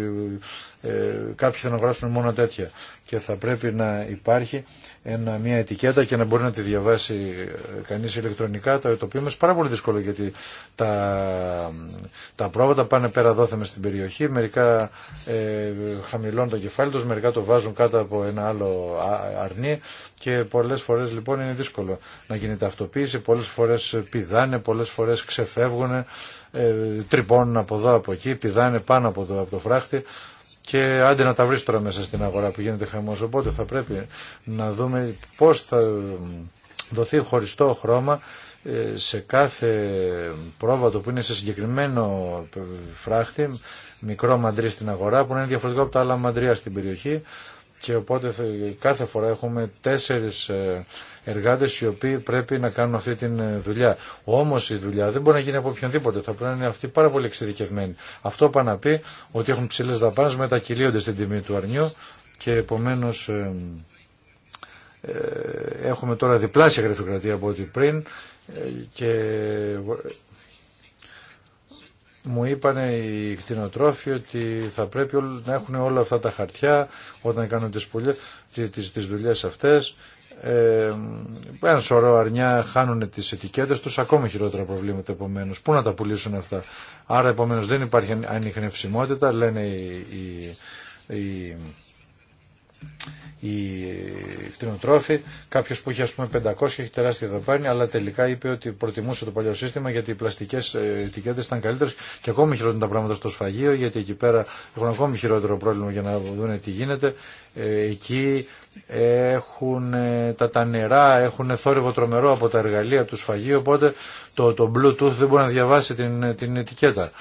ε, κάποιοι θα αγοράσουν μόνο τέτοια και θα πρέπει να υπάρχει ένα, μια ετικέτα και να μπορεί να τη διαβάσει ε, κανείς ηλεκτρονικά το, οποίο είναι πάρα πολύ δύσκολο γιατί τα, τα πρόβατα πάνε πέρα δόθεμε στην περιοχή μερικά ε, χαμηλώνουν το κεφάλι τους, μερικά το βάζουν κάτω από ένα άλλο αρνί και πολλές φορές λοιπόν είναι δύσκολο να γίνει ταυτοποίηση, πολλές φορές πηδάνε, πολλές φορές ξεφεύγουν ε, τρυπώνουν από εδώ από εκεί, πηδάνε πάνω από το, από το φράχτη και άντε να τα βρεις τώρα μέσα στην αγορά που γίνεται χαμός. Οπότε θα πρέπει να δούμε πώς θα δοθεί χωριστό χρώμα ε, σε κάθε πρόβατο που είναι σε συγκεκριμένο φράχτη, μικρό μαντρί στην αγορά που είναι διαφορετικό από τα άλλα μαντρία στην περιοχή και οπότε κάθε φορά έχουμε τέσσερις ε, εργάτες οι οποίοι πρέπει να κάνουν αυτή τη ε, δουλειά. Όμως η δουλειά δεν μπορεί να γίνει από οποιονδήποτε. Θα πρέπει να είναι αυτοί πάρα πολύ εξειδικευμένοι. Αυτό πάει να πει ότι έχουν ψηλές δαπάνες, μετακυλίονται στην τιμή του αρνιού και επομένως ε, έχουμε τώρα διπλάσια γραφειοκρατία από ό,τι πριν μου είπαν οι κτηνοτρόφοι ότι θα πρέπει να έχουν όλα αυτά τα χαρτιά όταν κάνουν τις, δουλειέ τις, τις δουλειές αυτές. Ε, ένα σωρό αρνιά χάνουν τις ετικέτες τους, ακόμα χειρότερα προβλήματα επομένως. Πού να τα πουλήσουν αυτά. Άρα επομένως δεν υπάρχει ανιχνευσιμότητα, λένε οι, οι, οι οι κτηνοτρόφοι, κάποιο που είχε ας πούμε 500 και έχει τεράστια δαπάνη, αλλά τελικά είπε ότι προτιμούσε το παλιό σύστημα γιατί οι πλαστικέ ε, ετικέτε ήταν καλύτερε και ακόμη χειρότερα τα πράγματα στο σφαγείο γιατί εκεί πέρα έχουν ακόμη χειρότερο πρόβλημα για να δουν τι γίνεται. Ε, εκεί έχουν τα, τα νερά, έχουν θόρυβο τρομερό από τα εργαλεία του σφαγείου, οπότε το, το Bluetooth δεν μπορεί να διαβάσει την, την ετικέτα.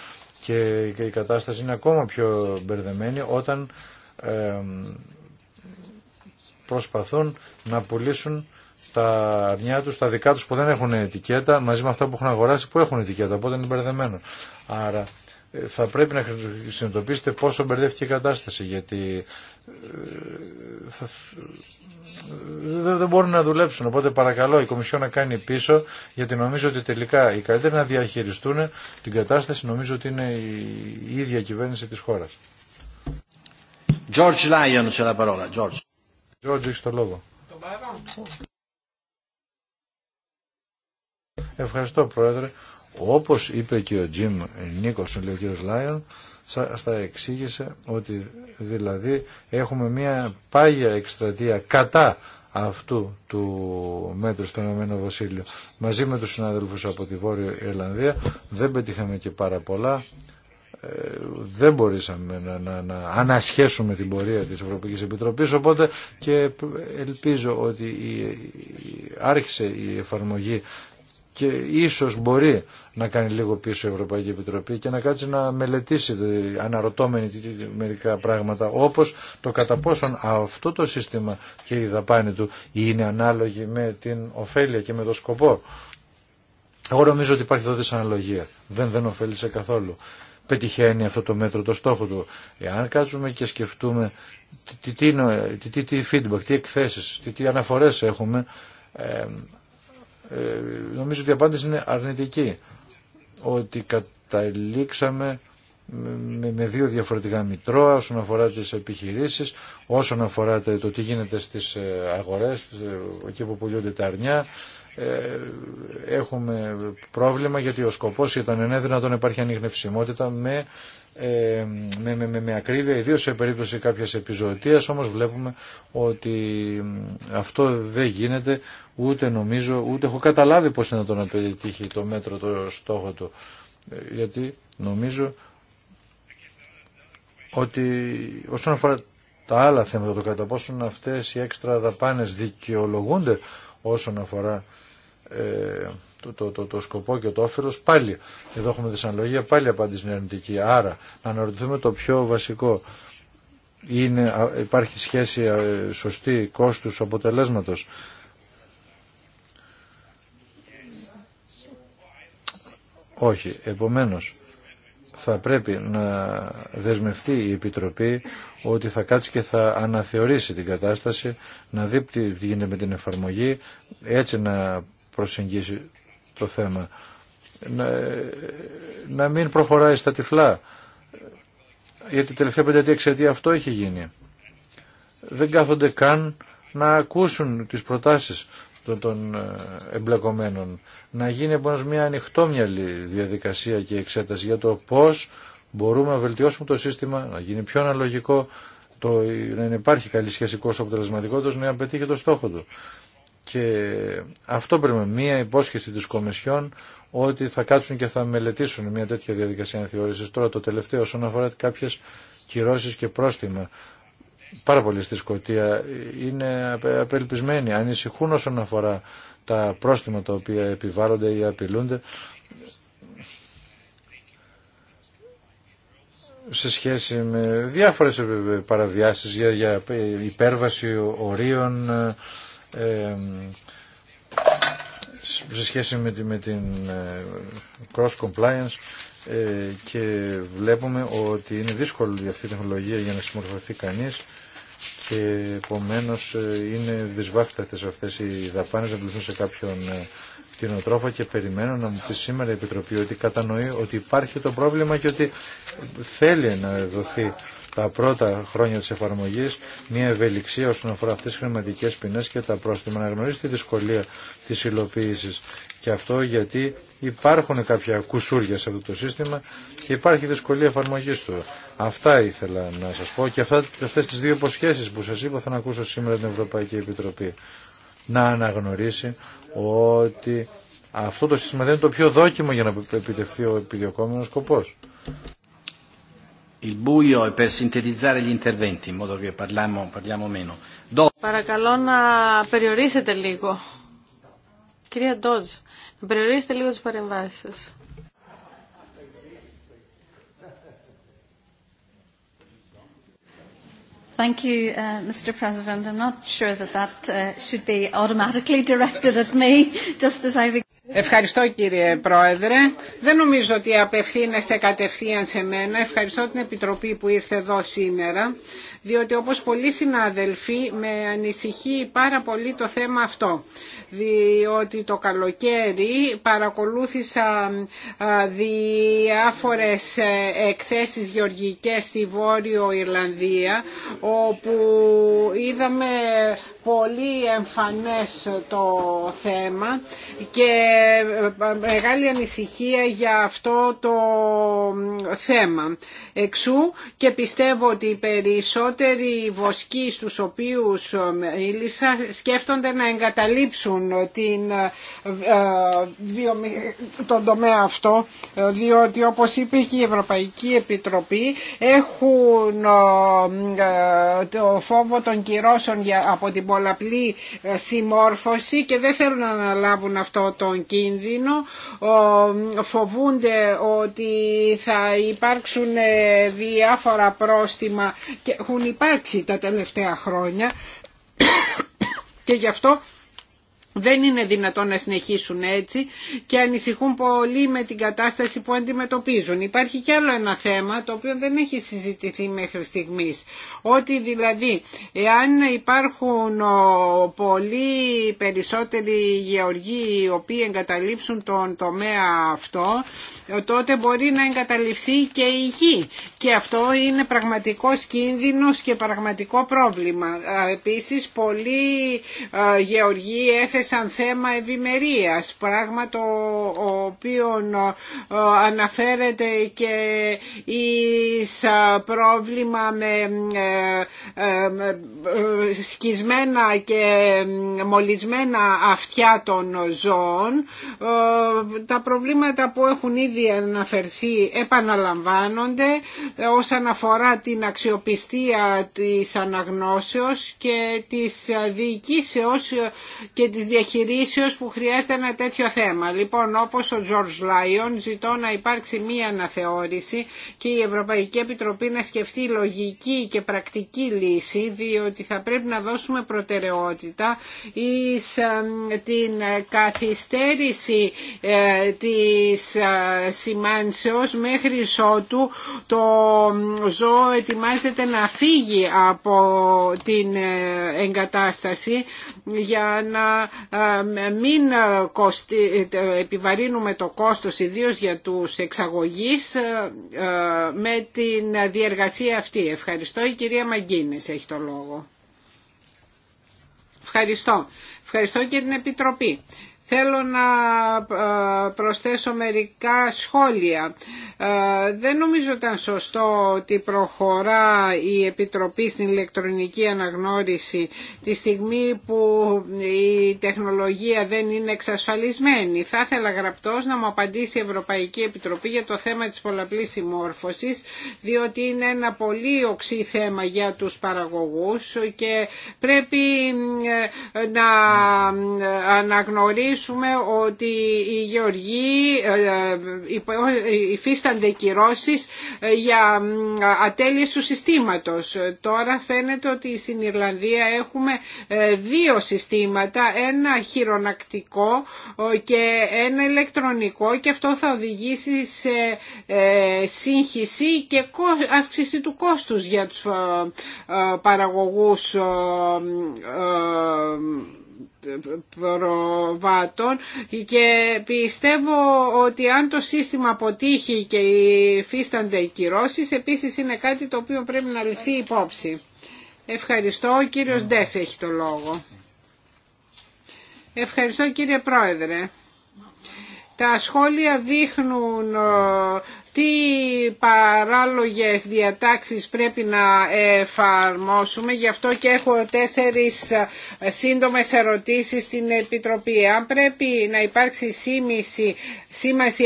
Και, και η κατάσταση είναι ακόμα πιο μπερδεμένη όταν ε, προσπαθούν να πουλήσουν τα αρνιά τους, τα δικά τους που δεν έχουν ετικέτα, μαζί με αυτά που έχουν αγοράσει που έχουν ετικέτα, οπότε είναι μπερδεμένο. Άρα ε, θα πρέπει να συνειδητοποιήσετε πόσο μπερδεύτηκε η κατάσταση, γιατί ε, θα... Ε, δεν μπορούν να δουλέψουν. Οπότε παρακαλώ η Κομισιό να κάνει πίσω, γιατί νομίζω ότι τελικά οι καλύτεροι να διαχειριστούν την κατάσταση, νομίζω ότι είναι η ίδια κυβέρνηση της χώρας. George Lyon, σε la parola. George λόγο. Ευχαριστώ, Πρόεδρε. Όπως είπε και ο Τζιμ Νίκολσον, ο κύριο Λάιον, στα εξήγησε ότι δηλαδή έχουμε μια πάγια εκστρατεία κατά αυτού του μέτρου στο Ηνωμένο Βασίλειο. Μαζί με τους συναδέλφους από τη Βόρεια Ιρλανδία δεν πετύχαμε και πάρα πολλά δεν μπορούσαμε να, να, να ανασχέσουμε την πορεία της Ευρωπαϊκής Επιτροπής οπότε και ελπίζω ότι η, άρχισε η εφαρμογή και ίσως μπορεί να κάνει λίγο πίσω η Ευρωπαϊκή Επιτροπή και να κάτσει να μελετήσει αναρωτώμενη μερικά πράγματα όπως το κατά πόσον αυτό το σύστημα και η δαπάνη του είναι ανάλογη με την ωφέλεια και με το σκοπό. Εγώ νομίζω ότι υπάρχει εδώ δυσαναλογία. Δεν, δεν ωφέλησε καθόλου πετυχαίνει αυτό το μέτρο το στόχο του. Εάν κάτσουμε και σκεφτούμε τι, τι, τι, τι feedback, τι εκθέσεις, τι, τι αναφορές έχουμε, ε, ε, νομίζω ότι η απάντηση είναι αρνητική. Ότι καταλήξαμε με, δύο διαφορετικά μητρώα όσον αφορά τις επιχειρήσεις, όσον αφορά το τι γίνεται στις ε, αγορές, ε, εκεί που πουλούνται τα αρνιά, ε, έχουμε πρόβλημα γιατί ο σκοπός ήταν ναι, να δυνατόν υπάρχει ανιγνευσιμότητα ε, με, με, με, με, ακρίβεια ιδίως σε περίπτωση κάποιας επιζωτίας όμως βλέπουμε ότι αυτό δεν γίνεται ούτε νομίζω ούτε έχω καταλάβει πως είναι το να πετύχει το μέτρο το στόχο του ε, γιατί νομίζω ότι όσον αφορά τα άλλα θέματα, το κατά πόσον αυτές οι έξτρα δαπάνες δικαιολογούνται, όσον αφορά ε, το, το, το, σκοπό και το όφελος πάλι εδώ έχουμε δυσαναλογία πάλι απάντηση είναι αρνητική άρα να αναρωτηθούμε το πιο βασικό είναι, υπάρχει σχέση ε, σωστή κόστους αποτελέσματος όχι επομένως θα πρέπει να δεσμευτεί η Επιτροπή ότι θα κάτσει και θα αναθεωρήσει την κατάσταση, να δει τι γίνεται με την εφαρμογή, έτσι να προσεγγίσει το θέμα. Να, να μην προχωράει στα τυφλά, γιατί τελευταία πενταετία εξαιτία αυτό έχει γίνει. Δεν κάθονται καν να ακούσουν τις προτάσεις των ε, εμπλεκομένων. Να γίνει επομένως μια ανοιχτόμυαλη διαδικασία και εξέταση για το πώς μπορούμε να βελτιώσουμε το σύστημα, να γίνει πιο αναλογικό, το, να υπάρχει καλή σχέση κόστος αποτελεσματικότητας, να πετύχει το στόχο του. Και αυτό πρέπει μια υπόσχεση της Κομισιόν ότι θα κάτσουν και θα μελετήσουν μια τέτοια διαδικασία ανθεώρησης. Τώρα το τελευταίο όσον αφορά κάποιες κυρώσεις και πρόστιμα πάρα πολύ στη Σκοτία είναι απελπισμένοι, ανησυχούν όσον αφορά τα πρόστιμα τα οποία επιβάλλονται ή απειλούνται σε σχέση με διάφορες ε, παραβιάσεις για, για ε, υπέρβαση ορίων ε, σε σχέση με, με την cross compliance και βλέπουμε ότι είναι δύσκολο για αυτή τη τεχνολογία για να συμμορφωθεί κανείς και επομένω ε, είναι δυσβάχτατες αυτέ οι δαπάνε να πληθούν σε κάποιον ε, κτηνοτρόφο και περιμένω να μου πει σήμερα η Επιτροπή ότι κατανοεί ότι υπάρχει το πρόβλημα και ότι θέλει να δοθεί τα πρώτα χρόνια της εφαρμογής μια ευελιξία όσον αφορά αυτές τις χρηματικές ποινές και τα πρόστιμα να γνωρίζει τη δυσκολία της υλοποίησης και αυτό γιατί υπάρχουν κάποια κουσούρια σε αυτό το σύστημα και υπάρχει δυσκολία εφαρμογής του. Αυτά ήθελα να σας πω και αυτέ αυτές τις δύο υποσχέσεις που σας είπα θα να ακούσω σήμερα την Ευρωπαϊκή Επιτροπή να αναγνωρίσει ότι αυτό το σύστημα δεν είναι το πιο δόκιμο για να επιτευχθεί ο επιδιωκόμενος σκοπός. Παρακαλώ να περιορίσετε λίγο. Κυρία Ντότζ. Περιορίστε λίγο τι παρεμβάσει σα. Thank you, uh, Mr. President. I'm not sure that that uh, should be automatically directed at me, just as I Ευχαριστώ κύριε Πρόεδρε. Δεν νομίζω ότι απευθύνεστε κατευθείαν σε μένα. Ευχαριστώ την Επιτροπή που ήρθε εδώ σήμερα διότι όπως πολλοί συνάδελφοι με ανησυχεί πάρα πολύ το θέμα αυτό διότι το καλοκαίρι παρακολούθησα διάφορες ε, εκθέσεις γεωργικές στη Βόρειο Ιρλανδία όπου είδαμε πολύ εμφανές το θέμα και ε, μεγάλη ανησυχία για αυτό το θέμα. Εξού και πιστεύω ότι περισσότερο περισσότεροι βοσκοί στους οποίους ε, μίλησα σκέφτονται να εγκαταλείψουν την, ε, ε, τον τομέα αυτό διότι όπως είπε και η Ευρωπαϊκή Επιτροπή έχουν το φόβο των κυρώσεων από την πολλαπλή συμμόρφωση και δεν θέλουν να αναλάβουν αυτό τον κίνδυνο φοβούνται ότι θα υπάρξουν διάφορα πρόστιμα και έχουν έχουν υπάρξει τα τελευταία χρόνια και γι' αυτό δεν είναι δυνατόν να συνεχίσουν έτσι και ανησυχούν πολύ με την κατάσταση που αντιμετωπίζουν. Υπάρχει κι άλλο ένα θέμα το οποίο δεν έχει συζητηθεί μέχρι στιγμής. Ότι δηλαδή εάν υπάρχουν πολύ περισσότεροι γεωργοί οι οποίοι εγκαταλείψουν τον τομέα αυτό τότε μπορεί να εγκαταλειφθεί και η γη και αυτό είναι πραγματικός κίνδυνος και πραγματικό πρόβλημα. Επίσης πολλοί γεωργοί έθεσαν θέμα ευημερία, πράγμα το οποίο αναφέρεται και εις πρόβλημα με ε, ε, ε, σκισμένα και μολυσμένα αυτιά των ζώων, τα προβλήματα που έχουν ήδη ήδη αναφερθεί επαναλαμβάνονται όσον αφορά την αξιοπιστία της αναγνώσεως και της διοικήσεως και της διαχειρήσεως που χρειάζεται ένα τέτοιο θέμα. Λοιπόν, όπως ο George Lyon ζητώ να υπάρξει μία αναθεώρηση και η Ευρωπαϊκή Επιτροπή να σκεφτεί λογική και πρακτική λύση διότι θα πρέπει να δώσουμε προτεραιότητα εις την καθυστέρηση ε, της ε, σημάνσεως μέχρι ότου το ζώο ετοιμάζεται να φύγει από την ε, εγκατάσταση για να ε, μην κοστι... Ε, επιβαρύνουμε το κόστος ιδίως για τους εξαγωγείς με την διεργασία αυτή. Ευχαριστώ. Η κυρία Μαγκίνης έχει το λόγο. Ευχαριστώ. Ευχαριστώ και την Επιτροπή. Θέλω να ε, προσθέσω μερικά σχόλια. Ε, δεν νομίζω ήταν σωστό ότι προχωρά η Επιτροπή στην ηλεκτρονική αναγνώριση τη στιγμή που η τεχνολογία δεν είναι εξασφαλισμένη. Θα ήθελα γραπτός να μου απαντήσει η Ευρωπαϊκή Επιτροπή για το θέμα της πολλαπλής συμμόρφωσης, διότι είναι ένα πολύ οξύ θέμα για τους παραγωγούς και πρέπει ε, να αναγνωρίσουμε ότι οι γεωργοί ε, ε, ε, υφίστανται κυρώσεις για ατέλειες του συστήματος. Τώρα φαίνεται ότι στην Ιρλανδία έχουμε δύο συστήματα, ένα χειρονακτικό και ένα ηλεκτρονικό και αυτό θα οδηγήσει σε σύγχυση και αύξηση του κόστους για τους παραγωγούς προβάτων και πιστεύω ότι αν το σύστημα αποτύχει και υφίστανται οι κυρώσεις επίσης είναι κάτι το οποίο πρέπει να ληφθεί υπόψη. Ευχαριστώ. Ο κύριος Ντές έχει το λόγο. Ευχαριστώ κύριε Πρόεδρε. Τα σχόλια δείχνουν τι παράλογες διατάξεις πρέπει να εφαρμόσουμε. Γι' αυτό και έχω τέσσερις σύντομες ερωτήσεις στην Επιτροπή. Αν πρέπει να υπάρξει σήμηση, σήμαση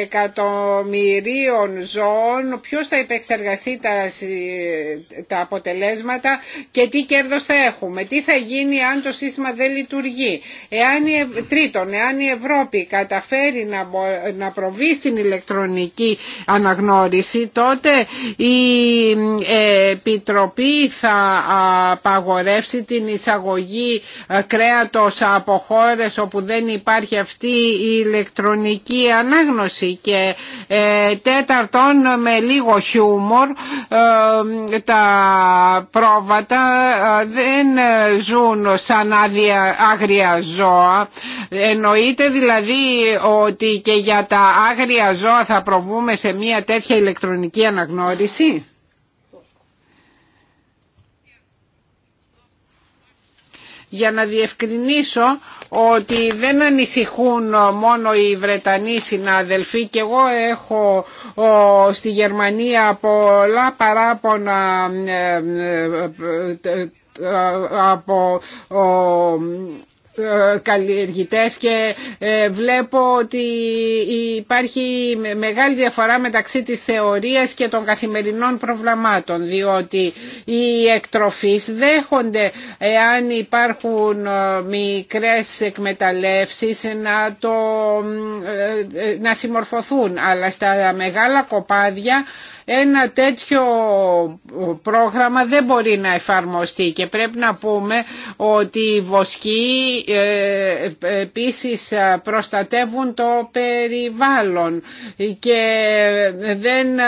εκατομμυρίων ζώων, ποιος θα υπεξεργαστεί τα, αποτελέσματα και τι κέρδος θα έχουμε. Τι θα γίνει αν το σύστημα δεν λειτουργεί. Εάν η, τρίτον, εάν η Ευρώπη καταφέρει να, να προβεί στην ηλεκτρονική αναγνώριση, τότε η ε, Επιτροπή θα απαγορεύσει την εισαγωγή ε, κρέατος από χώρες όπου δεν υπάρχει αυτή η ηλεκτρονική ανάγνωση και ε, τέταρτον με λίγο χιούμορ τα πρόβατα δεν ζουν σαν άδεια, άγρια ζώα εννοείται δηλαδή ότι και για τα άγρια ζώα θα προβούμε σε μια τέτοια ηλεκτρονική αναγνώριση. για να διευκρινίσω ότι δεν ανησυχούν μόνο οι Βρετανοί συνάδελφοι και εγώ έχω στη Γερμανία πολλά παράπονα από ε, καλλιεργητές και ε, βλέπω ότι υπάρχει μεγάλη διαφορά μεταξύ της θεωρίας και των καθημερινών προβλημάτων διότι οι εκτροφείς δέχονται εάν υπάρχουν ε, μικρές εκμεταλλεύσεις να, το, να συμμορφωθούν αλλά στα μεγάλα κοπάδια ένα τέτοιο πρόγραμμα δεν μπορεί να εφαρμοστεί και πρέπει να πούμε ότι οι βοσκοί ε, επίσης ε, προστατεύουν το περιβάλλον και δεν ε,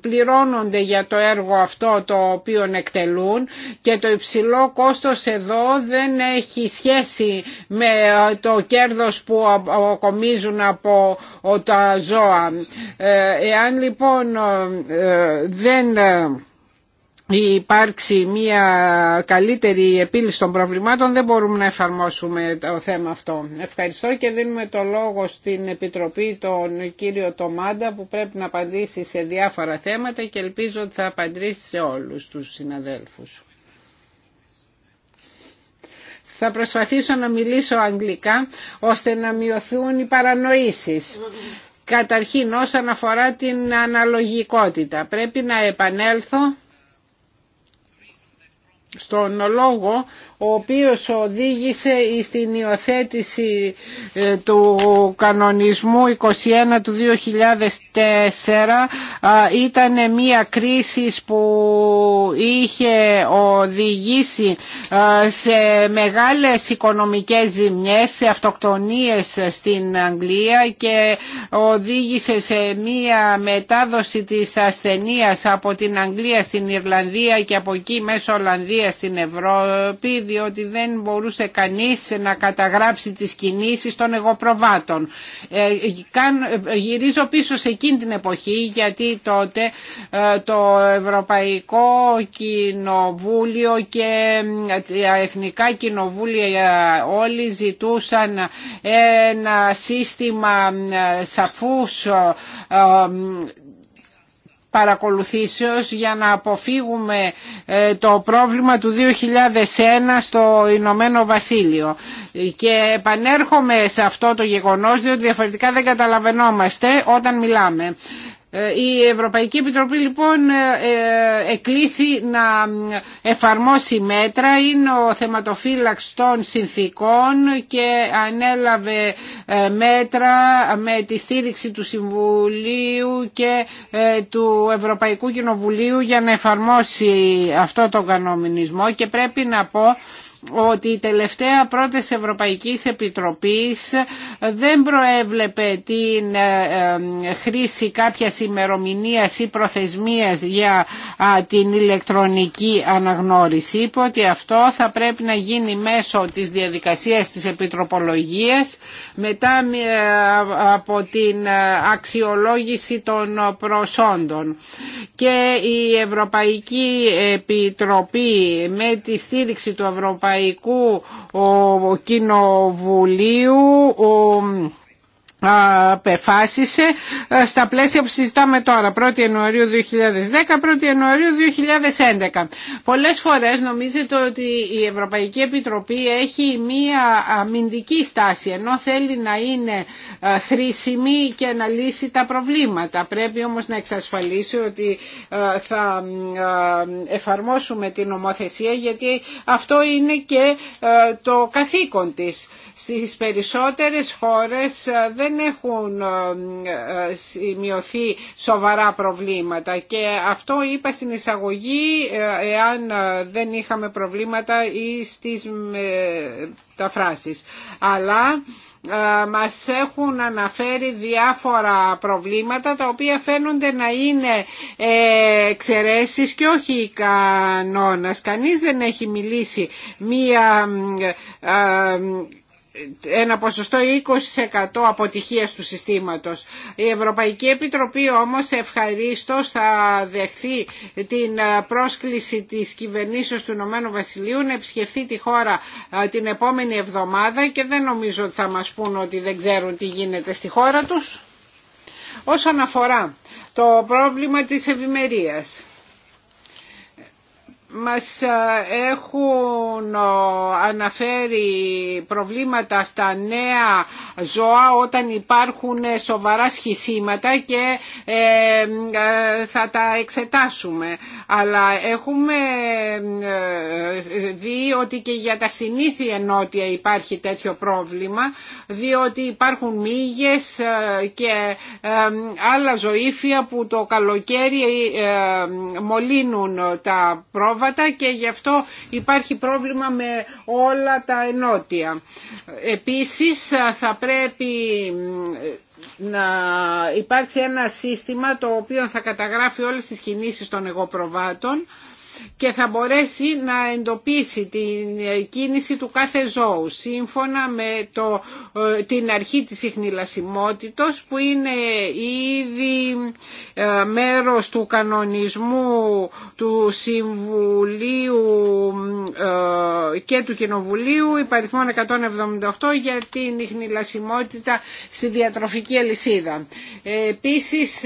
πληρώνονται για το έργο αυτό το οποίο εκτελούν και το υψηλό κόστος εδώ δεν έχει σχέση με το κέρδος που αποκομίζουν από τα ζώα. Εάν λοιπόν ε, δεν ε, υπάρξει μια καλύτερη επίλυση των προβλημάτων δεν μπορούμε να εφαρμόσουμε το θέμα αυτό. Ευχαριστώ και δίνουμε το λόγο στην Επιτροπή τον κύριο Τομάντα που πρέπει να απαντήσει σε διάφορα θέματα και ελπίζω ότι θα απαντήσει σε όλους τους συναδέλφους. Θα προσπαθήσω να μιλήσω αγγλικά ώστε να μειωθούν οι παρανοήσεις. Καταρχήν όσον αφορά την αναλογικότητα. Πρέπει να επανέλθω στον λόγο ο οποίος οδήγησε στην υιοθέτηση ε, του κανονισμού 21 του 2004 ήταν μια κρίση που είχε οδηγήσει σε μεγάλες οικονομικές ζημιές, σε αυτοκτονίες στην Αγγλία και οδήγησε σε μια μετάδοση της ασθενείας από την Αγγλία στην Ιρλανδία και από εκεί μέσω Ολλανδία στην Ευρώπη διότι δεν μπορούσε κανείς να καταγράψει τις κινήσεις των εγωπροβάτων. Ε, ε, γυρίζω πίσω σε εκείνη την εποχή γιατί τότε ε, το Ευρωπαϊκό Κοινοβούλιο και τα Εθνικά Κοινοβούλια όλοι ζητούσαν ένα σύστημα σαφούς παρακολουθήσεως για να αποφύγουμε ε, το πρόβλημα του 2001 στο Ηνωμένο Βασίλειο. Και επανέρχομαι σε αυτό το γεγονός διότι διαφορετικά δεν καταλαβαίνόμαστε όταν μιλάμε. Ε, η Ευρωπαϊκή Επιτροπή λοιπόν ε, ε, εκλήθη να εφαρμόσει μέτρα, είναι ο θεματοφύλαξ των συνθήκων και ανέλαβε μέτρα με τη στήριξη του Συμβουλίου και του Ευρωπαϊκού Κοινοβουλίου για να εφαρμόσει αυτό το κανονισμό και πρέπει να πω ότι η τελευταία πρώτη Ευρωπαϊκής Επιτροπής δεν προέβλεπε την ε, ε, χρήση κάποιας ημερομηνία ή προθεσμίας για την ηλεκτρονική αναγνώριση. Είπε ότι αυτό θα πρέπει να γίνει μέσω της διαδικασίας της επιτροπολογίας μετά ε, από την αξιολόγηση των προσόντων. Και η Ευρωπαϊκή Επιτροπή με τη στήριξη του Ευρωπαϊκού Ευρωπαϊκού Κοινοβουλίου απεφάσισε ε, στα πλαίσια που συζητάμε τώρα 1η Ιανουαρίου 2010 1η Ιανουαρίου 2011 πολλές φορές νομίζετε ότι η Ευρωπαϊκή Επιτροπή έχει μία αμυντική στάση ενώ θέλει να είναι ε, χρήσιμη και να λύσει τα προβλήματα πρέπει όμως να εξασφαλίσει ότι ε, θα εφαρμόσουμε την νομοθεσία γιατί αυτό είναι και το καθήκον της στις περισσότερες χώρες δεν δεν έχουν ε, ε, σημειωθεί σοβαρά προβλήματα και αυτό είπα στην εισαγωγή ε, εάν δεν είχαμε προβλήματα ή στις μεταφράσεις. Αλλά μας έχουν αναφέρει διάφορα προβλήματα τα οποία φαίνονται να είναι εξαιρέσεις και όχι κανόνας. Κανείς δεν έχει μιλήσει μία ένα ποσοστό 20% αποτυχίας του συστήματος. Η Ευρωπαϊκή Επιτροπή όμως ευχαρίστως θα δεχθεί την ε, πρόσκληση της κυβερνήσεως του Ηνωμένου Βασιλείου να επισκεφθεί τη χώρα ε, την επόμενη εβδομάδα και δεν νομίζω ότι θα μας πούν ότι δεν ξέρουν τι γίνεται στη χώρα τους. Όσον αφορά το πρόβλημα της ευημερίας μας ε, έχουν ε, αναφέρει προβλήματα στα νέα ζώα όταν υπάρχουν ε, σοβαρά σχισίματα και θα τα εξετάσουμε. Αλλά έχουμε δει ότι και για τα συνήθεια νότια υπάρχει τέτοιο πρόβλημα διότι υπάρχουν μύγες και άλλα ζωήφια που το καλοκαίρι μολύνουν τα πρόβα και γι' αυτό υπάρχει πρόβλημα με όλα τα ενότια. Επίσης θα πρέπει να υπάρξει ένα σύστημα το οποίο θα καταγράφει όλες τις κινήσεις των εγωπροβάτων και θα μπορέσει να εντοπίσει την κίνηση του κάθε ζώου σύμφωνα με το, ε, την αρχή της ιχνηλασιμότητος που είναι ήδη ε, μέρος του κανονισμού του Συμβουλίου ε, και του Κοινοβουλίου υπαριθμών 178 για την ιχνηλασιμότητα στη διατροφική αλυσίδα. Επίσης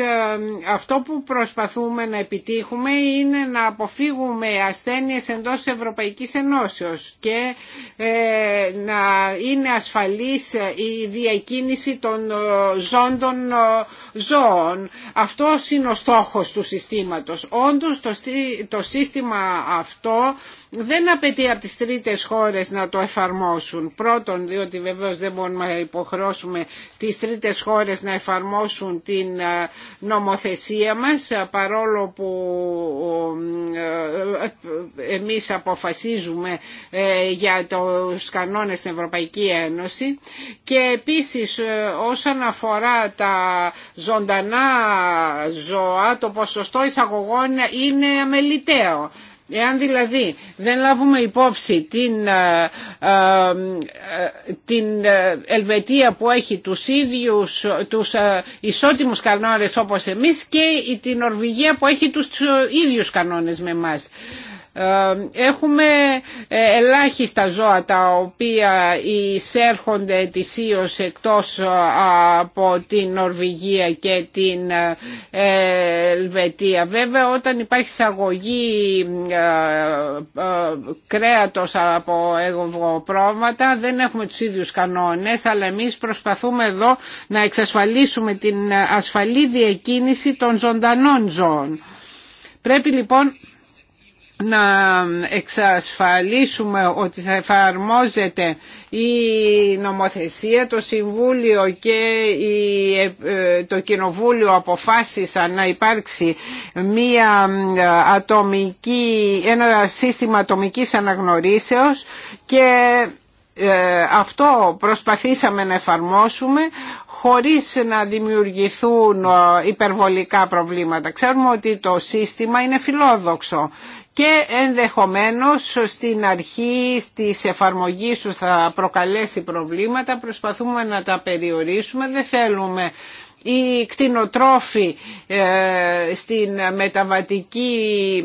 αυτό που προσπαθούμε να επιτύχουμε είναι να αποφύγουμε με ασθένειες εντός Ευρωπαϊκής Ενώσεως και ε, να είναι ασφαλής η διακίνηση των ε, ζώντων ε, ζώων. Αυτό είναι ο στόχος του συστήματος. Όντως το σύστημα αυτό δεν απαιτεί από τις τρίτες χώρες να το εφαρμόσουν. Πρώτον, διότι βεβαίως δεν μπορούμε να υποχρώσουμε τις τρίτες χώρες να εφαρμόσουν την ε, νομοθεσία μας, ε, παρόλο που ε, εμείς αποφασίζουμε για τους κανόνες στην Ευρωπαϊκή Ένωση. Και επίσης όσον αφορά τα ζωντανά ζώα το ποσοστό εισαγωγών είναι αμεληταίο. Εάν δηλαδή δεν λάβουμε υπόψη την, ε, ε, την ε, Ελβετία που έχει τους ίδιους τους ε, ισότιμους κανόνες όπως εμείς και την Ορβηγία που έχει τους ίδιους κανόνες με μας. Ε, έχουμε ε, ελάχιστα ζώα τα οποία εισέρχονται ετησίως εκτός ε, από την Νορβηγία και την Ελβετία. Βέβαια όταν υπάρχει εισαγωγή κρέατος από εγωπρόβατα δεν έχουμε τους ίδιους κανόνες αλλά εμείς προσπαθούμε εδώ να εξασφαλίσουμε την ασφαλή διακίνηση των ζωντανών ζώων. Πρέπει λοιπόν να εξασφαλίσουμε ότι θα εφαρμόζεται η νομοθεσία. Το Συμβούλιο και ε, το Κοινοβούλιο αποφάσισαν να υπάρξει μια ε, ατομική, ένα σύστημα ατομικής αναγνωρίσεως και ε, αυτό προσπαθήσαμε να εφαρμόσουμε χωρίς να δημιουργηθούν υπερβολικά προβλήματα. Ξέρουμε ότι το σύστημα είναι φιλόδοξο και ενδεχομένως στην αρχή της εφαρμογής σου θα προκαλέσει προβλήματα προσπαθούμε να τα περιορίσουμε, δεν θέλουμε οι κτηνοτρόφοι ε, στην μεταβατική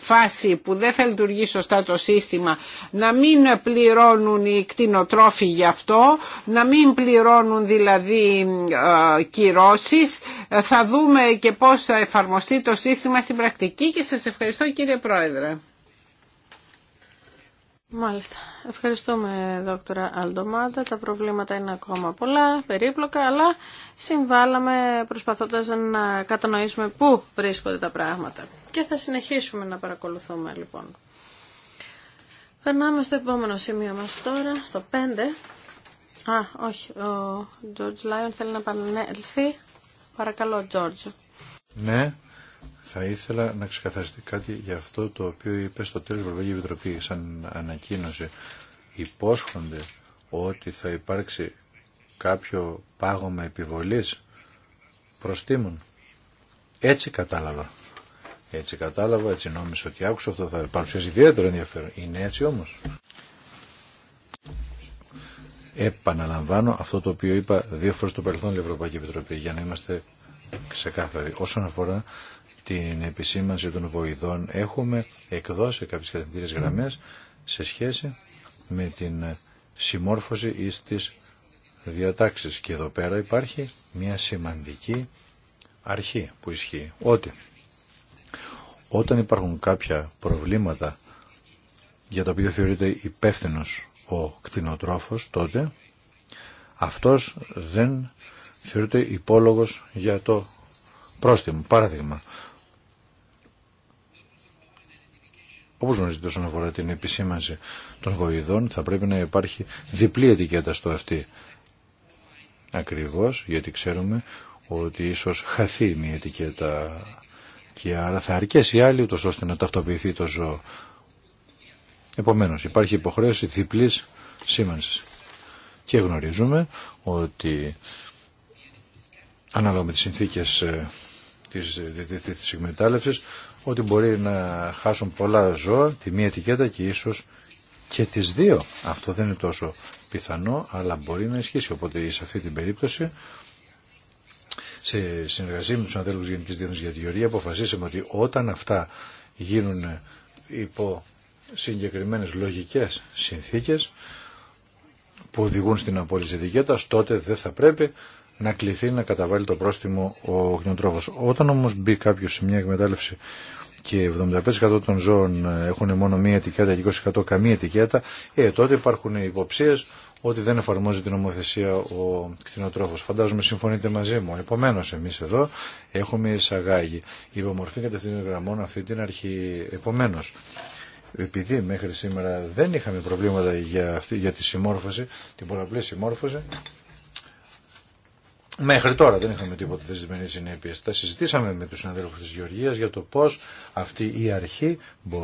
φάση που δεν θα λειτουργεί σωστά το σύστημα να μην πληρώνουν οι κτηνοτρόφοι γι' αυτό, να μην πληρώνουν δηλαδή ε, κυρώσεις. Ε, θα δούμε και πώς θα εφαρμοστεί το σύστημα στην πρακτική και σας ευχαριστώ κύριε Πρόεδρε. Μάλιστα. Ευχαριστούμε, δόκτωρα Αλντομάτα. Τα προβλήματα είναι ακόμα πολλά, περίπλοκα, αλλά συμβάλαμε προσπαθώντας να κατανοήσουμε πού βρίσκονται τα πράγματα. Και θα συνεχίσουμε να παρακολουθούμε, λοιπόν. Περνάμε στο επόμενο σημείο μας τώρα, στο 5. Α, όχι, ο George Λάιον θέλει να πανελθεί. Παρακαλώ, George. Ναι, θα ήθελα να ξεκαθαριστεί κάτι για αυτό το οποίο είπε στο τέλος η Ευρωπαϊκή Επιτροπή σαν ανακοίνωση. Υπόσχονται ότι θα υπάρξει κάποιο πάγωμα επιβολής προστήμων. Έτσι κατάλαβα. Έτσι κατάλαβα, έτσι νόμιζα ότι άκουσα αυτό θα παρουσιάσει ιδιαίτερο ενδιαφέρον. Είναι έτσι όμως. Επαναλαμβάνω αυτό το οποίο είπα δύο φορές στο παρελθόν η Ευρωπαϊκή Επιτροπή για να είμαστε ξεκάθαροι όσον αφορά την επισήμανση των βοηδών. Έχουμε εκδώσει κάποιες κατευθυντήριες γραμμές σε σχέση με την συμμόρφωση ή τις διατάξεις. Και εδώ πέρα υπάρχει μια σημαντική αρχή που ισχύει. Ότι όταν υπάρχουν κάποια προβλήματα για τα οποία θεωρείται υπεύθυνο ο κτηνοτρόφος τότε αυτός δεν θεωρείται υπόλογος για το πρόστιμο. Παράδειγμα, Όπω γνωρίζετε όσον αφορά την επισήμανση των βοηδών θα πρέπει να υπάρχει διπλή ετικέτα στο αυτή. Ακριβώς γιατί ξέρουμε ότι ίσως χαθεί μια ετικέτα και άρα θα αρκέσει άλλη ούτως ώστε να ταυτοποιηθεί το ζώο. Επομένως υπάρχει υποχρέωση διπλής σήμανσης. Και γνωρίζουμε ότι ανάλογα με τις συνθήκες ε, της, εκμετάλλευση ότι μπορεί να χάσουν πολλά ζώα, τη μία ετικέτα και ίσως και τις δύο. Αυτό δεν είναι τόσο πιθανό, αλλά μπορεί να ισχύσει. Οπότε σε αυτή την περίπτωση, σε συνεργασία με τους αδέλφους Γενικής Διεθνής για τη Γεωργία, αποφασίσαμε ότι όταν αυτά γίνουν υπό συγκεκριμένες λογικές συνθήκες, που οδηγούν στην απόλυση ετικέτας, τότε δεν θα πρέπει να κληθεί να καταβάλει το πρόστιμο ο χνιοντρόφος. Όταν όμω μπει κάποιο σε μια εκμετάλλευση και 75% των ζώων έχουν μόνο μία ετικέτα και 20% καμία ετικέτα, ε, τότε υπάρχουν υποψίε ότι δεν εφαρμόζει την νομοθεσία ο κτηνοτρόφος. Φαντάζομαι συμφωνείτε μαζί μου. Επομένως εμείς εδώ έχουμε εισαγάγει υπομορφή κατευθύνων γραμμών αυτή την αρχή. Επομένως, επειδή μέχρι σήμερα δεν είχαμε προβλήματα για, αυτή, για τη συμμόρφωση, την πολλαπλή συμμόρφωση, Μέχρι τώρα δεν είχαμε τίποτα δεσμενή συνέπειε. Τα συζητήσαμε με του συναδέλφου τη Γεωργία για το πώ αυτή η αρχή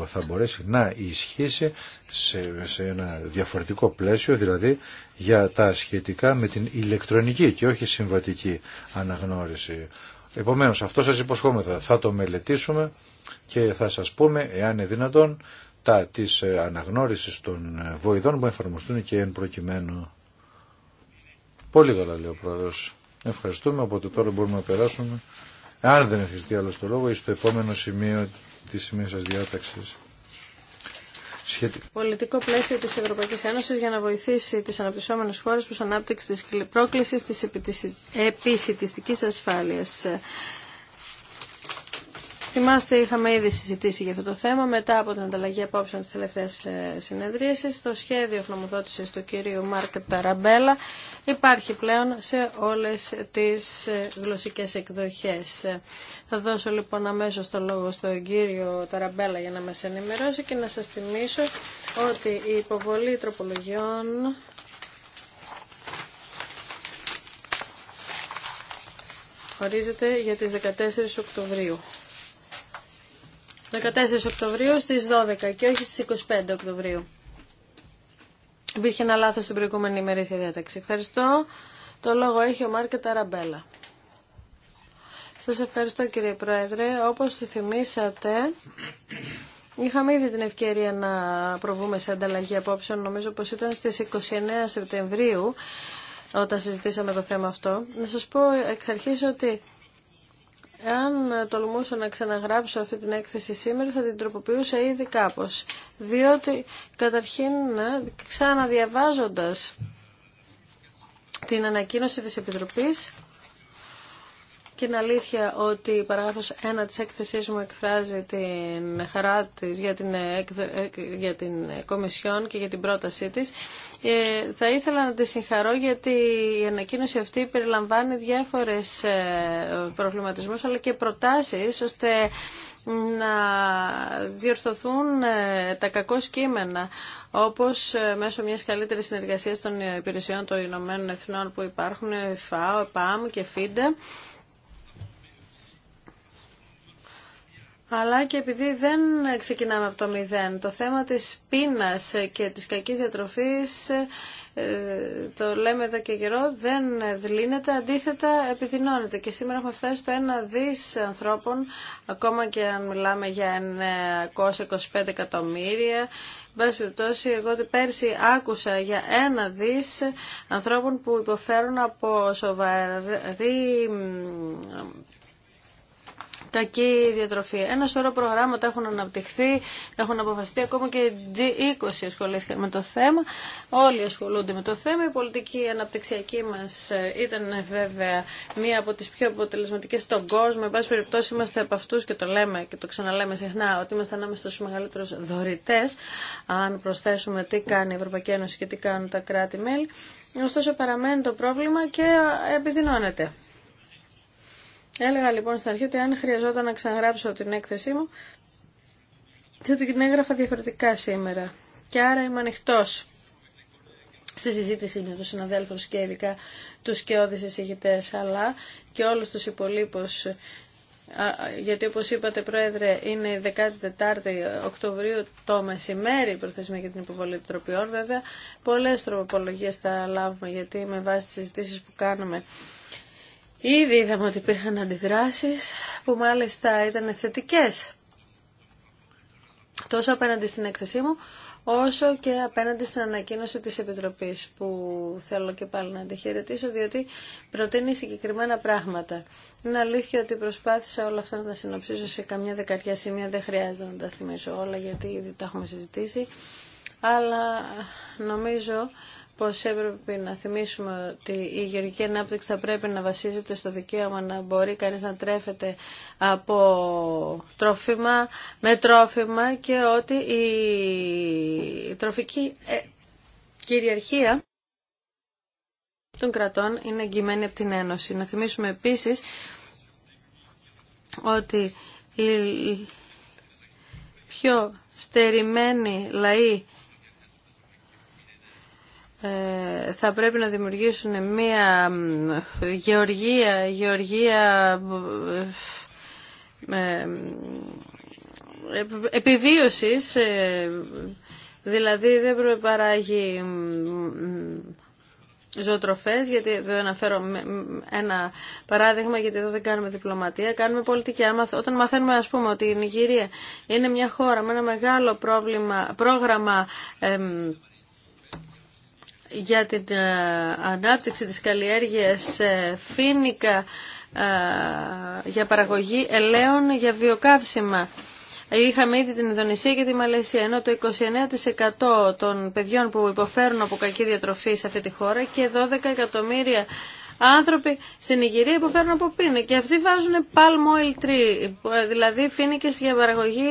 θα μπορέσει να ισχύσει σε, ένα διαφορετικό πλαίσιο, δηλαδή για τα σχετικά με την ηλεκτρονική και όχι συμβατική αναγνώριση. Επομένω, αυτό σα υποσχόμεθα. Θα το μελετήσουμε και θα σα πούμε, εάν είναι δυνατόν, τα τη αναγνώριση των βοηδών που εφαρμοστούν και εν προκειμένου. Πολύ καλά λέει ο Πρόεδρος. Ευχαριστούμε. Από τώρα μπορούμε να περάσουμε, αν δεν δει άλλο το λόγο, στο επόμενο σημείο τη σημεία σα διάταξης. Σχετικά. Πολιτικό πλαίσιο τη Ευρωπαϊκή Ένωση για να βοηθήσει τι αναπτυσσόμενες χώρε προ ανάπτυξη τη πρόκληση τη επισητιστικής ασφάλεια. Θυμάστε, είχαμε ήδη συζητήσει για αυτό το θέμα μετά από την ανταλλαγή απόψεων τη τελευταία ε, συνεδρίαση. Το σχέδιο γνωμοδότηση του κυρίου Μάρκ Ταραμπέλα υπάρχει πλέον σε όλες τις ε, γλωσσικές εκδοχές. Θα δώσω λοιπόν αμέσως το λόγο στον κύριο Ταραμπέλα για να μας ενημερώσει και να σας θυμίσω ότι η υποβολή τροπολογιών ορίζεται για τις 14 Οκτωβρίου. 14 Οκτωβρίου στις 12 και όχι στις 25 Οκτωβρίου. Υπήρχε ένα λάθος στην προηγούμενη ημερήσια διάταξη. Ευχαριστώ. Το λόγο έχει ο Μάρκετ Ταραμπέλα. Σας ευχαριστώ κύριε Πρόεδρε. Όπως θυμήσατε, είχαμε ήδη την ευκαιρία να προβούμε σε ανταλλαγή απόψεων. Νομίζω πως ήταν στις 29 Σεπτεμβρίου όταν συζητήσαμε το θέμα αυτό. Να σας πω εξ ότι Εάν τολμούσα να ξαναγράψω αυτή την έκθεση σήμερα θα την τροποποιούσα ήδη κάπως. Διότι καταρχήν ε, ξαναδιαβάζοντας την ανακοίνωση της Επιτροπής και είναι αλήθεια ότι η παράγραφος 1 της έκθεσής μου εκφράζει την χαρά της για την, για την Κομισιόν και για την πρότασή της. Ε, θα ήθελα να τη συγχαρώ γιατί η ανακοίνωση αυτή περιλαμβάνει διάφορες ε, προβληματισμούς αλλά και προτάσεις ώστε να διορθωθούν ε, τα κακό σκήμενα όπως μέσω μιας καλύτερης συνεργασίας των υπηρεσιών των Ηνωμένων Εθνών που υπάρχουν ΦΑΟ, ΕΠΑΜ και ΦΙΝΤΕ. αλλά και επειδή δεν ξεκινάμε από το μηδέν. Το θέμα της πείνας και της κακής διατροφής, ε, το λέμε εδώ και καιρό, δεν δλύνεται, αντίθετα επιδεινώνεται. Και σήμερα έχουμε φτάσει στο ένα δις ανθρώπων, ακόμα και αν μιλάμε για 925 εκατομμύρια. Μπας περιπτώσει, εγώ πέρσι άκουσα για ένα δις ανθρώπων που υποφέρουν από σοβαρή κακή διατροφή. Ένα σωρό προγράμματα έχουν αναπτυχθεί, έχουν αποφασιστεί, ακόμα και G20 ασχολήθηκαν με το θέμα. Όλοι ασχολούνται με το θέμα. Η πολιτική αναπτυξιακή μα ε, ήταν ε, βέβαια μία από τι πιο αποτελεσματικέ στον κόσμο. Εν πάση περιπτώσει είμαστε από αυτού και το λέμε και το ξαναλέμε συχνά ότι είμαστε ανάμεσα στου μεγαλύτερου δωρητέ, αν προσθέσουμε τι κάνει η Ευρωπαϊκή Ένωση και τι κάνουν τα κράτη-μέλη. Ωστόσο παραμένει το πρόβλημα και ε, επιδεινώνεται. Έλεγα λοιπόν στην αρχή ότι αν χρειαζόταν να ξαναγράψω την έκθεσή μου, θα την έγραφα διαφορετικά σήμερα. Και άρα είμαι ανοιχτό στη συζήτηση με τους συναδέλφους και ειδικά τους όδης εισηγητές, αλλά και όλους τους υπολείπους γιατί όπως είπατε Πρόεδρε είναι η 14η Οκτωβρίου το μεσημέρι η προθεσμία για την υποβολή των τροπιών βέβαια πολλές τροπολογίες θα λάβουμε γιατί με βάση τις συζητήσεις που κάνουμε Ήδη είδαμε ότι υπήρχαν αντιδράσεις που μάλιστα ήταν θετικές τόσο απέναντι στην έκθεσή μου όσο και απέναντι στην ανακοίνωση της Επιτροπής που θέλω και πάλι να αντιχαιρετήσω διότι προτείνει συγκεκριμένα πράγματα. Είναι αλήθεια ότι προσπάθησα όλα αυτά να τα συνοψίσω σε καμιά δεκαριά σημεία, δεν χρειάζεται να τα θυμίσω όλα γιατί ήδη τα έχουμε συζητήσει αλλά νομίζω πως έπρεπε να θυμίσουμε ότι η γεωργική ανάπτυξη θα πρέπει να βασίζεται στο δικαίωμα να μπορεί κανείς να τρέφεται από τρόφιμα, με τρόφιμα και ότι η τροφική ε, κυριαρχία των κρατών είναι εγγυημένη από την Ένωση. Να θυμίσουμε επίσης ότι η πιο στερημένοι λαοί ε, θα πρέπει να δημιουργήσουν μια γεωργία, γεωργία ε, επιβίωσης, ε, δηλαδή δεν πρέπει να παράγει ζωοτροφές, γιατί εδώ αναφέρω ένα παράδειγμα, γιατί εδώ δεν κάνουμε διπλωματία, κάνουμε πολιτική. Όταν μαθαίνουμε, ας πούμε, ότι η Νιγηρία είναι μια χώρα με ένα μεγάλο πρόβλημα, πρόγραμμα για την ε, ανάπτυξη της καλλιέργειας φίνικα ε, για παραγωγή ελαίων για βιοκαύσιμα. Είχαμε ήδη την Ιδονησία και τη Μαλαισία, ενώ το 29% των παιδιών που υποφέρουν από κακή διατροφή σε αυτή τη χώρα και 12 εκατομμύρια άνθρωποι στην Ιγυρία φέρνουν από πίνε και αυτοί βάζουν palm oil tree, δηλαδή φίνικες για παραγωγή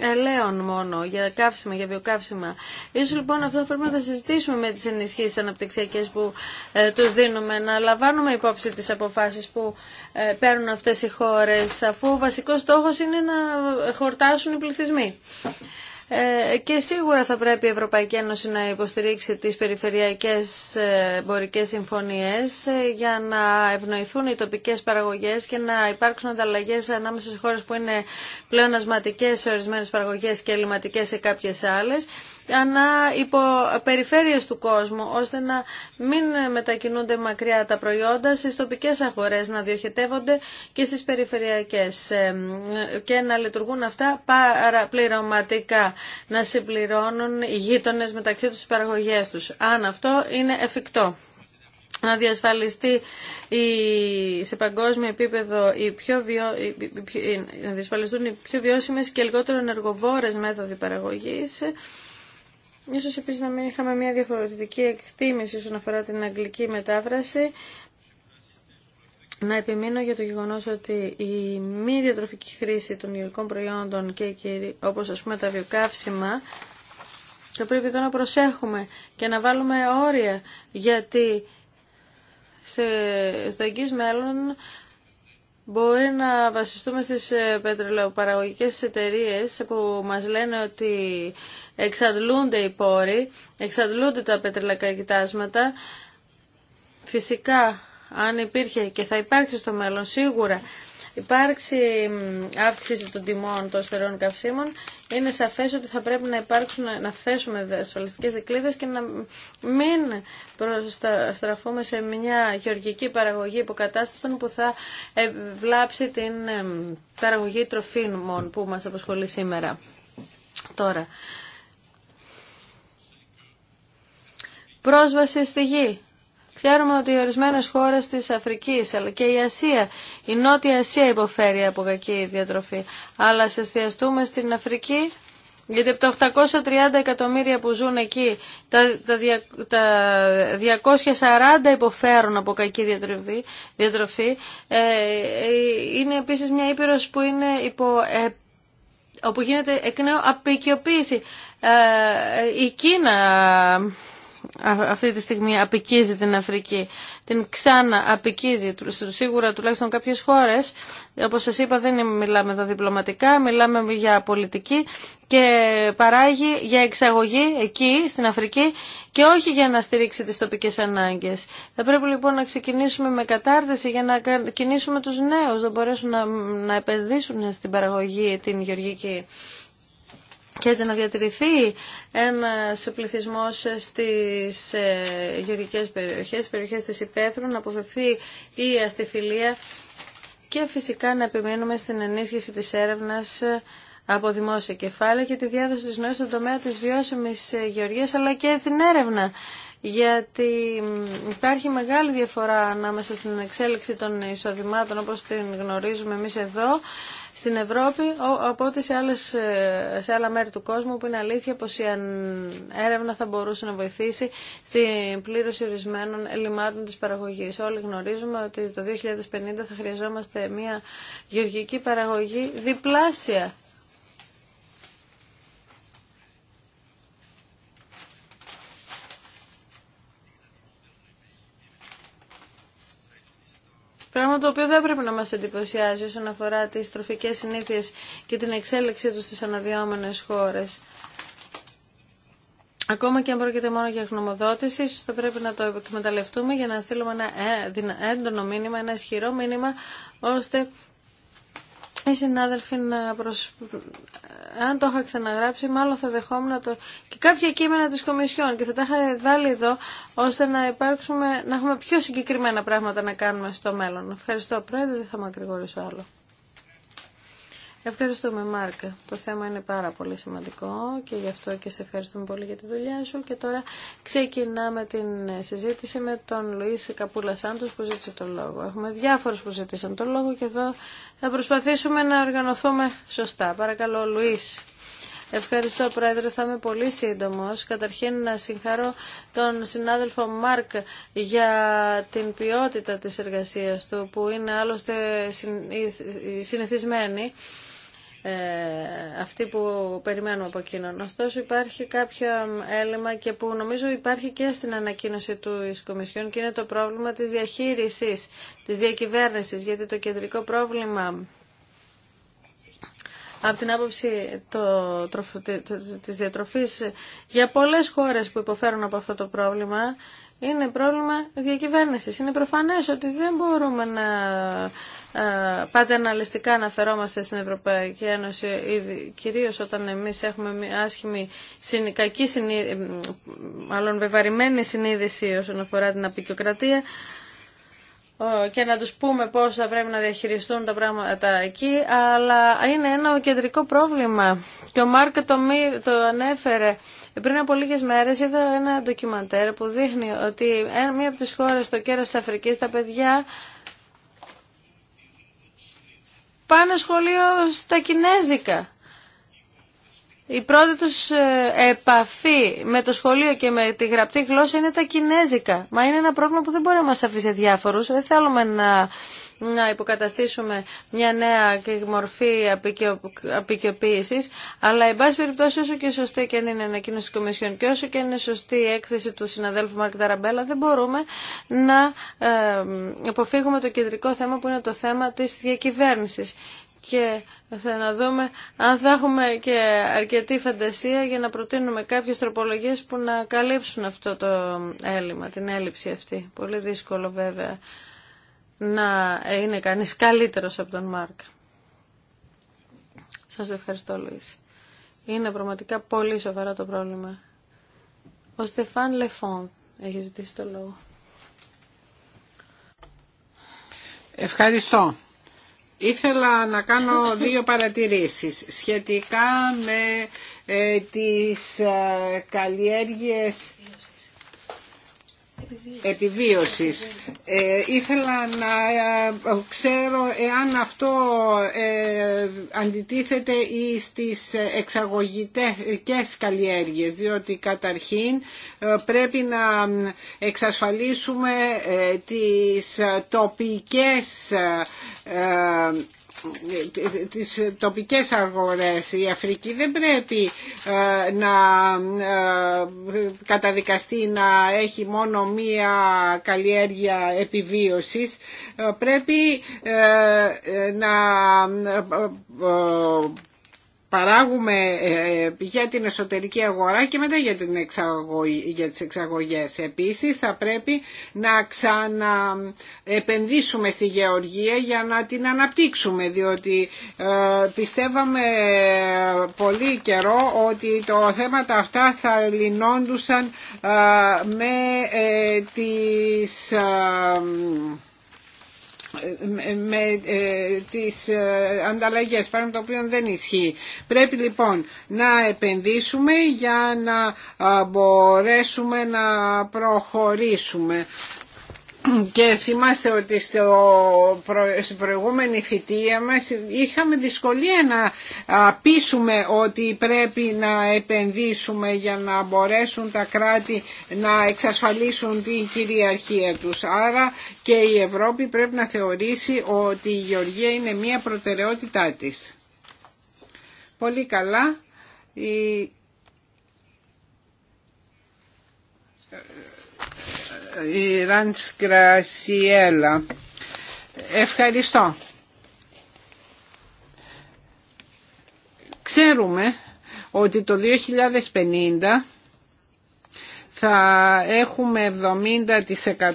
ελαίων μόνο, για καύσιμα, για βιοκαύσιμα. Ίσως λοιπόν αυτό πρέπει να τα συζητήσουμε με τις ενισχύσεις αναπτυξιακές που ε, τους δίνουμε, να λαμβάνουμε υπόψη τις αποφάσεις που ε, παίρνουν αυτές οι χώρες, αφού ο βασικός στόχος είναι να χορτάσουν οι πληθυσμοί. Ε, και σίγουρα θα πρέπει η Ευρωπαϊκή Ένωση να υποστηρίξει τις περιφερειακές ε, εμπορικές συμφωνίες ε, για να ευνοηθούν οι τοπικές παραγωγές και να υπάρξουν ανταλλαγέ ανάμεσα σε χώρες που είναι πλέον ασματικές σε ορισμένες παραγωγές και ελληματικές σε κάποιες άλλες ανά περιφέρειες του κόσμου, ώστε να μην μετακινούνται μακριά τα προϊόντα στις τοπικές αγορές, να διοχετεύονται και στις περιφερειακές και να λειτουργούν αυτά παραπληρωματικά, να συμπληρώνουν οι γείτονες μεταξύ τους τις παραγωγές τους, αν αυτό είναι εφικτό να διασφαλιστεί η, σε παγκόσμιο επίπεδο οι πιο βιο, οι, να διασφαλιστούν οι πιο βιώσιμες και λιγότερο ενεργοβόρες μέθοδοι παραγωγής Ίσως επίσης να μην είχαμε μια διαφορετική εκτίμηση όσον αφορά την αγγλική μετάφραση. Να επιμείνω για το γεγονός ότι η μη διατροφική χρήση των υλικών προϊόντων και όπως ας πούμε τα βιοκαύσιμα θα πρέπει εδώ να προσέχουμε και να βάλουμε όρια γιατί σε, στο εγγύς μέλλον Μπορεί να βασιστούμε στις ε, πετρελαιοπαραγωγικές εταιρείες που μας λένε ότι εξαντλούνται οι πόροι, εξαντλούνται τα πετρελαϊκά κοιτάσματα. Φυσικά, αν υπήρχε και θα υπάρξει στο μέλλον σίγουρα υπάρξει αύξηση των τιμών των στερεών καυσίμων, είναι σαφές ότι θα πρέπει να, υπάρξουν, να θέσουμε ασφαλιστικές δικλείδες και να μην στραφούμε σε μια γεωργική παραγωγή υποκατάστατων που θα βλάψει την ε, παραγωγή τροφίμων που μας απασχολεί σήμερα. Τώρα, πρόσβαση στη γη. Ξέρουμε ότι οι ορισμένες χώρες της Αφρικής αλλά και η Ασία, η Νότια Ασία υποφέρει από κακή διατροφή. Αλλά σε εστιαστούμε στην Αφρική, γιατί από τα 830 εκατομμύρια που ζουν εκεί, τα, τα, 240 υποφέρουν από κακή διατροφή. διατροφή. Ε, ε, είναι επίσης μια ήπειρος που είναι υπό ε, όπου γίνεται εκ νέου απεικιοποίηση. η Κίνα αυτή τη στιγμή απικίζει την Αφρική, την ξανά απικίζει σίγουρα τουλάχιστον κάποιες χώρες. Όπως σας είπα δεν μιλάμε εδώ διπλωματικά, μιλάμε για πολιτική και παράγει για εξαγωγή εκεί στην Αφρική και όχι για να στηρίξει τις τοπικές ανάγκες. Θα πρέπει λοιπόν να ξεκινήσουμε με κατάρτιση για να κινήσουμε τους νέους, να μπορέσουν να, να επενδύσουν στην παραγωγή την γεωργική και έτσι να διατηρηθεί ένας πληθυσμό στις ε, γεωργικές περιοχές, περιοχέ της υπαίθρου, να αποφευθεί η αστιφιλία και φυσικά να επιμείνουμε στην ενίσχυση της έρευνα ε, από δημόσια κεφάλαια και τη διάδοση της νόησης στον τομέα της βιώσιμης ε, γεωργίας αλλά και την έρευνα γιατί υπάρχει μεγάλη διαφορά ανάμεσα στην εξέλιξη των εισοδημάτων όπως την γνωρίζουμε εμείς εδώ στην Ευρώπη από ό,τι σε, άλλες, σε άλλα μέρη του κόσμου που είναι αλήθεια πως η έρευνα θα μπορούσε να βοηθήσει στην πλήρωση ορισμένων ελλημάτων της παραγωγής. Όλοι γνωρίζουμε ότι το 2050 θα χρειαζόμαστε μια γεωργική παραγωγή διπλάσια Πράγμα το οποίο δεν πρέπει να μας εντυπωσιάζει όσον αφορά τις τροφικές συνήθειες και την εξέλιξή του στι αναδυόμενε χώρε. Ακόμα και αν πρόκειται μόνο για γνωμοδότηση, ίσω θα πρέπει να το εκμεταλλευτούμε για να στείλουμε ένα ε, έντονο μήνυμα, ένα ισχυρό μήνυμα, ώστε οι συνάδελφοι να προσ... αν το είχα ξαναγράψει μάλλον θα δεχόμουν το... και κάποια κείμενα της Κομισιόν και θα τα είχα βάλει εδώ ώστε να υπάρξουμε, να έχουμε πιο συγκεκριμένα πράγματα να κάνουμε στο μέλλον. Ευχαριστώ Πρόεδρε, δεν θα ακρηγορήσω άλλο. Ευχαριστούμε Μάρκ. Το θέμα είναι πάρα πολύ σημαντικό και γι' αυτό και σε ευχαριστούμε πολύ για τη δουλειά σου. Και τώρα ξεκινάμε την συζήτηση με τον Λουίς Καπούλα Σάντος που ζήτησε τον λόγο. Έχουμε διάφορους που ζήτησαν τον λόγο και εδώ θα προσπαθήσουμε να οργανωθούμε σωστά. Παρακαλώ Λουίς. Ευχαριστώ Πρόεδρε, θα είμαι πολύ σύντομος. Καταρχήν να συγχαρώ τον συνάδελφο Μάρκ για την ποιότητα της εργασίας του που είναι άλλωστε συνηθισμένη. Ε, αυτή που περιμένουμε από εκείνον. Ωστόσο υπάρχει κάποιο έλλειμμα και που νομίζω υπάρχει και στην ανακοίνωση του Ισκομισιόν και είναι το πρόβλημα της διαχείρισης, της διακυβέρνησης, γιατί το κεντρικό πρόβλημα από την άποψη το, της διατροφής για πολλές χώρες που υποφέρουν από αυτό το πρόβλημα είναι πρόβλημα διακυβέρνησης. Είναι προφανές ότι δεν μπορούμε να ε, πάντα αναλυστικά αναφερόμαστε στην Ευρωπαϊκή Ένωση, κυρίως όταν εμείς έχουμε μια άσχημη, κακή, μάλλον βεβαρημένη συνείδηση όσον αφορά την απεικιοκρατία, και να τους πούμε πώς θα πρέπει να διαχειριστούν τα πράγματα εκεί, αλλά είναι ένα κεντρικό πρόβλημα. Και ο Μάρκο το, το ανέφερε πριν από λίγες μέρες, είδα ένα ντοκιμαντέρ που δείχνει ότι μία από τις χώρες στο κέρας της Αφρικής τα παιδιά πάνε σχολείο στα κινέζικα. Η πρώτη τους ε, επαφή με το σχολείο και με τη γραπτή γλώσσα είναι τα κινέζικα. Μα είναι ένα πρόβλημα που δεν μπορεί να μας αφήσει διάφορους. Δεν θέλουμε να να υποκαταστήσουμε μια νέα μορφή απεικιοποίηση. αλλά εν πάση περιπτώσει όσο και σωστή και αν είναι η ανακοίνωση τη Κομισιόν και όσο και είναι σωστή η έκθεση του συναδέλφου Μάρκ Ταραμπέλα, δεν μπορούμε να αποφύγουμε το κεντρικό θέμα που είναι το θέμα τη διακυβέρνηση. και θα να δούμε αν θα έχουμε και αρκετή φαντασία για να προτείνουμε κάποιες τροπολογίες που να καλύψουν αυτό το έλλειμμα, την έλλειψη αυτή. Πολύ δύσκολο βέβαια να είναι κανείς καλύτερος από τον Μάρκ. Σας ευχαριστώ, Λουίς. Είναι πραγματικά πολύ σοβαρά το πρόβλημα. Ο Στεφάν Λεφόν έχει ζητήσει το λόγο. Ευχαριστώ. Ήθελα να κάνω δύο παρατηρήσεις σχετικά με ε, τις ε, καλλιέργειες επιβίωσης. Ε, ήθελα να ε, ξέρω εάν αυτό ε, αντιτίθεται ή στις εξαγωγικές καλλιέργειες, διότι καταρχήν ε, πρέπει να εξασφαλίσουμε ε, τις τοπικές τις τοπικές αγορές η Αφρική δεν πρέπει ε, να ε, καταδικαστεί να έχει μόνο μία καλλιέργεια επιβίωσης ε, πρέπει να παράγουμε ε, ε, για την εσωτερική αγορά και μετά για, την εξαγωγή, για τις εξαγωγές. Επίσης θα πρέπει να ξαναεπενδύσουμε στη γεωργία για να την αναπτύξουμε διότι ε, πιστεύαμε πολύ καιρό ότι το θέματα αυτά θα λυνόντουσαν με τις με ε, τις ε, ανταλλαγές, πράγμα το οποίο δεν ισχύει. Πρέπει λοιπόν να επενδύσουμε για να μπορέσουμε να προχωρήσουμε και θυμάστε ότι στο στην προηγούμενη θητεία μας είχαμε δυσκολία να πείσουμε ότι πρέπει να επενδύσουμε για να μπορέσουν τα κράτη να εξασφαλίσουν την κυριαρχία τους. Άρα και η Ευρώπη πρέπει να θεωρήσει ότι η Γεωργία είναι μία προτεραιότητά της. Πολύ καλά. η Ραντς Ευχαριστώ. Ξέρουμε ότι το 2050 θα έχουμε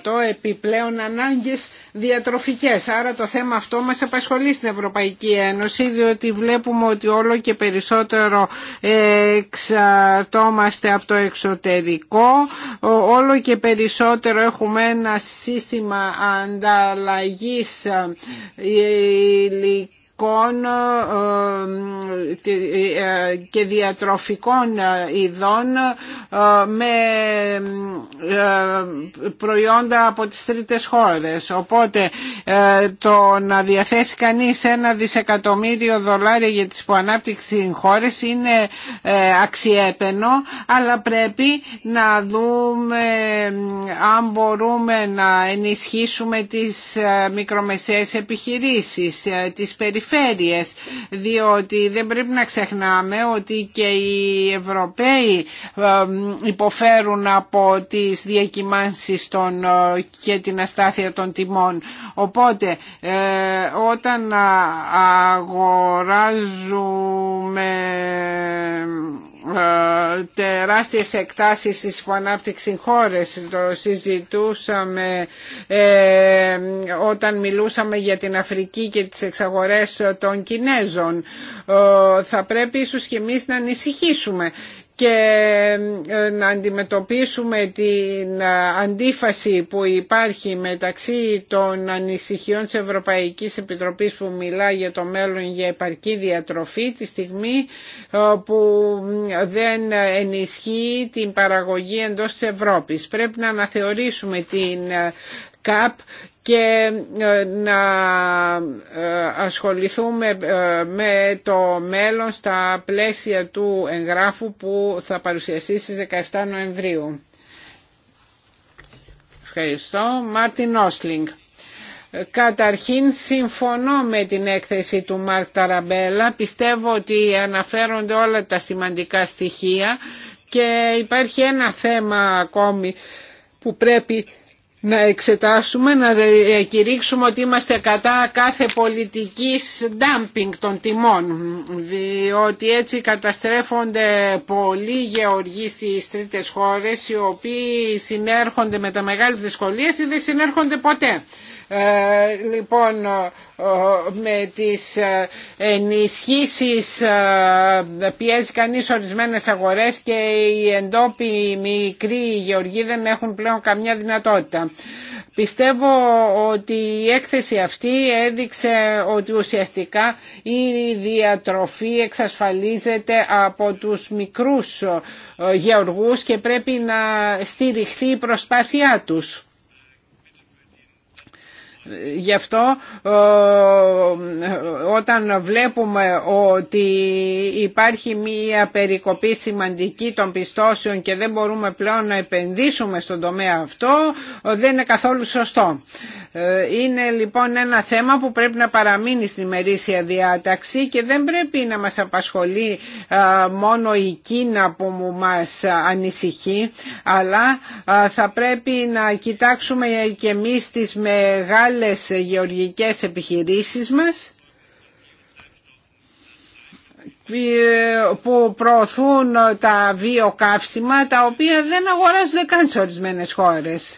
70% επιπλέον ανάγκες διατροφικές. Άρα το θέμα αυτό μας απασχολεί στην Ευρωπαϊκή Ένωση διότι βλέπουμε ότι όλο και περισσότερο εξαρτώμαστε από το εξωτερικό, όλο και περισσότερο έχουμε ένα σύστημα ανταλλαγής υλικών ε, ε, και διατροφικών ε, ειδών με προϊόντα από τις τρίτες χώρες. Οπότε το να διαθέσει κανείς ένα δισεκατομμύριο δολάρια για τις υποανάπτυξη χώρες είναι αξιέπαινο αλλά πρέπει να δούμε αν μπορούμε να ενισχύσουμε τις μικρομεσαίες επιχειρήσεις, τις περιφέρειες περιφέρειες διότι δεν πρέπει να ξεχνάμε ότι και οι Ευρωπαίοι υποφέρουν από τις διακυμάνσεις των, ε, και την αστάθεια των τιμών. Οπότε ε, όταν αγοράζουμε ε, τεράστιες εκτάσεις στις ανάπτυξη χώρες. Το συζητούσαμε ε, όταν μιλούσαμε για την Αφρική και τις εξαγορές των Κινέζων. Ε, θα πρέπει ίσως και εμείς να ανησυχήσουμε και ε, να αντιμετωπίσουμε την ε, αντίφαση που υπάρχει μεταξύ των ανησυχιών της Ευρωπαϊκής Επιτροπής που μιλά για το μέλλον για επαρκή διατροφή τη στιγμή ε, που δεν ενισχύει την παραγωγή εντός της Ευρώπης. Πρέπει να αναθεωρήσουμε την ΚΑΠ και ε, να ε, ασχοληθούμε ε, με το μέλλον στα πλαίσια του εγγράφου που θα παρουσιαστεί στις 17 Νοεμβρίου. Ευχαριστώ. Μάρτιν Όσλινγκ. Καταρχήν συμφωνώ με την έκθεση του Μάρκ Ταραμπέλα. Πιστεύω ότι αναφέρονται όλα τα σημαντικά στοιχεία και υπάρχει ένα θέμα ακόμη που πρέπει να εξετάσουμε, να ε, κηρύξουμε ότι είμαστε κατά κάθε πολιτικής dumping των τιμών διότι έτσι καταστρέφονται πολλοί γεωργοί στις τρίτες χώρες οι οποίοι συνέρχονται με τα μεγάλες δυσκολίες ή δεν συνέρχονται ποτέ. Ε, λοιπόν, ε, με τις ε, ενισχύσεις πιέζει κανείς ορισμένες αγορές και οι εντόπιοι μικροί γεωργοί δεν έχουν πλέον καμιά δυνατότητα. Πιστεύω ότι η έκθεση αυτή έδειξε ότι ουσιαστικά η διατροφή εξασφαλίζεται από τους μικρούς γεωργούς και πρέπει να στηριχθεί η προσπάθειά τους. Γι' αυτό ε, όταν βλέπουμε ότι υπάρχει μία περικοπή σημαντική των πιστώσεων και δεν μπορούμε πλέον να επενδύσουμε στον τομέα αυτό, ε, δεν είναι καθόλου σωστό. Ε, είναι λοιπόν ένα θέμα που πρέπει να παραμείνει στη μερίσια διάταξη και δεν πρέπει να μας απασχολεί μόνο η Κίνα που μας ανησυχεί, αλλά θα πρέπει να κοιτάξουμε και εμείς τις μεγάλες άλλες γεωργικές επιχειρήσεις μας ε, που προωθούν τα βιοκαύσιμα τα οποία δεν αγοράζονται καν σε ορισμένες χώρες.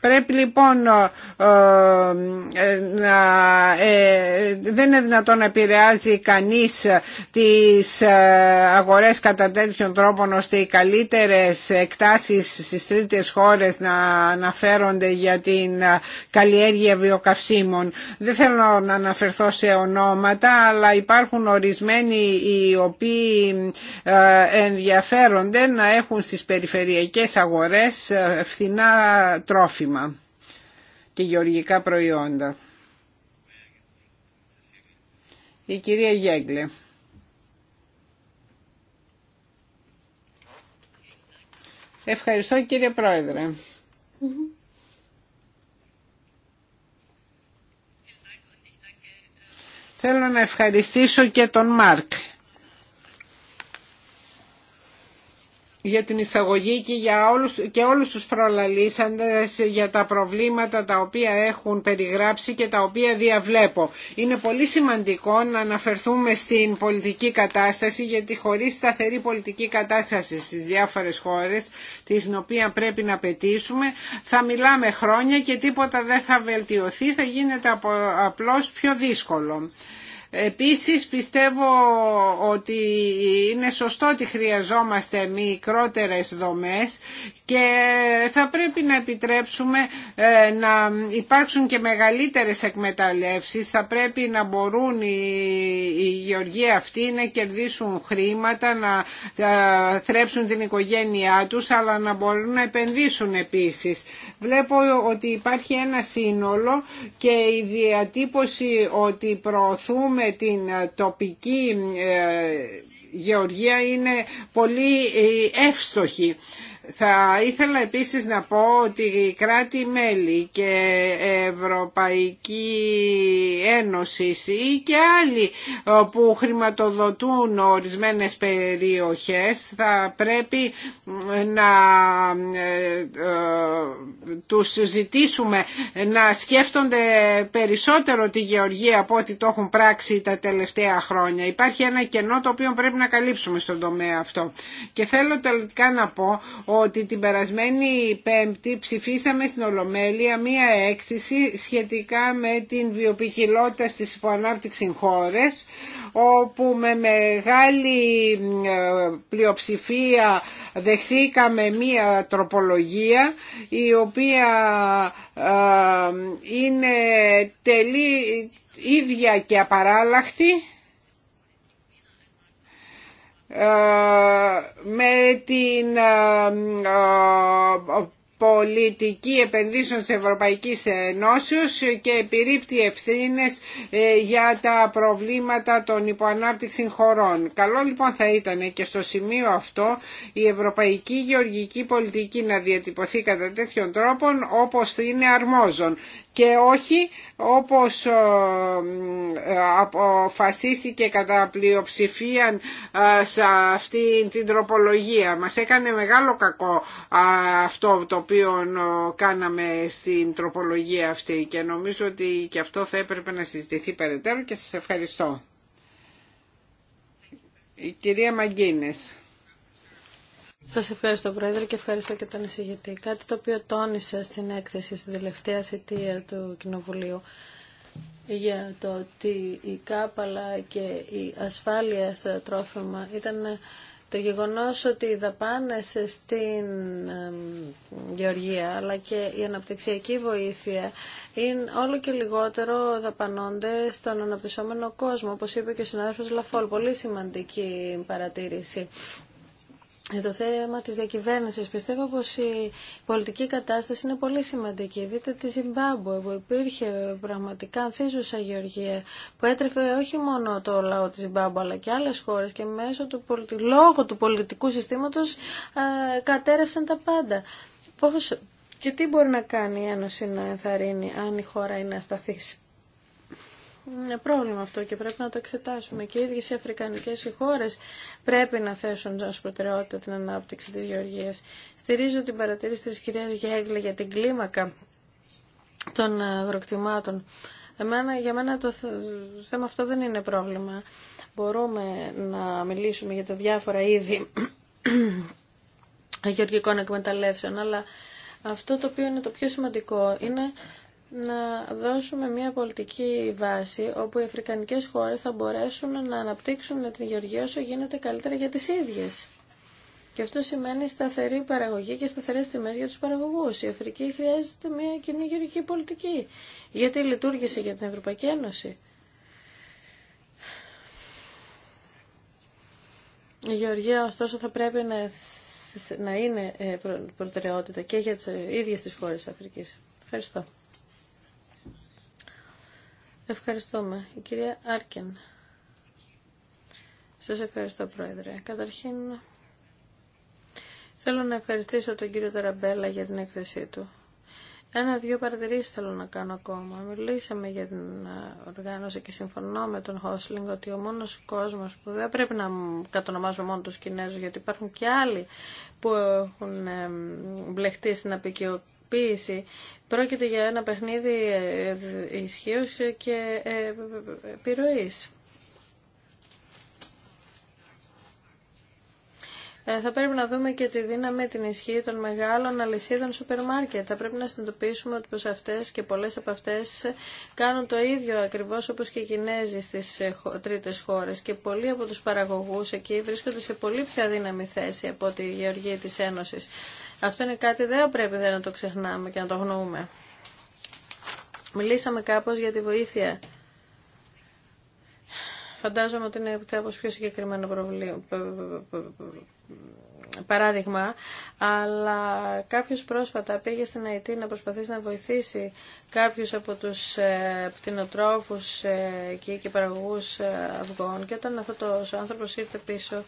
Πρέπει λοιπόν να ε, ε, ε, δεν είναι δυνατόν να επηρεάζει κανείς τις αγορές κατά τέτοιον τρόπο ώστε οι καλύτερες εκτάσεις στις τρίτες χώρες να αναφέρονται για την καλλιέργεια βιοκαυσίμων. Δεν θέλω να αναφερθώ σε ονόματα αλλά υπάρχουν ορισμένοι οι οποίοι ενδιαφέρονται να έχουν στις περιφερειακές αγορές φθηνά τρόφιμα και γεωργικά προϊόντα. Η κυρία Γέγκλε. Ευχαριστώ κύριε Πρόεδρε. Θέλω να ευχαριστήσω και τον Μάρκ για την εισαγωγή και για όλους, και όλους τους προλαλήσαντες για τα προβλήματα τα οποία έχουν περιγράψει και τα οποία διαβλέπω. Είναι πολύ σημαντικό να αναφερθούμε στην πολιτική κατάσταση γιατί χωρίς σταθερή πολιτική κατάσταση στις διάφορες χώρες την οποία πρέπει να πετύσουμε θα μιλάμε χρόνια και τίποτα δεν θα βελτιωθεί, θα γίνεται απλώς πιο δύσκολο. Επίσης πιστεύω ότι είναι σωστό ότι χρειαζόμαστε μικρότερες δομές και θα πρέπει να επιτρέψουμε ε, να υπάρξουν και μεγαλύτερες εκμεταλλεύσεις. Θα πρέπει να μπορούν οι γεωργοί αυτοί να κερδίσουν χρήματα, να ε, θρέψουν την οικογένειά τους, αλλά να μπορούν να επενδύσουν επίσης. Βλέπω ότι υπάρχει ένα σύνολο και η διατύπωση ότι προωθούμε με την ε, τοπική ε, γεωργία είναι πολύ ε, εύστοχη θα ήθελα επίσης να πω ότι οι κράτη-μέλη και Ευρωπαϊκή Ένωση ή και άλλοι που χρηματοδοτούν ορισμένες περιοχές θα πρέπει να ε, ε, τους ζητήσουμε να σκέφτονται περισσότερο τη γεωργία από ό,τι το έχουν πράξει τα τελευταία χρόνια. Υπάρχει ένα κενό το οποίο πρέπει να καλύψουμε στον τομέα αυτό. Και θέλω τελικά να πω ότι την περασμένη Πέμπτη ψηφίσαμε στην Ολομέλεια μία έκθεση σχετικά με την βιοπικιλότητα στις υποανάπτυξη χώρες όπου με μεγάλη ε, πλειοψηφία δεχθήκαμε μία τροπολογία η οποία ε, ε, είναι τελεί, ίδια και απαράλλαχτη ε, με την ε, ε, πολιτική επενδύσεων της Ευρωπαϊκής Ενώσεως και επιρρύπτει ευθύνε για τα προβλήματα των υποανάπτυξη χωρών. Καλό λοιπόν θα ήταν και στο σημείο αυτό η ευρωπαϊκή γεωργική πολιτική να διατυπωθεί κατά τέτοιον τρόπο όπως είναι αρμόζων και όχι όπως ε, αποφασίστηκε κατά πλειοψηφία ε, σε αυτή την τροπολογία. Μας έκανε μεγάλο κακό ε, αυτό το οποίο κάναμε στην τροπολογία αυτή και νομίζω ότι και αυτό θα έπρεπε να συζητηθεί περαιτέρω και σας ευχαριστώ. Η κυρία Μαγκίνες. Σας ευχαριστώ Πρόεδρε και ευχαριστώ και τον εισηγητή. Κάτι το οποίο τόνισα στην έκθεση στην τελευταία θητεία του Κοινοβουλίου για το ότι η κάπαλα και η ασφάλεια στα τρόφιμα ήταν το γεγονός ότι οι δαπάνες στην Γεωργία αλλά και η αναπτυξιακή βοήθεια είναι όλο και λιγότερο δαπανώνται στον αναπτυσσόμενο κόσμο, όπως είπε και ο συνάδελφος Λαφόλ. Πολύ σημαντική παρατήρηση για το θέμα της διακυβέρνησης. Πιστεύω πως η πολιτική κατάσταση είναι πολύ σημαντική. Δείτε τη Ζιμπάμπουε που υπήρχε πραγματικά ανθίζουσα γεωργία που έτρεφε όχι μόνο το λαό της Ζιμπάμπουε αλλά και άλλες χώρες και μέσω του πολι... λόγω του πολιτικού συστήματος κατέρευσαν τα πάντα. Πώς... Και τι μπορεί να κάνει η Ένωση να ενθαρρύνει αν η χώρα είναι ασταθής. Είναι πρόβλημα αυτό και πρέπει να το εξετάσουμε. Και οι ίδιε οι Αφρικανικέ χώρε πρέπει να θέσουν ω προτεραιότητα την ανάπτυξη τη γεωργία. Στηρίζω την παρατήρηση τη κυρία Γέγλε για την κλίμακα των ε, αγροκτημάτων. Εμένα, για μένα το θέμα αυτό δεν είναι πρόβλημα. Μπορούμε να μιλήσουμε για τα διάφορα είδη γεωργικών εκμεταλλεύσεων, αλλά αυτό το οποίο είναι το πιο σημαντικό είναι να δώσουμε μια πολιτική βάση όπου οι αφρικανικές χώρες θα μπορέσουν να αναπτύξουν την γεωργία όσο γίνεται καλύτερα για τις ίδιες. Και αυτό σημαίνει σταθερή παραγωγή και σταθερές τιμές για τους παραγωγούς. Η Αφρική χρειάζεται μια κοινή γεωργική πολιτική. Γιατί λειτουργήσε για την Ευρωπαϊκή Ένωση. Η γεωργία ωστόσο θα πρέπει να, είναι ε, προτεραιότητα και για τις ε, ίδιες τις χώρες της Αφρικής. Ευχαριστώ. Ευχαριστούμε. Η κυρία Άρκεν. Σας ευχαριστώ, Πρόεδρε. Καταρχήν, θέλω να ευχαριστήσω τον κύριο Ταραμπέλα για την έκθεσή του. Ένα-δύο παρατηρήσεις θέλω να κάνω ακόμα. Μιλήσαμε για την οργάνωση και συμφωνώ με τον Χόσλινγκ ότι ο μόνος κόσμος που δεν πρέπει να κατονομάζουμε μόνο τους Κινέζους γιατί υπάρχουν και άλλοι που έχουν μπλεχτεί στην απεικιοκρατία Πρόκειται για ένα παιχνίδι ε, ε, ισχύω και ε, επιρροής. Ε, θα πρέπει να δούμε και τη δύναμη, την ισχύ των μεγάλων αλυσίδων σούπερ μάρκετ. Θα πρέπει να συνειδητοποιήσουμε ότι πως αυτές και πολλές από αυτές κάνουν το ίδιο ακριβώς όπως και οι Κινέζοι στις ε, τρίτες χώρες και πολλοί από τους παραγωγούς εκεί βρίσκονται σε πολύ πιο αδύναμη θέση από τη γεωργία της Ένωσης. Αυτό είναι κάτι δεν πρέπει δεν να το ξεχνάμε και να το γνωρούμε. Μιλήσαμε κάπως για τη βοήθεια φαντάζομαι ότι είναι κάπως πιο συγκεκριμένο παράδειγμα, αλλά κάποιος πρόσφατα πήγε στην Αϊτή να προσπαθήσει να βοηθήσει κάποιους από τους ε, πτυνοτρόφους ε, και παραγωγούς ε, αυγών και όταν αυτός ο άνθρωπος ήρθε πίσω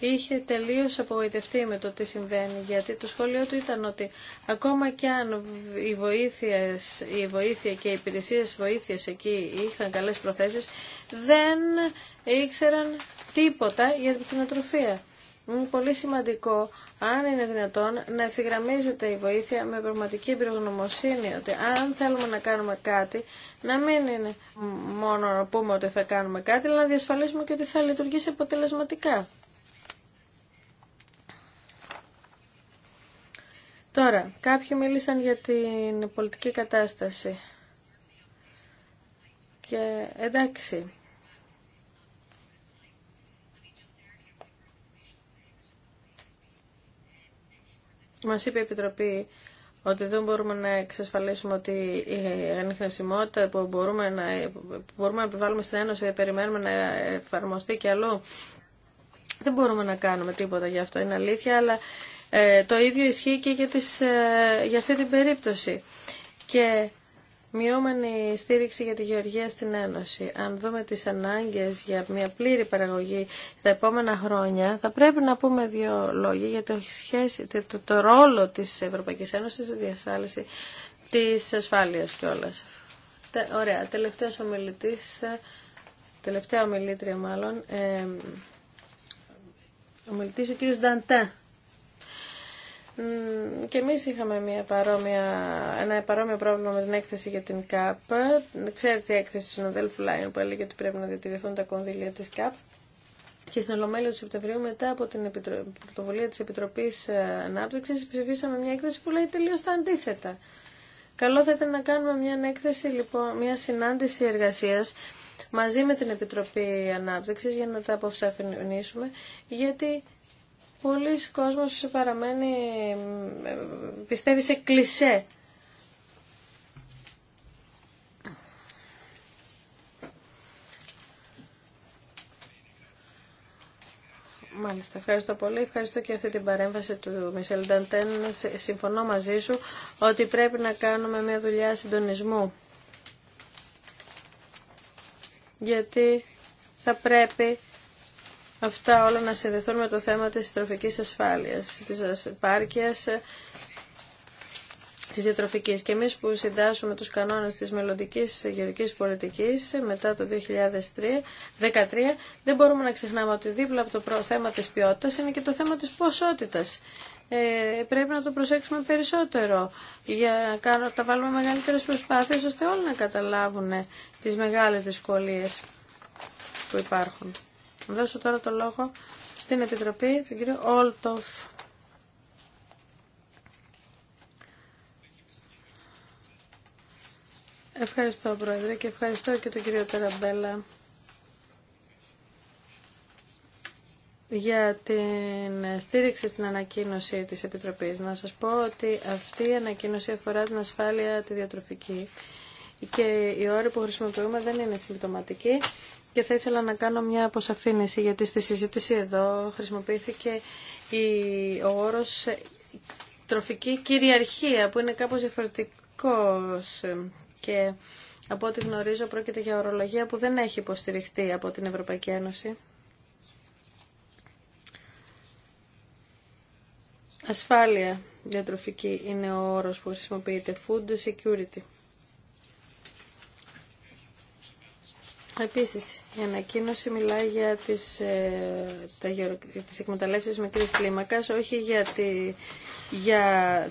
είχε τελείως απογοητευτεί με το τι συμβαίνει, γιατί το σχόλιο του ήταν ότι ακόμα κι αν οι βοήθειες, η βοήθεια και οι υπηρεσίε βοήθειας εκεί είχαν καλές προθέσεις, δεν ήξεραν τίποτα για την κτηνοτροφία. Είναι πολύ σημαντικό αν είναι δυνατόν, να ευθυγραμμίζεται η βοήθεια με πραγματική εμπειρογνωμοσύνη, ότι αν θέλουμε να κάνουμε κάτι, να μην είναι μόνο να πούμε ότι θα κάνουμε κάτι, αλλά να διασφαλίσουμε και ότι θα λειτουργήσει αποτελεσματικά. Τώρα, κάποιοι μίλησαν για την πολιτική κατάσταση. Και εντάξει, Μας είπε η Επιτροπή ότι δεν μπορούμε να εξασφαλίσουμε ότι η ανιχνευσιμότητα που μπορούμε να, μπορούμε να επιβάλλουμε στην Ένωση περιμένουμε να εφαρμοστεί και αλλού. Δεν μπορούμε να κάνουμε τίποτα γι' αυτό, είναι αλήθεια, αλλά ε, το ίδιο ισχύει και για, τις, ε, για αυτή την περίπτωση. Και Μειώμενη στήριξη για τη γεωργία στην Ένωση. Αν δούμε τις ανάγκες για μια πλήρη παραγωγή στα επόμενα χρόνια, θα πρέπει να πούμε δύο λόγια για το, σχέση, το, το ρόλο της Ευρωπαϊκής Ένωσης στη διασφάλιση της ασφάλειας κιόλα. Τε, ωραία, τελευταίος ομιλητής, τελευταία ομιλήτρια μάλλον, ε, ομιλητής ο κύριος Νταντέ. Και εμείς είχαμε μια παρόμοια, ένα παρόμοιο πρόβλημα με την έκθεση για την ΚΑΠ. Ξέρετε η έκθεση του συναδέλφου Λάιν που έλεγε ότι πρέπει να διατηρηθούν τα κονδύλια της ΚΑΠ. Και στην Ολομέλεια του Σεπτεμβρίου, μετά από την πρωτοβουλία τη Επιτροπή ε, ανάπτυξη, ψηφίσαμε μια έκθεση που λέει τελείω τα αντίθετα. Καλό θα ήταν να κάνουμε μια έκθεση, λοιπόν, μια συνάντηση εργασία μαζί με την Επιτροπή ανάπτυξη για να τα αποψαφινίσουμε, γιατί πολλοί κόσμος παραμένει, πιστεύει σε κλισέ. Μάλιστα, ευχαριστώ πολύ. Ευχαριστώ και αυτή την παρέμβαση του Μισελ Νταντέν. Συμφωνώ μαζί σου ότι πρέπει να κάνουμε μια δουλειά συντονισμού. Γιατί θα πρέπει αυτά όλα να συνδεθούν με το θέμα της τροφικής ασφάλειας, της επάρκειας ε, της διατροφικής. Και εμείς που συντάσσουμε τους κανόνες της μελλοντική γεωρικής πολιτικής ε, μετά το 2013, δεν μπορούμε να ξεχνάμε ότι δίπλα από το θέμα της ποιότητας είναι και το θέμα της ποσότητας. Ε, πρέπει να το προσέξουμε περισσότερο για να τα βάλουμε μεγαλύτερες προσπάθειες ώστε όλοι να καταλάβουν τις μεγάλες δυσκολίες που υπάρχουν. Θα δώσω τώρα το λόγο στην Επιτροπή, τον κύριο Όλτοφ. Ευχαριστώ, Πρόεδρε, και ευχαριστώ και τον κύριο Τεραμπέλα για την στήριξη στην ανακοίνωση της Επιτροπής. Να σας πω ότι αυτή η ανακοίνωση αφορά την ασφάλεια τη διατροφική και η ώρα που χρησιμοποιούμε δεν είναι συμπτωματική και θα ήθελα να κάνω μια αποσαφήνιση γιατί στη συζήτηση εδώ χρησιμοποιήθηκε η, ο όρος τροφική κυριαρχία που είναι κάπως διαφορετικός και από ό,τι γνωρίζω πρόκειται για ορολογία που δεν έχει υποστηριχτεί από την Ευρωπαϊκή Ένωση. Ασφάλεια διατροφική είναι ο όρος που χρησιμοποιείται. Food security. Επίσης, η ανακοίνωση μιλάει για τις, ε, τα, τις εκμεταλλεύσεις μικρής κλίμακας, όχι για, τη, για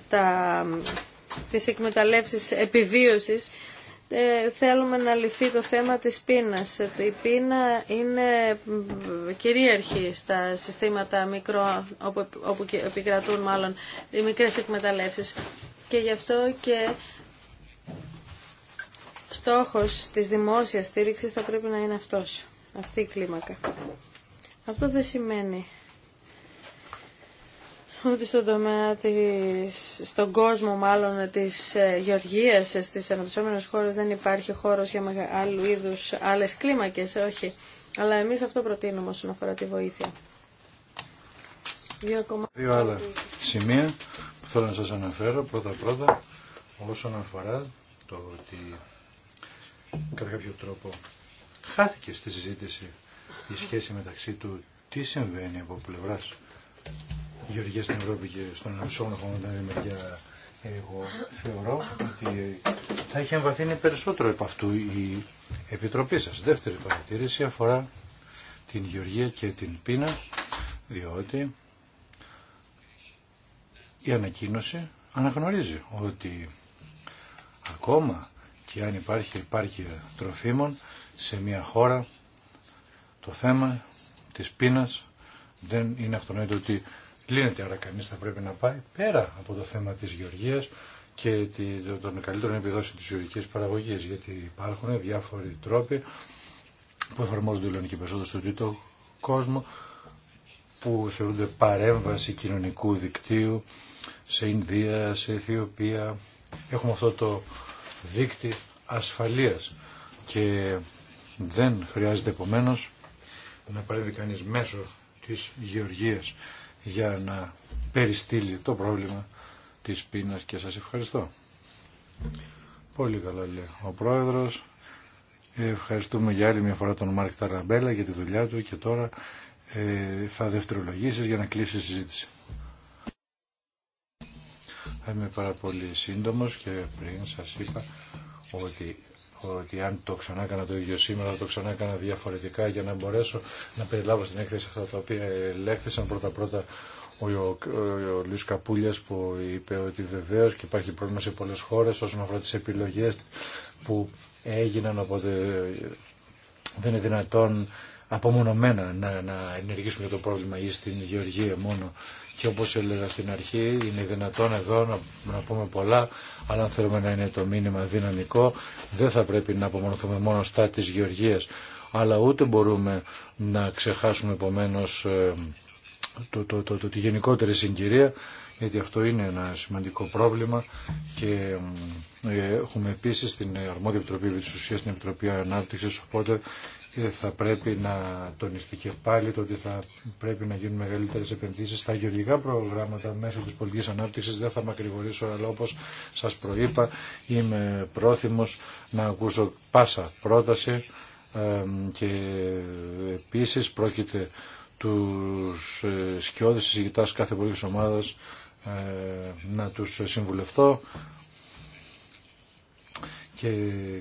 τα, τις εκμεταλλεύσεις επιβίωσης. Ε, θέλουμε να λυθεί το θέμα της πείνας. Η πείνα είναι κυρίαρχη στα συστήματα μικρό, όπου, όπου επικρατούν μάλλον οι μικρές εκμεταλλεύσεις. Και γι' αυτό και στόχος της δημόσιας στήριξης θα πρέπει να είναι αυτός, αυτή η κλίμακα. Αυτό δεν σημαίνει ότι στον τομέα στον κόσμο μάλλον της ε, γεωργίας ε, στις αναπτυσσόμενες χώρες δεν υπάρχει χώρος για άλλου είδους άλλες κλίμακες, ε, όχι. Αλλά εμείς αυτό προτείνουμε όσον αφορά τη βοήθεια. Δύο, Δύο άλλα σημεία που θέλω να σας αναφέρω πρώτα πρώτα όσον αφορά το ότι κατά κάποιο τρόπο χάθηκε στη συζήτηση η σχέση μεταξύ του τι συμβαίνει από πλευρά γεωργία στην Ευρώπη και στον Αναψόνο από την μεριά. Εγώ θεωρώ ότι θα έχει εμβαθύνει περισσότερο από αυτού η Επιτροπή σας. Δεύτερη παρατηρήση αφορά την γεωργία και την Πίνα διότι η ανακοίνωση αναγνωρίζει ότι ακόμα και αν υπάρχει υπάρχει τροφίμων σε μια χώρα το θέμα της πείνας δεν είναι αυτονόητο ότι λύνεται άρα κανείς θα πρέπει να πάει πέρα από το θέμα της γεωργίας και των καλύτερων επιδόσεων της γεωργικής παραγωγής γιατί υπάρχουν διάφοροι τρόποι που εφαρμόζονται η και περισσότερο στο τρίτο κόσμο που θεωρούνται παρέμβαση κοινωνικού δικτύου σε Ινδία, σε Αιθιοπία. Έχουμε αυτό το δίκτυ ασφαλείας και δεν χρειάζεται επομένω να παρέμβει κανείς μέσω της γεωργίας για να περιστύλει το πρόβλημα της πείνας και σας ευχαριστώ. Πολύ καλά λέει ο Πρόεδρος. Ευχαριστούμε για άλλη μια φορά τον Μάρκ Ταραμπέλα για τη δουλειά του και τώρα ε, θα δευτερολογήσεις για να κλείσει η συζήτηση είμαι πάρα πολύ σύντομος και πριν σας είπα ότι ότι αν το ξανά έκανα το ίδιο σήμερα, το ξανά έκανα διαφορετικά για να μπορέσω να περιλάβω στην έκθεση αυτά τα οποία ελέγχθησαν πρώτα-πρώτα ο, ο, ο που είπε ότι βεβαίως και υπάρχει πρόβλημα σε πολλές χώρες όσον αφορά τις επιλογές που έγιναν οπότε δεν είναι δυνατόν απομονωμένα να, να ενεργήσουμε για το πρόβλημα ή στην Γεωργία μόνο και όπως έλεγα στην αρχή είναι δυνατόν εδώ να, να πούμε πολλά αλλά αν θέλουμε να είναι το μήνυμα δυναμικό δεν θα πρέπει να απομονωθούμε μόνο στα της γεωργίας αλλά ούτε μπορούμε να ξεχάσουμε επομένω ε, το, το, το, το, τη γενικότερη συγκυρία γιατί αυτό είναι ένα σημαντικό πρόβλημα και ε, έχουμε επίσης την Αρμόδια Επιτροπή της Ουσίας, την Επιτροπή Ανάπτυξης, οπότε θα πρέπει να τονιστεί και πάλι το ότι θα πρέπει να γίνουν μεγαλύτερε επενδύσει στα γεωργικά προγράμματα μέσω τη πολιτική ανάπτυξη. Δεν θα μακρηγορήσω, αλλά όπω σα προείπα, είμαι πρόθυμο να ακούσω πάσα πρόταση και επίσης πρόκειται τους ε, σκιώδη συζητά κάθε πολιτική ομάδας ε, να τους συμβουλευτώ και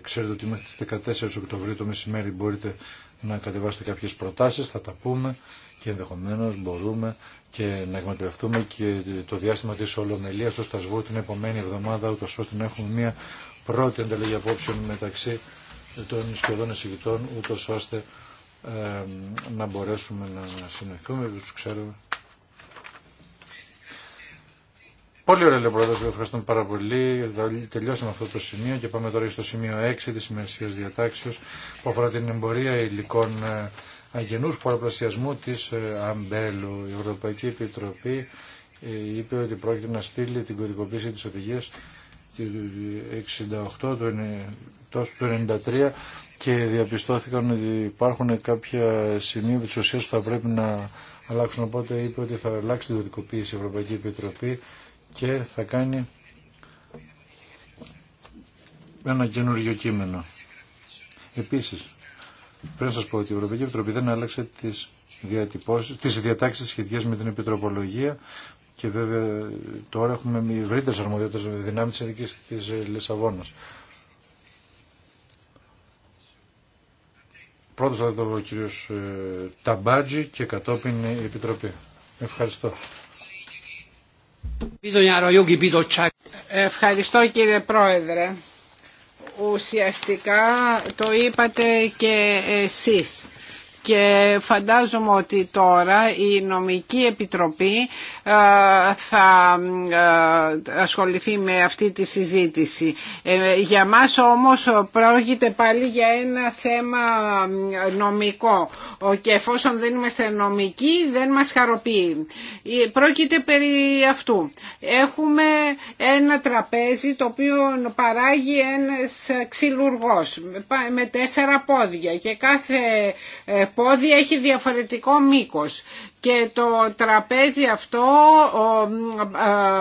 ξέρετε ότι μέχρι τις 14 Οκτωβρίου το μεσημέρι μπορείτε να κατεβάσετε κάποιες προτάσεις, θα τα πούμε και ενδεχομένως μπορούμε και να εκμετρευτούμε και το διάστημα της Ολομελίας στο Στασβού την επόμενη εβδομάδα, ούτως ώστε να έχουμε μια πρώτη ανταλλαγή απόψεων μεταξύ των σχεδόν εισηγητών, ούτως ώστε να μπορέσουμε να συνεχίσουμε, τους ξέρουμε Πολύ ωραία λέει πρόεδρος, ευχαριστούμε πάρα πολύ. τελειώσαμε αυτό το σημείο και πάμε τώρα στο σημείο 6 τη ημερησία διατάξεω που αφορά την εμπορία υλικών ε, αγενού πολλαπλασιασμού τη ε, Αμπέλου. Η Ευρωπαϊκή Επιτροπή ε, είπε ότι πρόκειται να στείλει την κωδικοποίηση οδηγία του 68 του 93 και διαπιστώθηκαν ότι υπάρχουν κάποια σημεία τη ουσία που θα πρέπει να αλλάξουν. Οπότε είπε ότι θα αλλάξει την κωδικοποίηση η Ευρωπαϊκή Επιτροπή και θα κάνει ένα καινούριο κείμενο. Επίσης, πρέπει να σας πω ότι η Ευρωπαϊκή Επιτροπή δεν άλλαξε τις, διατυπώσεις, τις διατάξεις σχετικές με την επιτροπολογία και βέβαια τώρα έχουμε ευρύτερε αρμοδιότητε με δυνάμει τη ειδική τη Λισαβόνα. Πρώτο θα το ο κύριο ε, Ταμπάτζη και κατόπιν η Επιτροπή. Ευχαριστώ. Ευχαριστώ κύριε Πρόεδρε. Ουσιαστικά το είπατε και εσείς και φαντάζομαι ότι τώρα η νομική επιτροπή ε, θα ε, ασχοληθεί με αυτή τη συζήτηση. Ε, για μας όμως πρόκειται πάλι για ένα θέμα νομικό και εφόσον δεν είμαστε νομικοί δεν μας χαροποιεί. Πρόκειται περί αυτού. Έχουμε ένα τραπέζι το οποίο παράγει ένας ξυλουργός με τέσσερα πόδια και κάθε πόδι έχει διαφορετικό μήκος και το τραπέζι αυτό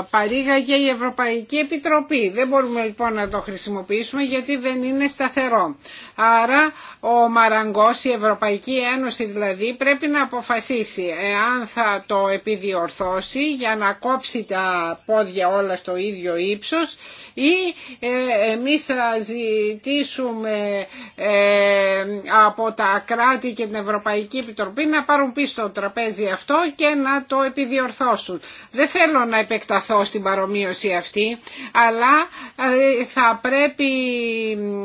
παρήγαγε η Ευρωπαϊκή Επιτροπή. Δεν μπορούμε λοιπόν να το χρησιμοποιήσουμε γιατί δεν είναι σταθερό. Άρα ο Μαραγκός, η Ευρωπαϊκή Ένωση δηλαδή πρέπει να αποφασίσει εάν θα το επιδιορθώσει για να κόψει τα πόδια όλα στο ίδιο ύψος ή ε, εμείς θα ζητήσουμε ε, από τα κράτη και την Ευρωπαϊκή Επιτροπή να πάρουν πίσω το τραπέζι αυτό και να το επιδιορθώσουν. Δεν θέλω να επεκταθώ στην παρομοίωση αυτή, αλλά ε, θα πρέπει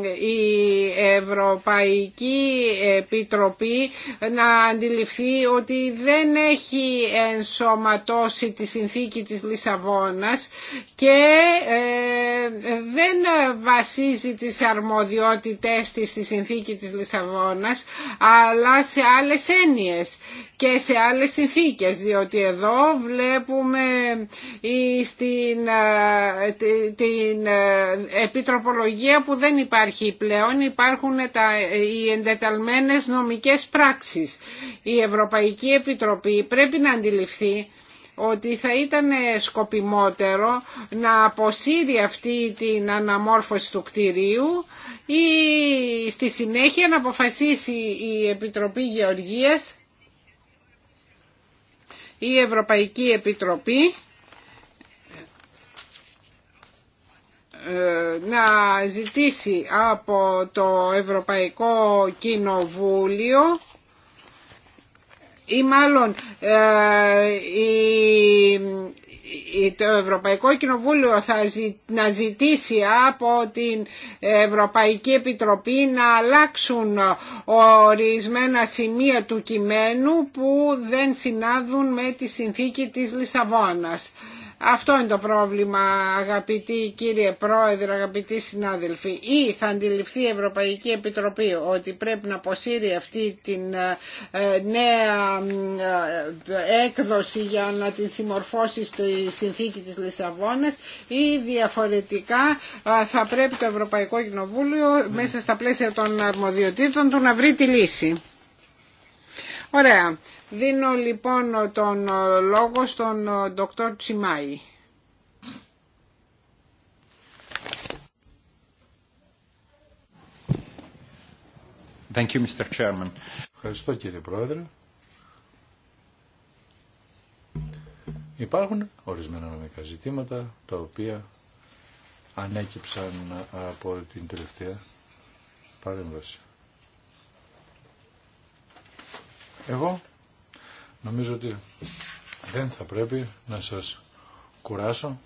ε, η Ευρωπαϊκή Επιτροπή να αντιληφθεί ότι δεν έχει ενσωματώσει τη συνθήκη της Λισαβόνας και ε, δεν βασίζει τις αρμοδιότητές της στη συνθήκη της Λισαβόνας αλλά σε άλλες έννοιες και σε άλλες συνθήκες διότι εδώ βλέπουμε στην την επιτροπολογία που δεν υπάρχει πλέον υπάρχουν τα, οι εντεταλμένες νομικές πράξεις. Η Ευρωπαϊκή Επιτροπή πρέπει να αντιληφθεί ότι θα ήταν σκοπιμότερο να αποσύρει αυτή την αναμόρφωση του κτηρίου ή στη συνέχεια να αποφασίσει η Επιτροπή Γεωργίας η Ευρωπαϊκή Επιτροπή ε, να ζητήσει από το Ευρωπαϊκό Κοινοβούλιο ή μάλλον ε, η το Ευρωπαϊκό Κοινοβούλιο θα να ζητήσει από την Ευρωπαϊκή Επιτροπή να αλλάξουν ορισμένα σημεία του κειμένου που δεν συνάδουν με τη συνθήκη της Λισαβόνας. Αυτό είναι το πρόβλημα αγαπητοί κύριε Πρόεδρε, αγαπητοί συνάδελφοι. Ή θα αντιληφθεί η Ευρωπαϊκή Επιτροπή ότι πρέπει να αποσύρει αυτή την ε, ε, νέα ε, έκδοση για να την συμμορφώσει στη συνθήκη της Λισαβόνας ή διαφορετικά θα πρέπει το Ευρωπαϊκό Κοινοβούλιο μέσα στα πλαίσια των αρμοδιοτήτων του να βρει τη λύση. Ωραία. Δίνω λοιπόν τον ε, λόγο στον ε, Δοκτώρ Τσιμάη. Thank you, Mr. Chairman. Ευχαριστώ κύριε Πρόεδρε. Υπάρχουν ορισμένα νομικά ζητήματα τα οποία ανέκυψαν από την τελευταία παρέμβαση. Εγώ νομίζω ότι δεν θα πρέπει να σας κουράσω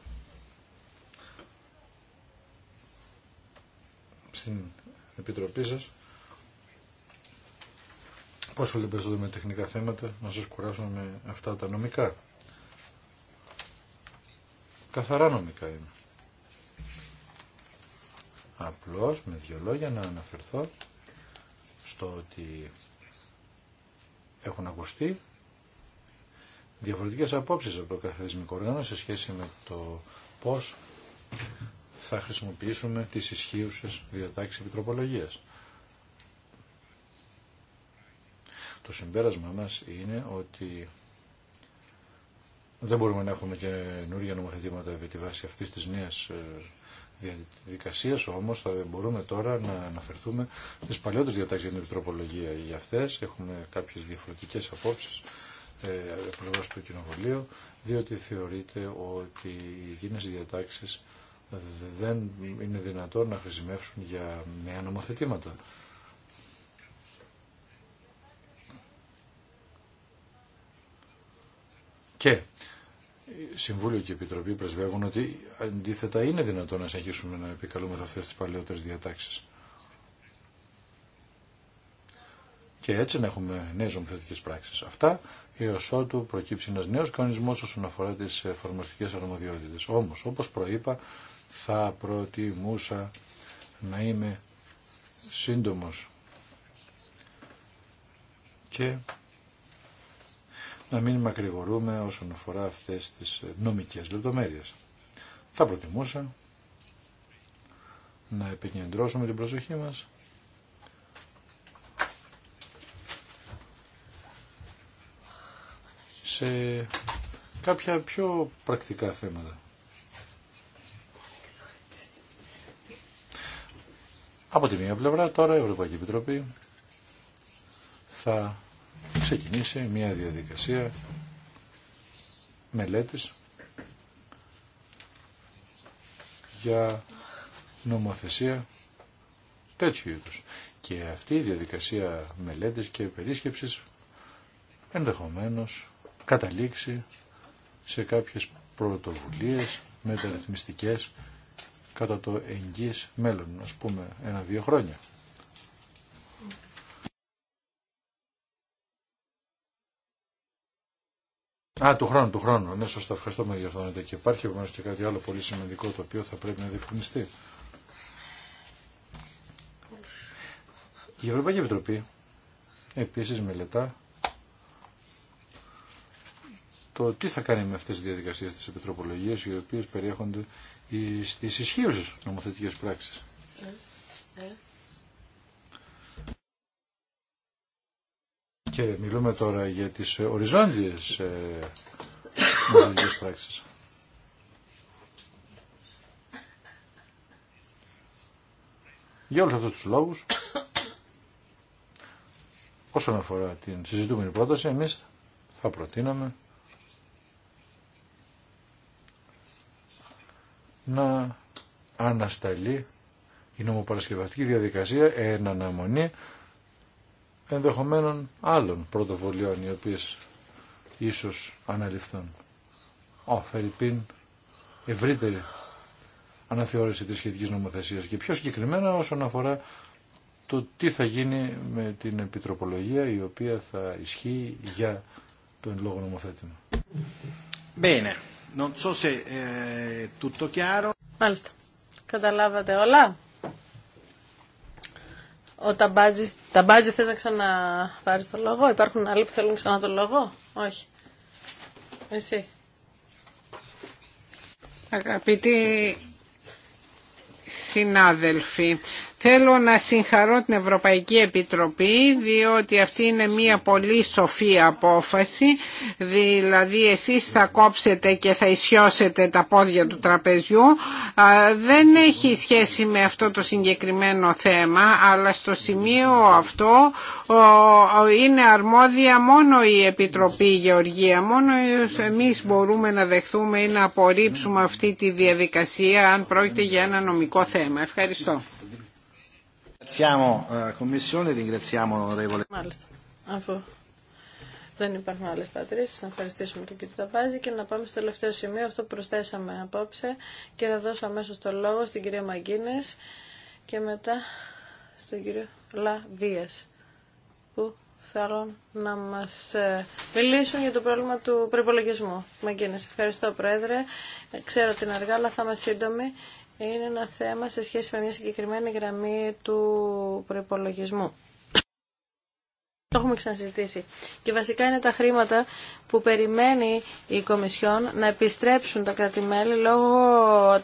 στην Επιτροπή σας πόσο λίπες με τεχνικά θέματα να σας κουράσουν με αυτά τα νομικά. Καθαρά νομικά είναι. Απλώς με δύο λόγια να αναφερθώ στο ότι έχουν ακουστεί διαφορετικές απόψεις από το καθαρισμικό οργάνο σε σχέση με το πώς θα χρησιμοποιήσουμε τις ισχύουσες διατάξεις επιτροπολογίας. Το συμπέρασμα μας είναι ότι δεν μπορούμε να έχουμε καινούργια νομοθετήματα επί τη βάση αυτής της νέας ε, διαδικασίας, όμως θα μπορούμε τώρα να αναφερθούμε στις παλιότερες διατάξεις για την Επιτροπολογία. Για αυτές έχουμε κάποιες διαφορετικές απόψεις ε, το του Κοινοβουλίου, διότι θεωρείται ότι οι εκείνες διατάξεις δεν είναι δυνατόν να χρησιμεύσουν για νέα νομοθετήματα. Και Συμβούλιο και Επιτροπή πρεσβεύουν ότι αντίθετα είναι δυνατόν να συνεχίσουμε να επικαλούμε αυτές τις παλαιότερες διατάξεις. Και έτσι να έχουμε νέες ομοθετικές πράξεις. Αυτά έως ότου προκύψει ένας νέος κανονισμός όσον αφορά τις εφαρμοστικές αρμοδιότητες. Όμως, όπως προείπα, θα προτιμούσα να είμαι σύντομος και να μην μακρηγορούμε όσον αφορά αυτές τις νομικές λεπτομέρειες. Θα προτιμούσα να επικεντρώσουμε την προσοχή μας σε κάποια πιο πρακτικά θέματα. Από τη μία πλευρά τώρα η Ευρωπαϊκή Επιτροπή θα ξεκινήσει μια διαδικασία μελέτης για νομοθεσία τέτοιου είδους. Και αυτή η διαδικασία μελέτης και περίσκεψης ενδεχομένως καταλήξει σε κάποιες πρωτοβουλίες μεταρρυθμιστικές κατά το εγγύς μέλλον, ας πούμε ένα-δύο χρόνια. Α, του χρόνου, του χρόνου. Ναι, σωστά. Ευχαριστώ με διορθώνετε. Και υπάρχει επομένω και κάτι άλλο πολύ σημαντικό το οποίο θα πρέπει να διευκρινιστεί. Η Ευρωπαϊκή Επιτροπή επίσης μελετά το τι θα κάνει με αυτές τις διαδικασίες τη Επιτροπολογία οι οποίε περιέχονται στις ισχύουσε νομοθετικέ πράξει. Ε, ε. Και μιλούμε τώρα για τις ε, οριζόντιες μοναδικές ε, πράξεις. Για όλους αυτούς τους λόγους, όσον αφορά την συζητούμενη πρόταση, εμείς θα προτείναμε να ανασταλεί η νομοπαρασκευαστική διαδικασία εν αναμονή ενδεχομένων άλλων πρωτοβολιών οι οποίες ίσως αναλυφθούν. Ο Φερρυπίν ευρύτερη αναθεώρηση της σχετικής νομοθεσίας και πιο συγκεκριμένα όσον αφορά το τι θα γίνει με την επιτροπολογία η οποία θα ισχύει για το εν λόγω νομοθέτημα. Bene. Non so se, ε, tutto chiaro. Μάλιστα. Καταλάβατε όλα. Ο Ταμπάτζη. Ταμπάτζη θες να ξαναπάρεις το λόγο. Υπάρχουν άλλοι που θέλουν ξανά το λόγο. Όχι. Εσύ. Αγαπητοί συνάδελφοι, Θέλω να συγχαρώ την Ευρωπαϊκή Επιτροπή διότι αυτή είναι μια πολύ σοφή απόφαση δηλαδή εσείς θα κόψετε και θα ισιώσετε τα πόδια του τραπεζιού δεν έχει σχέση με αυτό το συγκεκριμένο θέμα αλλά στο σημείο αυτό είναι αρμόδια μόνο η Επιτροπή Γεωργία μόνο εμείς μπορούμε να δεχθούμε ή να απορρίψουμε αυτή τη διαδικασία αν πρόκειται για ένα νομικό θέμα. Ευχαριστώ. Eh, Μάλιστα. Αφού δεν υπάρχουν άλλε πατρίσει, να ευχαριστήσουμε τον κύριο Ταβάζη και να πάμε στο τελευταίο σημείο. Αυτό που προσθέσαμε απόψε και θα δώσω αμέσω το λόγο στην κυρία Μαγκίνε και μετά στον κύριο Λαβία που θέλουν να μα ε, μιλήσουν για το πρόβλημα του προπολογισμού. Μαγκίνες, ευχαριστώ Πρόεδρε. Ξέρω την αργά, αλλά θα είμαι σύντομη είναι ένα θέμα σε σχέση με μια συγκεκριμένη γραμμή του προπολογισμού. Το έχουμε ξανασυζητήσει. Και βασικά είναι τα χρήματα που περιμένει η Κομισιόν να επιστρέψουν τα κρατημέλη λόγω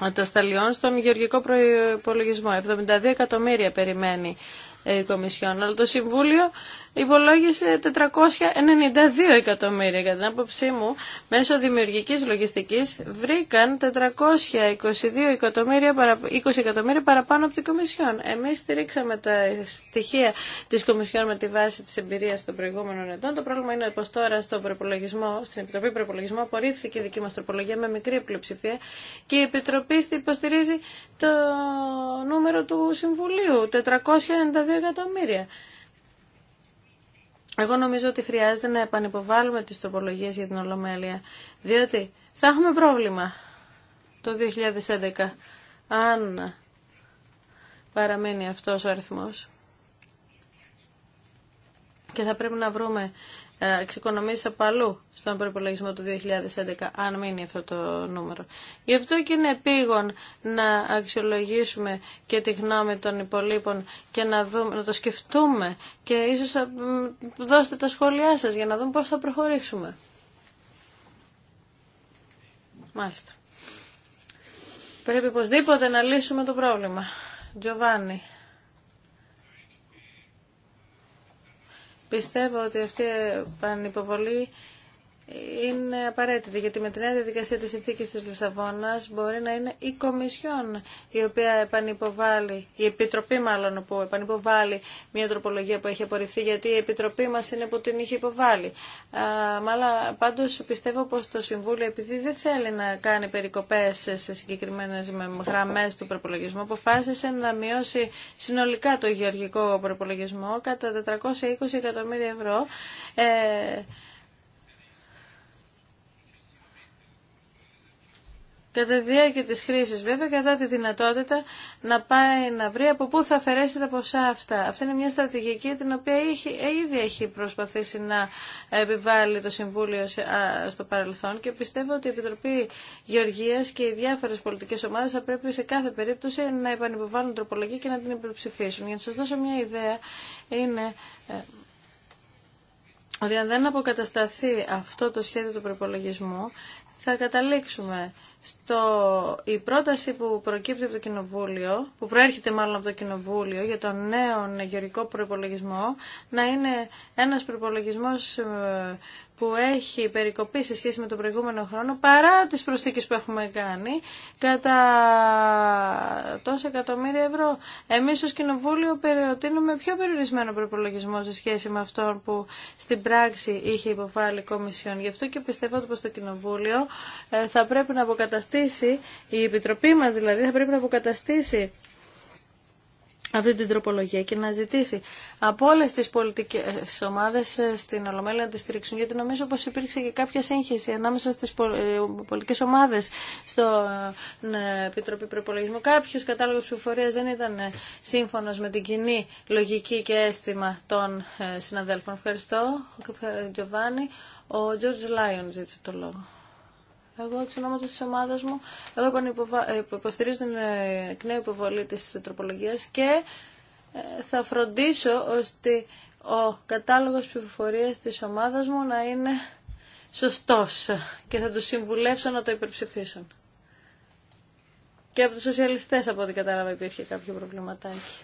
αντασταλιών στον γεωργικό προϋπολογισμό. 72 εκατομμύρια περιμένει η Κομισιόν. Αλλά το Συμβούλιο υπολόγισε 492 εκατομμύρια. Κατά την άποψή μου, μέσω δημιουργικής λογιστικής βρήκαν 422 εκατομμύρια, 20 εκατομμύρια παραπάνω από την Κομισιόν. Εμείς στηρίξαμε τα στοιχεία της Κομισιόν με τη βάση της εμπειρίας των προηγούμενων ετών. Το πρόβλημα είναι πως τώρα στο προπολογισμό, στην Επιτροπή Προπολογισμού απορρίφθηκε η δική μας τροπολογία με μικρή πλειοψηφία και η Επιτροπή υποστηρίζει το νούμερο του Συμβουλίου, 492 εκατομμύρια. Εγώ νομίζω ότι χρειάζεται να επανυποβάλουμε τις τροπολογίες για την Ολομέλεια, διότι θα έχουμε πρόβλημα το 2011 αν παραμένει αυτός ο αριθμός. Και θα πρέπει να βρούμε ε, εξοικονομήσει από στον προπολογισμό του 2011, αν μείνει αυτό το νούμερο. Γι' αυτό και είναι επίγον να αξιολογήσουμε και τη γνώμη των υπολείπων και να, δούμε, να το σκεφτούμε και ίσως δώστε τα σχόλιά σας για να δούμε πώς θα προχωρήσουμε. Μάλιστα. Πρέπει οπωσδήποτε να λύσουμε το πρόβλημα. Τζοβάνι. Πιστεύω ότι αυτή η πανυποβολή είναι απαραίτητη, γιατί με την νέα διαδικασία της συνθήκης της Λισαβόνας μπορεί να είναι η Κομισιόν η οποία επανυποβάλλει, η Επιτροπή μάλλον που επανυποβάλλει μια τροπολογία που έχει απορριφθεί, γιατί η Επιτροπή μας είναι που την είχε υποβάλει. Αλλά πάντως πιστεύω πως το Συμβούλιο, επειδή δεν θέλει να κάνει περικοπές σε συγκεκριμένες γραμμές του προπολογισμού, αποφάσισε να μειώσει συνολικά το γεωργικό προπολογισμό κατά 420 εκατομμύρια ευρώ. Ε, Κατά τη διάρκεια της χρήσης βέβαια κατά τη δυνατότητα να πάει να βρει από πού θα αφαιρέσει τα ποσά αυτά. Αυτή είναι μια στρατηγική την οποία έχει, ε, ήδη έχει προσπαθήσει να επιβάλλει το Συμβούλιο στο παρελθόν και πιστεύω ότι η Επιτροπή Γεωργίας και οι διάφορες πολιτικές ομάδες θα πρέπει σε κάθε περίπτωση να επανεπιβάλλουν τροπολογία και να την υπερψηφίσουν. Για να σας δώσω μια ιδέα είναι ε, ότι αν δεν αποκατασταθεί αυτό το σχέδιο του προπολογισμού θα καταλήξουμε στο, η πρόταση που προκύπτει από το Κοινοβούλιο, που προέρχεται μάλλον από το Κοινοβούλιο για το νέο γεωργικό προπολογισμό, να είναι ένας προπολογισμό ε, που έχει περικοπεί σε σχέση με τον προηγούμενο χρόνο, παρά τις προσθήκες που έχουμε κάνει, κατά τόσα εκατομμύρια ευρώ. Εμείς ως Κοινοβούλιο περιοτείνουμε πιο περιορισμένο προπολογισμό σε σχέση με αυτόν που στην πράξη είχε υποβάλει η Κομισιόν. Γι' αυτό και πιστεύω ότι το Κοινοβούλιο ε, θα πρέπει να αποκαταστήσει, η Επιτροπή μας δηλαδή, θα πρέπει να αποκαταστήσει αυτή την τροπολογία και να ζητήσει από όλε τι πολιτικέ ομάδε ε, στην Ολομέλεια να τη στηρίξουν. Γιατί νομίζω πω υπήρξε και κάποια σύγχυση ανάμεσα στι ε, πολιτικέ ομάδε στον ε, Επιτροπή Προπολογισμού. Κάποιο κατάλογο ψηφοφορία δεν ήταν σύμφωνο με την κοινή λογική και αίσθημα των συναδέλφων. Ευχαριστώ, Τζοβάνι. Ο Τζορτζ Λάιον ζήτησε το λόγο. Εγώ, εξ ονόματο τη ομάδα μου, εγώ λοιπόν ε, υποστηρίζω την ε, εκ νέου υποβολή τη τροπολογία και ε, θα φροντίσω ώστε ο κατάλογος ψηφοφορία της ομάδας μου να είναι σωστός και θα τους συμβουλεύσω να το υπερψηφίσουν. Και από τους σοσιαλιστές από ό,τι κατάλαβα υπήρχε κάποιο προβληματάκι.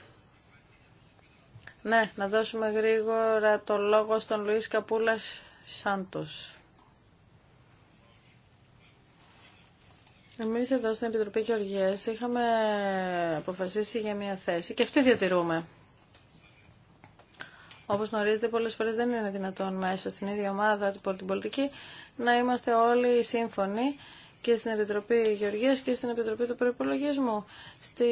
Ναι, να δώσουμε γρήγορα το λόγο στον Λουίς Καπούλας Σάντος. Εμείς εδώ στην Επιτροπή Γεωργίας είχαμε αποφασίσει για μια θέση και αυτή διατηρούμε. Όπως γνωρίζετε πολλές φορές δεν είναι δυνατόν μέσα στην ίδια ομάδα την πολιτική να είμαστε όλοι σύμφωνοι και στην Επιτροπή Γεωργίας και στην Επιτροπή του Προϋπολογισμού. Στη...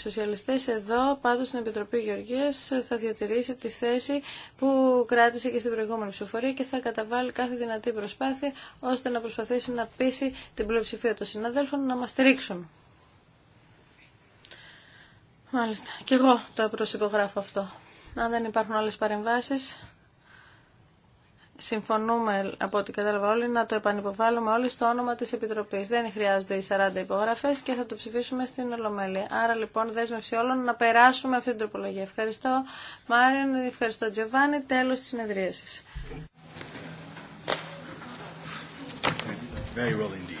σοσιαλιστές εδώ, πάντως στην Επιτροπή Γεωργίας, θα διατηρήσει τη θέση που κράτησε και στην προηγούμενη ψηφοφορία και θα καταβάλει κάθε δυνατή προσπάθεια ώστε να προσπαθήσει να πείσει την πλειοψηφία των συναδέλφων να μας στηρίξουν. Μάλιστα. Και εγώ το προσυπογράφω αυτό. Αν δεν υπάρχουν άλλες παρεμβάσεις συμφωνούμε από ό,τι κατάλαβα όλοι να το επανυποβάλλουμε όλοι στο όνομα της Επιτροπής. Δεν χρειάζονται οι 40 υπογραφές και θα το ψηφίσουμε στην Ολομέλεια. Άρα λοιπόν δέσμευση όλων να περάσουμε αυτή την τροπολογία. Ευχαριστώ Μάριον, ευχαριστώ Τζοβάνι. Τέλος της συνεδρίασης. Very